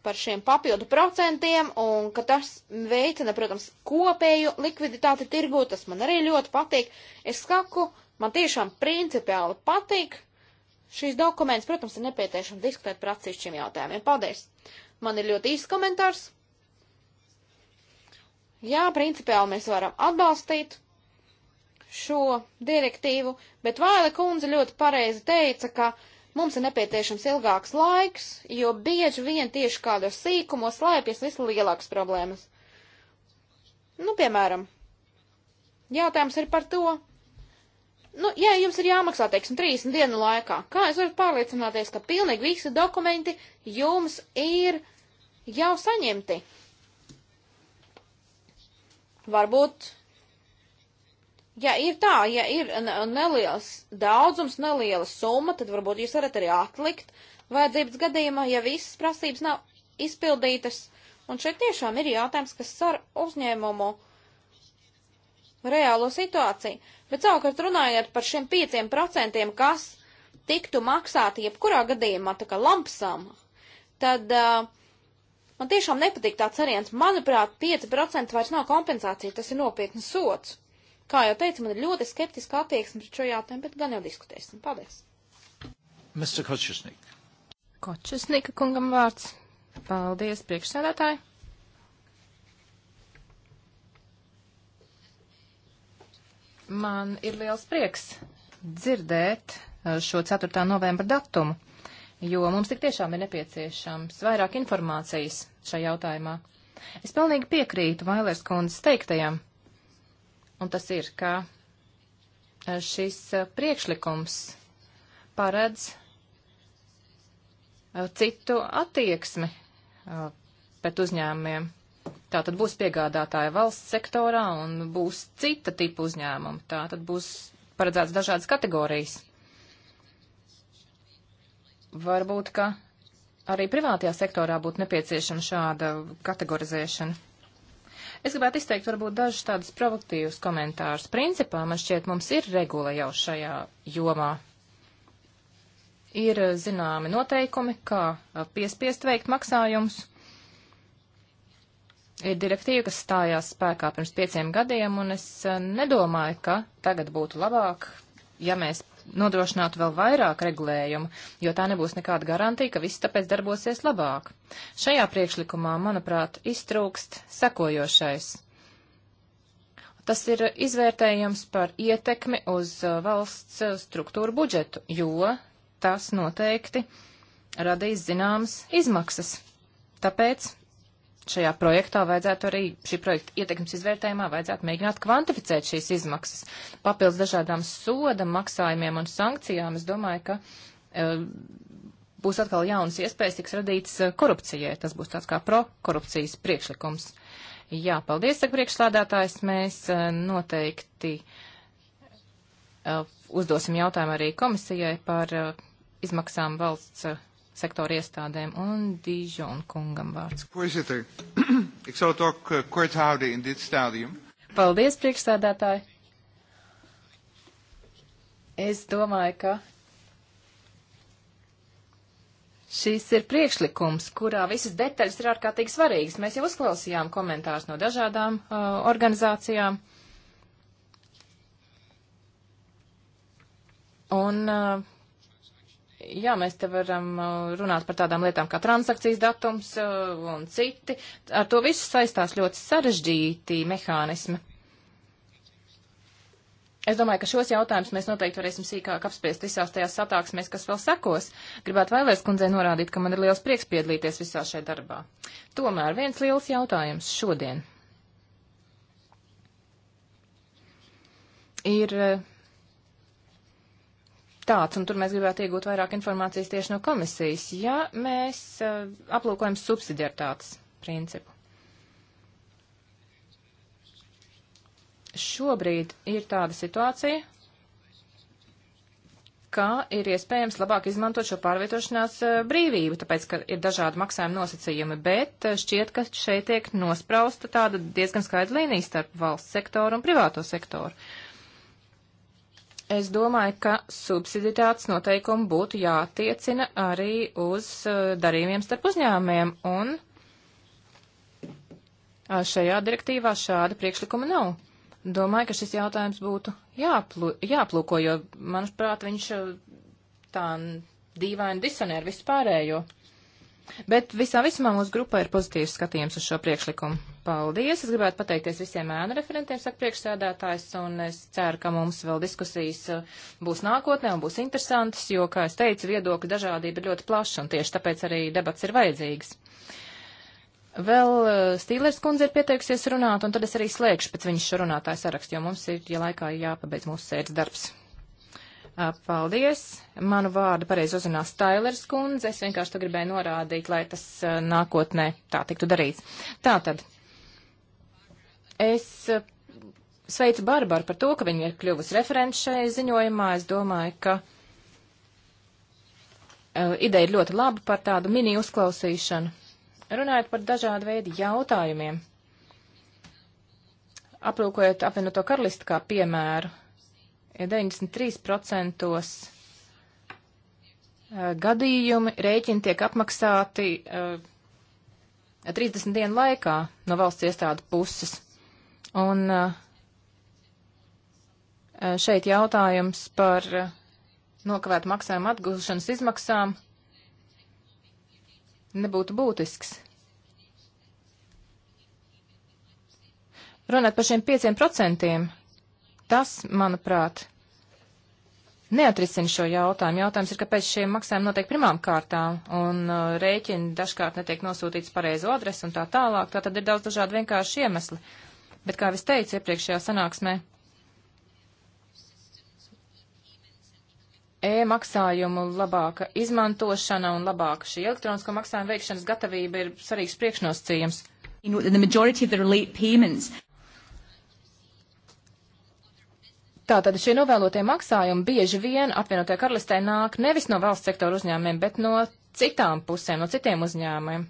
par šiem papildu procentiem un ka tas veicina, protams, kopēju likviditāti tirgu, tas man arī ļoti patīk. Es saku, man tiešām principiāli patīk šīs dokuments, protams, ir nepieciešams diskutēt par atsevišķiem jautājumiem. Paldies! Man ir ļoti īsts komentārs. Jā, principiāli mēs varam atbalstīt šo direktīvu, bet Vaila kundze ļoti pareizi teica, ka Mums ir nepieciešams ilgāks laiks, jo bieži vien tieši kādos sīkumos slēpjas vislielākas problēmas. Nu, piemēram, jautājums ir par to, nu, ja jums ir jāmaksā, teiksim, 30 dienu laikā, kā es varu pārliecināties, ka pilnīgi visi dokumenti jums ir jau saņemti? Varbūt Ja ir tā, ja ir neliels daudzums, neliela summa, tad varbūt jūs varat arī atlikt vajadzības gadījumā, ja visas prasības nav izpildītas. Un šeit tiešām ir jautājums, kas sar uzņēmumu reālo situāciju. Bet savukārt runājot par šiem pieciem procentiem, kas tiktu maksāti jebkurā gadījumā, tā kā lampsam, tad uh, man tiešām nepatīk tāds ceriens. Manuprāt, 5% vairs nav kompensācija, tas ir nopietns sots. Kā jau teicu, man ir ļoti skeptiska attieksme pret šo jautājumu, bet gan jau diskutēsim. Paldies! Mr. Kočesnik. Kočesnika kungam vārds. Paldies, priekšsēdētāji! Man ir liels prieks dzirdēt eh, šo 4. novembra datumu, jo mums tik tiešām ir nepieciešams vairāk informācijas šajā jautājumā. Es pilnīgi piekrītu Vailers kundzes teiktajam un tas ir, ka e, šis e, priekšlikums paredz e, citu attieksmi pret uzņēmumiem. Tā tad būs piegādātāja valsts sektorā un būs cita tipa uzņēmuma. Tā tad būs paredzēts dažādas kategorijas. Varbūt, ka arī privātajā sektorā būtu nepieciešama šāda kategorizēšana. Es gribētu izteikt varbūt dažus tādus provokatīvus komentārus. Principā man šķiet, mums ir regula jau šajā jomā. Ir eh, zināmi noteikumi, kā eh, piespiest veikt maksājumus. Ir direktīva, kas stājās spēkā pirms pieciem gadiem, un es eh, nedomāju, ka tagad būtu labāk ja mēs nodrošinātu vēl vairāk regulējumu, jo tā nebūs nekāda garantija, ka viss tāpēc darbosies labāk. Šajā priekšlikumā, manuprāt, iztrūkst sekojošais. Tas ir izvērtējums par ietekmi uz uh, valsts uh, struktūru budžetu, jo tas noteikti radīs zināmas izmaksas. Tāpēc šajā projektā vajadzētu arī šī projekta ietekmes izvērtējumā vajadzētu mēģināt kvantificēt šīs izmaksas. Papildus dažādām soda maksājumiem un sankcijām, es domāju, ka uh, būs atkal jaunas iespējas, tiks radīts uh, korupcijai. Tas būs tāds kā prokorupcijas priekšlikums. Jā, paldies, saka priekšslādātājs. Mēs uh, noteikti uzdosim jautājumu arī komisijai par izmaksām valsts sektora iestādēm un Dižon kungam vārds. Voorzitter, ik zal het ook eh, kort houden in dit stadium. Paldies, priekšstādātāji. Es domāju, ka šis ir priekšlikums, kurā visas detaļas ir ārkārtīgi svarīgas. Mēs jau uzklausījām komentārus no dažādām uh, organizācijām. Un uh, Jā, mēs te varam uh, runāt par tādām lietām kā transakcijas datums uh, un citi. Ar to visu saistās ļoti sarežģīti mehānismi. Es domāju, ka šos jautājumus mēs noteikti varēsim sīkāk apspriest visās tajās satāksmēs, kas vēl sekos. Gribētu vēlēs kundzei norādīt, ka man ir liels prieks piedalīties visā šajā darbā. Tomēr viens liels jautājums šodien. Ir uh, tāds, un tur mēs gribētu iegūt vairāk informācijas tieši no komisijas, ja mēs uh, aplūkojam subsidiartātes principu. Šobrīd ir tāda situācija, ka ir iespējams labāk izmantot šo pārvietošanās uh, brīvību, tāpēc, ka ir dažādi maksājuma nosacījumi, bet eh, šķiet, ka šeit tiek nosprausta tāda diezgan skaidra līnija starp valsts sektoru un privāto sektoru. Uh, Es domāju, ka subsiditātes noteikumi būtu jātiecina arī uz eh, darījumiem starp uzņēmumiem, un eh, šajā direktīvā šāda priekšlikuma nav. Domāju, ka šis jautājums būtu jāplu, jāplūko, jo, manuprāt, viņš eh, tā dīvaini disonē ar vispārējo. Bet visā visumā mūsu grupā ir pozitīvs skatījums uz šo priekšlikumu. Paldies! Es gribētu pateikties visiem ēnu referentiem, saka priekšsēdētājs, un es ceru, ka mums vēl diskusijas uh, būs nākotnē un būs interesantas, jo, kā es teicu, viedokļu dažādība ir ļoti plaša, un tieši tāpēc arī debats ir vajadzīgs. Vēl uh, Stīlers kundze ir pieteikusies runāt, un tad es arī slēgšu pēc viņas šo runātāju sarakstu, jo mums ir, ja laikā jāpabeidz mūsu sēdes darbs. Paldies. Manu vārdu pareizi uzzinās Tailers kundze. Es vienkārši to gribēju norādīt, lai tas nākotnē tā tiktu darīts. Tātad. Es sveicu Barbaru par to, ka viņa ir kļuvusi referents šai ziņojumā. Es domāju, ka uh, ideja ir ļoti laba par tādu mini uzklausīšanu. Runājot par dažādu veidu jautājumiem, aplūkojot apvienoto karalisti kā piemēru, 93% eh, gadījumi rēķini tiek apmaksāti 30 eh, dienu laikā no valsts iestādu puses. Un eh, šeit jautājums par nokavētu maksājumu atgūšanas izmaksām nebūtu būtisks. Runāt par šiem 5%. Tas, manuprāt, neatrisina šo jautājumu. Jautājums ir, kāpēc šie maksājumi notiek primām kārtām un uh, rēķini dažkārt netiek nosūtīts pareizo adresi un tā tālāk. Tā tad ir daudz dažādu vienkāršu iemeslu. Bet, kā es teicu iepriekšējā sanāksmē, e-maksājumu labāka izmantošana un labāka šī elektronisko maksājumu veikšanas gatavība ir svarīgs priekšnosacījums. You know, Tātad šie novēlotie maksājumi bieži vien apvienotajā karalistē nāk nevis no valsts sektora uzņēmumiem, bet no citām pusēm, no citiem uzņēmumiem.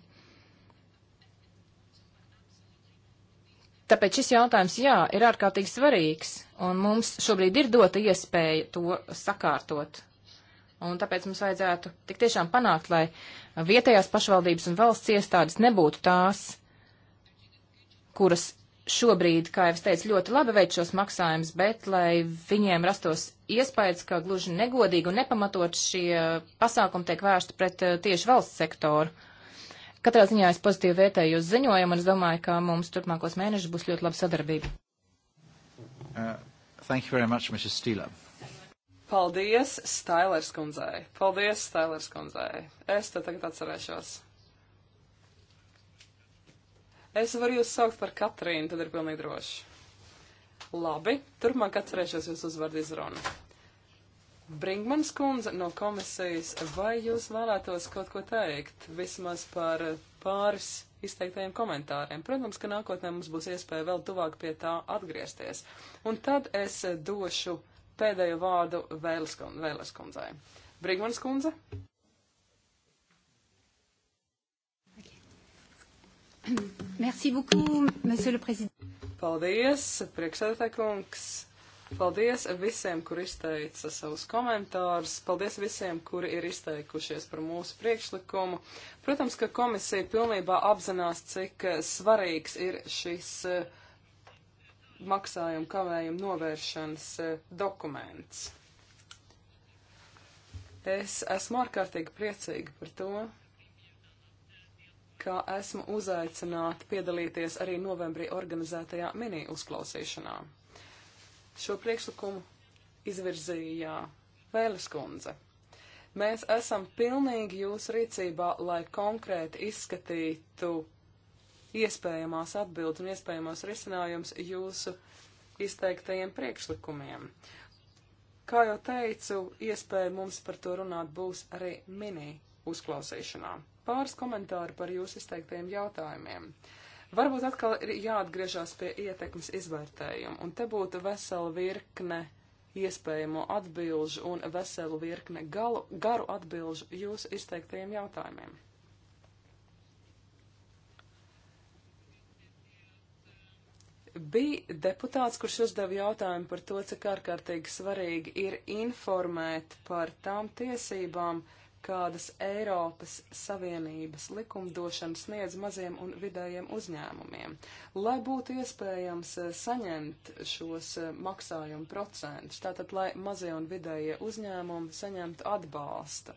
Tāpēc šis jautājums, jā, ir ārkārtīgi svarīgs, un mums šobrīd ir dota iespēja to sakārtot. Un tāpēc mums vajadzētu tik tiešām panākt, lai vietējās pašvaldības un valsts iestādes nebūtu tās, kuras šobrīd, kā jau es teicu, ļoti labi veic šos maksājumus, bet lai viņiem rastos iespējas, ka gluži negodīgi un nepamatot šie pasākumi tiek vērsti pret eh, tieši valsts sektoru. Katrā ziņā es pozitīvi vērtēju jūs ziņojumu un es domāju, ka mums turpmākos mēnešus būs ļoti laba sadarbība. Uh, thank you very much, Mrs. Steele. Paldies, Stailers kundzei. Paldies, Stailers kundzei. Es te tagad atcerēšos. Es varu jūs saukt par Katrīnu, tad ir pilnīgi droši. Labi, turpmāk atcerēšos jūs uzvārdu izrunu. Brinkmans kundze no komisijas, vai jūs vēlētos kaut ko teikt vismaz par pāris izteiktajiem komentāriem. Protams, ka nākotnē mums būs iespēja vēl tuvāk pie tā atgriezties. Un tad es došu pēdējo vārdu Vēles kundzei. Brigmanas kundze? Merci beaucoup, monsieur le président. Paldies, priekšsēdētājkungs. Paldies visiem, kur izteica savus komentārus. Paldies visiem, kuri ir izteikušies par mūsu priekšlikumu. Protams, ka komisija pilnībā apzinās, cik svarīgs ir šis eh, maksājumu kavējumu novēršanas eh, dokuments. Es esmu ārkārtīgi priecīga par to, ka esmu uzaicināta piedalīties arī novembrī organizētajā mini uzklausīšanā. Šo priekšlikumu izvirzīja Vēles kundze. Mēs esam pilnīgi jūsu rīcībā, lai konkrēti izskatītu iespējamās atbildes un iespējamos risinājums jūsu izteiktajiem priekšlikumiem. Kā jau teicu, iespēja mums par to runāt būs arī mini uzklausīšanā. Pāris komentāri par jūsu izteiktajiem jautājumiem. Varbūt atkal ir jāatgriežās pie ietekmes izvērtējuma, un te būtu vesela virkne iespējamo atbilžu un veselu virkne galu, garu atbilžu jūsu izteiktajiem jautājumiem. Bija deputāts, kurš uzdeva jautājumu par to, cik ārkārtīgi svarīgi ir informēt par tām tiesībām, uh, kādas Eiropas Savienības likumdošana sniedz maziem un vidējiem uzņēmumiem, lai būtu iespējams eh, saņemt šos eh, maksājumu procentus, tātad lai mazie un vidējie uzņēmumi saņemtu atbalstu.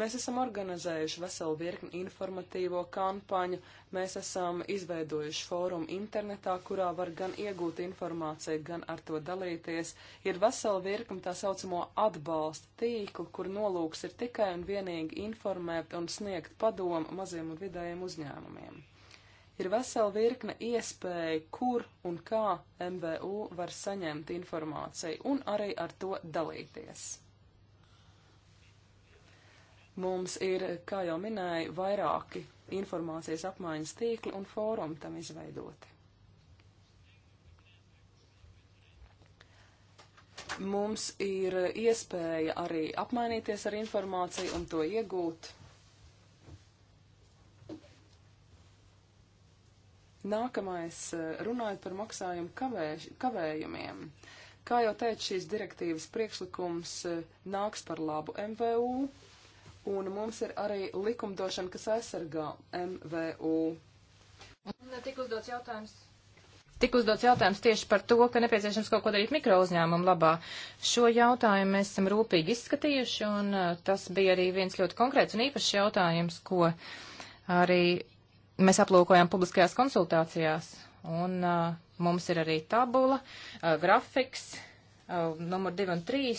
Mēs esam organizējuši veselu virkni informatīvo kampaņu, mēs esam izveidojuši fórumu internetā, kurā var gan iegūt informāciju, gan ar to dalīties. Ir vesela virkni tā saucamo atbalsta tīklu, kur nolūks ir tikai un vienīgi informēt un sniegt padomu maziem un vidējiem uzņēmumiem ir vesela virkne iespēju, kur un kā MVU var saņemt informāciju un arī ar to dalīties. Mums ir, kā jau minēju, vairāki informācijas apmaiņas tīkli un fórumi tam izveidoti. Mums ir iespēja arī apmainīties ar informāciju un to iegūt. Nākamais runājot par maksājumu kavēž, kavējumiem. Kā jau teicu, šīs direktīvas priekšlikums eh, nāks par labu MVU un mums ir arī likumdošana, kas aizsargā MVU. Un eh, tik uzdots jautājums. Tik uzdots jautājums tieši par to, ka nepieciešams kaut ko darīt mikro uzņēmumu labā. Šo jautājumu mēs esam rūpīgi izskatījuši, un eh, tas bija arī viens ļoti konkrēts un īpašs jautājums, ko arī mēs aplūkojām publiskajās konsultācijās. Un uh, mums ir arī tabula, uh, grafiks, uh, numur 2 un 3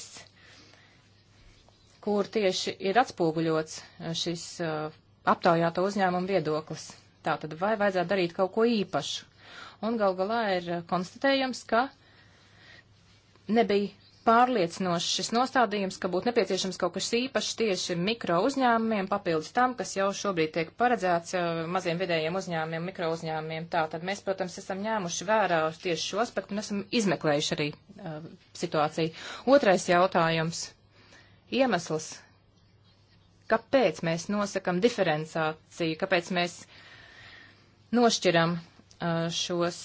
kur tieši ir atspoguļots eh, šis eh, aptaujāto uzņēmumu viedoklis. Tātad vai vajadzētu darīt kaut ko īpašu? Un gal galā ir eh, konstatējams, ka nebija pārliecinošs šis nostādījums, ka būtu nepieciešams kaut kas īpašs tieši mikro uzņēmumiem, papildus tam, kas jau šobrīd tiek paredzēts maziem vidējiem uzņēmumiem, mikro uzņēmumiem. Tā tad mēs, protams, esam ņēmuši vērā tieši šo aspektu un esam izmeklējuši arī uh, situāciju. Otrais jautājums iemesls, kāpēc mēs nosakam diferenciāciju, kāpēc mēs nošķiram šos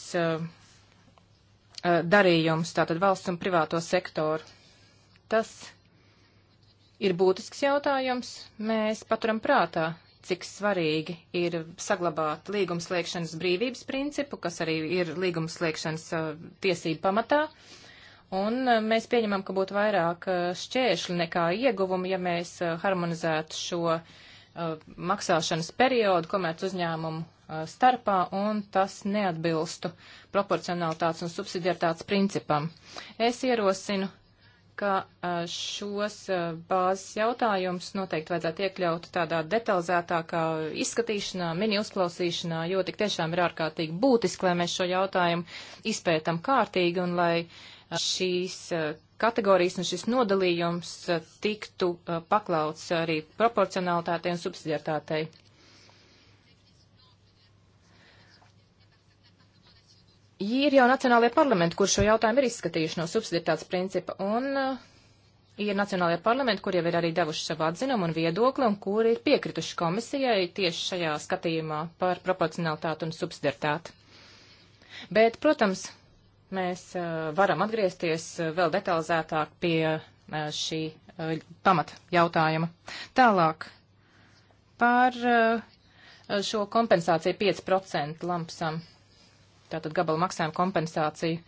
darījumus, tātad valsts un privāto sektoru. Tas ir būtisks jautājums. Mēs paturam prātā, cik svarīgi ir saglabāt līgumslēgšanas brīvības principu, kas arī ir līgumslēgšanas tiesību pamatā. Uh, Un eh, mēs pieņemam, ka būtu vairāk eh, šķēršļi nekā ieguvumi, ja mēs eh, harmonizētu šo maksāšanas periodu komerc uzņēmumu starpā, un tas neatbilstu proporcionalitātes un subsidiaritātes principam. Es ierosinu, ka šos bāzes jautājumus noteikti vajadzētu iekļaut tādā detalizētākā izskatīšanā, mini uzklausīšanā, jo tik tiešām ir ārkārtīgi būtiski, lai mēs šo jautājumu izpētam kārtīgi un lai uh, šīs eh, kategorijas un šis nodalījums eh, tiktu eh, paklauts arī proporcionalitātei un subsidiartātei. Ir jau nacionālajie parlamenti, kur šo jautājumu ir izskatījuši no subsidiartātes principa, un ir nacionālajie parlamenti, kur jau ir arī devuši savu atzinumu un viedokli, un kur ir piekrituši komisijai tieši šajā skatījumā par proporcionalitāti un subsidiartāti. Bet, protams, Mēs uh, varam atgriezties uh, vēl detalizētāk pie uh, šī pamata jautājuma. Tālāk par šo kompensāciju 5% lampsam, tātad gabalu maksājumu kompensāciju,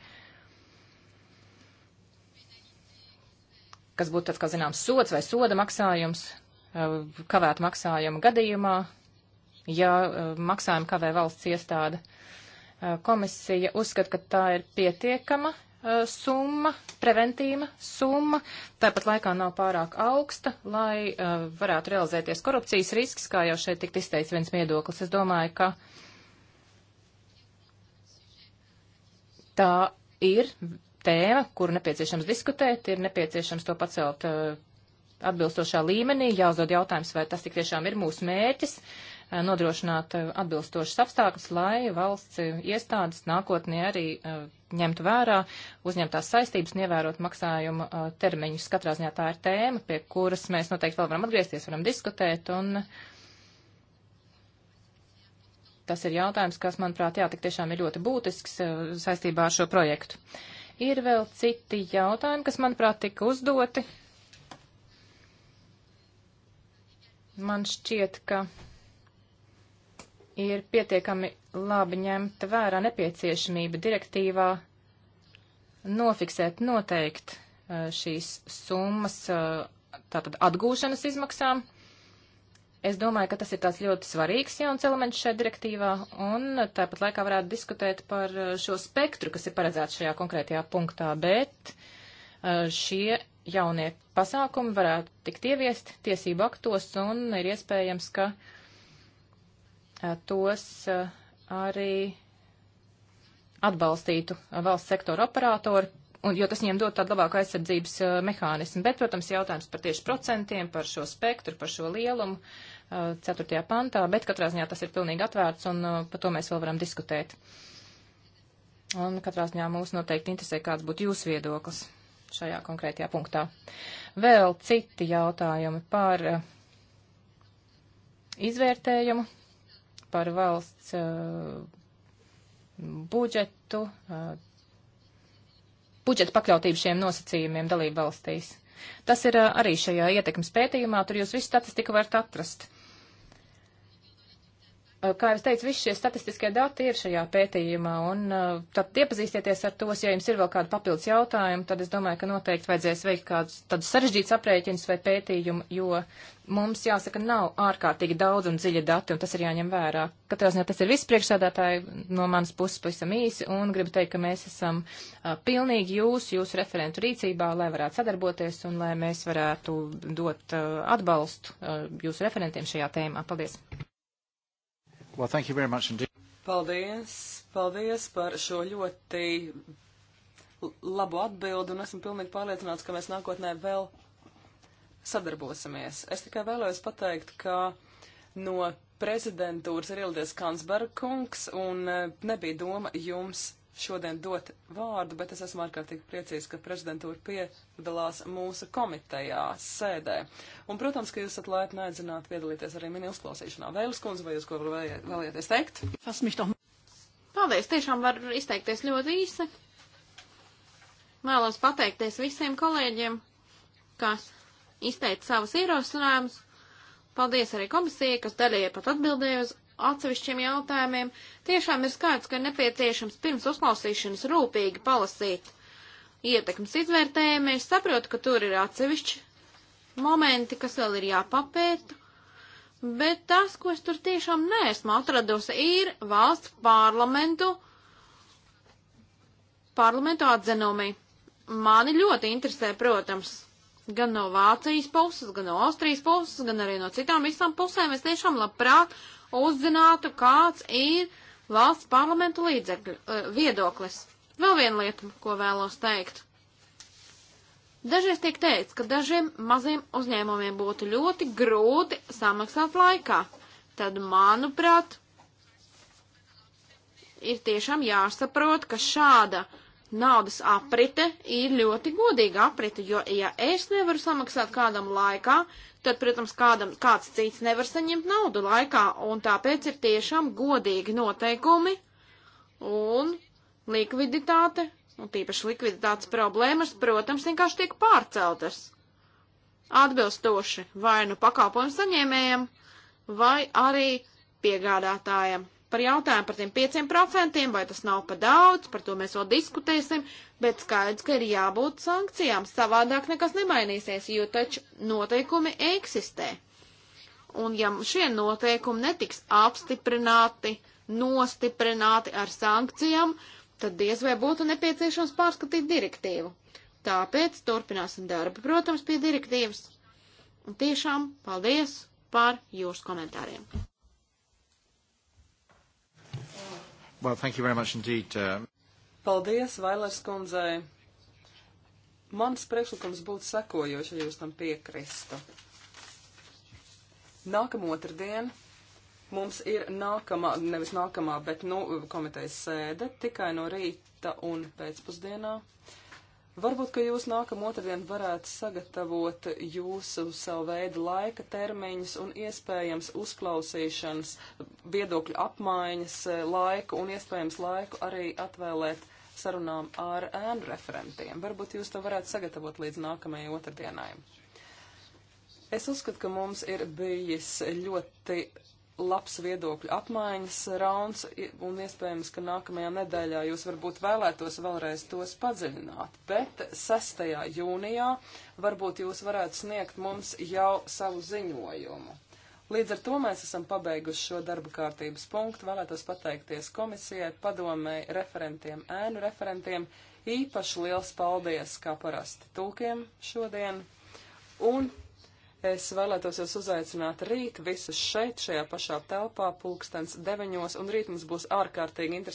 kas būtu tāds, kā zināms, sots vai soda maksājums, kavēt maksājumu gadījumā, ja maksājumu kavē valsts iestāde. Komisija uzskata, ka tā ir pietiekama eh, summa, preventīva summa, tāpat laikā nav pārāk augsta, lai uh, varētu realizēties korupcijas risks, kā jau šeit tikt izteicis viens viedoklis. Es domāju, ka tā ir tēma, kuru nepieciešams diskutēt, ir nepieciešams to pacelt uh, atbilstošā līmenī, jāuzdod jautājums, vai tas tik tiešām ir mūsu mērķis. Uh, Eh, nodrošināt eh, atbilstošas apstākļus, lai valsts eh, iestādes nākotnē arī ņemtu vērā uzņemtās saistības un ievērot maksājumu termiņus. Katrā ziņā tā ir tēma, pie kuras mēs noteikti vēl varam atgriezties, varam diskutēt. Un, Tas ir jautājums, kas, manuprāt, jā, tik tiešām ir ļoti būtisks saistībā ar šo projektu. Ir vēl citi jautājumi, kas, manuprāt, tika uzdoti. Man šķiet, ka ir pietiekami labi ņemta vērā nepieciešamība direktīvā nofiksēt noteikt šīs summas tātad atgūšanas izmaksām. Es domāju, ka tas ir tāds ļoti svarīgs jauns elements šajā direktīvā, un tāpat laikā varētu diskutēt par šo spektru, kas ir paredzēts šajā konkrētajā punktā, bet šie jaunie pasākumi varētu tikt ieviest tiesību aktos, un ir iespējams, ka uh, tos eh, arī atbalstītu valsts sektora operatori, un, jo tas viņiem dod tādu labāku aizsardzības uh, mehānismu. Bet, protams, jautājums par tieši procentiem, par šo spektru, par šo lielumu uh, eh, 4. pantā, bet katrā ziņā tas ir pilnīgi atvērts, un uh, par to mēs vēl varam diskutēt. Un katrā ziņā mūs noteikti interesē, kāds būtu jūsu viedoklis šajā konkrētajā punktā. Vēl citi jautājumi par izvērtējumu par valsts uh, budžetu, uh, budžeta pakļautību šiem nosacījumiem dalību valstīs. Tas ir uh, arī šajā ietekmes pētījumā, tur jūs visu statistiku varat atrast. Eh, kā jau es teicu, visi šie statistiskie dati ir šajā pētījumā, un eh, tad iepazīstieties ar tos, ja jums ir vēl kādi papildus jautājumi, tad es domāju, ka noteikti vajadzēs veikt kādus tādus sarežģītus aprēķinus vai pētījumu, jo mums, jāsaka, nav ārkārtīgi daudz un dziļa dati, un tas ir jāņem vērā. Katrā ziņā tas ir viss priekšsādātāji no manas puses pavisam īsi, un gribu teikt, ka mēs esam uh, pilnīgi jūs, jūsu referentu rīcībā, lai varētu sadarboties un lai mēs varētu dot uh, atbalstu uh, jūsu referentiem šajā tēmā. Paldies! Well, thank you very much indeed. Paldies, paldies par šo ļoti labu atbildi, un esmu pilnīgi pārliecināts, ka mēs nākotnē vēl sadarbosimies. Es tikai vēlējos pateikt, ka no prezidentūras ir ieldies Kansberga kungs, un eh, nebija doma jums šodien dot vārdu, bet es esmu ārkārtīgi priecīgs, ka prezidentūra piedalās mūsu komitejā sēdē. Un, protams, ka jūs esat laipni aicināti piedalīties arī mini uzklausīšanā. Vēlis kundze, vai jūs ko vēlēties teikt? Paldies, tiešām var izteikties ļoti īsi. Vēlos pateikties visiem kolēģiem, kas izteica savus ierosinājumus. Paldies arī komisijai, kas daļai pat atbildēja uz atsevišķiem jautājumiem, tiešām ir skaidrs, ka nepieciešams pirms uzklausīšanas rūpīgi palasīt ietekmes izvērtējumu. Es saprotu, ka tur ir atsevišķi momenti, kas vēl ir jāpapēta, bet tas, ko es tur tiešām neesmu atradusi, ir valsts parlamentu, parlamentu atzinumi. Mani ļoti interesē, protams, gan no Vācijas puses, gan no Austrijas puses, gan arī no citām visām pusēm. Es tiešām labprāt uzzinātu, kāds ir valsts parlamentu līdzekļu uh, viedoklis. Vēl viena lieta, ko vēlos teikt. Dažreiz tiek teikts, ka dažiem maziem uzņēmumiem būtu ļoti grūti samaksāt laikā. Tad, manuprāt, ir tiešām jāsaprot, ka šāda uh, naudas aprite ir ļoti godīga aprite, jo, ja es nevaru samaksāt kādam laikā, tad, protams, kādam, kāds cits nevar saņemt naudu laikā, un tāpēc ir tiešām godīgi noteikumi un likviditāte, un tīpaši likviditātes problēmas, protams, vienkārši tiek pārceltas atbilstoši vai nu pakalpojumu saņēmējiem, vai arī piegādātājiem par jautājumu par tiem 5%, vai tas nav pa daudz, par to mēs vēl diskutēsim, bet skaidrs, ka ir jābūt sankcijām, savādāk nekas nemainīsies, jo taču noteikumi eksistē. Un ja šie noteikumi netiks apstiprināti, nostiprināti ar sankcijām, tad diez vai būtu nepieciešams pārskatīt direktīvu. Tāpēc turpināsim darbu, protams, pie direktīvas. Un tiešām paldies par jūsu komentāriem. Well, thank you very much indeed. Uh... Paldies, Vailers kundzei. Mans priekšlikums būtu sekojoši, ja jūs tam piekristu. Nākamā otrdiena mums ir nākamā, nevis nākamā, bet nu, komitejas sēde tikai no rīta un pēcpusdienā. Uh, Varbūt, ka jūs nākamā otrdien varētu sagatavot jūsu savu veidu laika termiņus un iespējams uzklausīšanas, viedokļu apmaiņas eh, laiku un iespējams laiku arī atvēlēt sarunām ar ēnu referentiem. Varbūt jūs to varētu sagatavot līdz nākamajai otrdienai. Es uzskatu, ka mums ir bijis ļoti labs viedokļu apmaiņas rauns, un iespējams, ka nākamajā nedēļā jūs varbūt vēlētos vēlreiz tos padziļināt. Bet 6. jūnijā varbūt jūs varētu sniegt mums jau savu ziņojumu. Līdz ar to mēs esam pabeiguši šo darba kārtības punktu. Vēlētos pateikties komisijai, padomēji, referentiem, ēnu referentiem. Īpaši liels paldies, kā parasti, tūkiem šodien. Un Es vēlētos jūs uzaicināt rīt visus šeit, šajā pašā telpā, pulkstens deviņos, un rīt mums būs ārkārtīgi interesanti.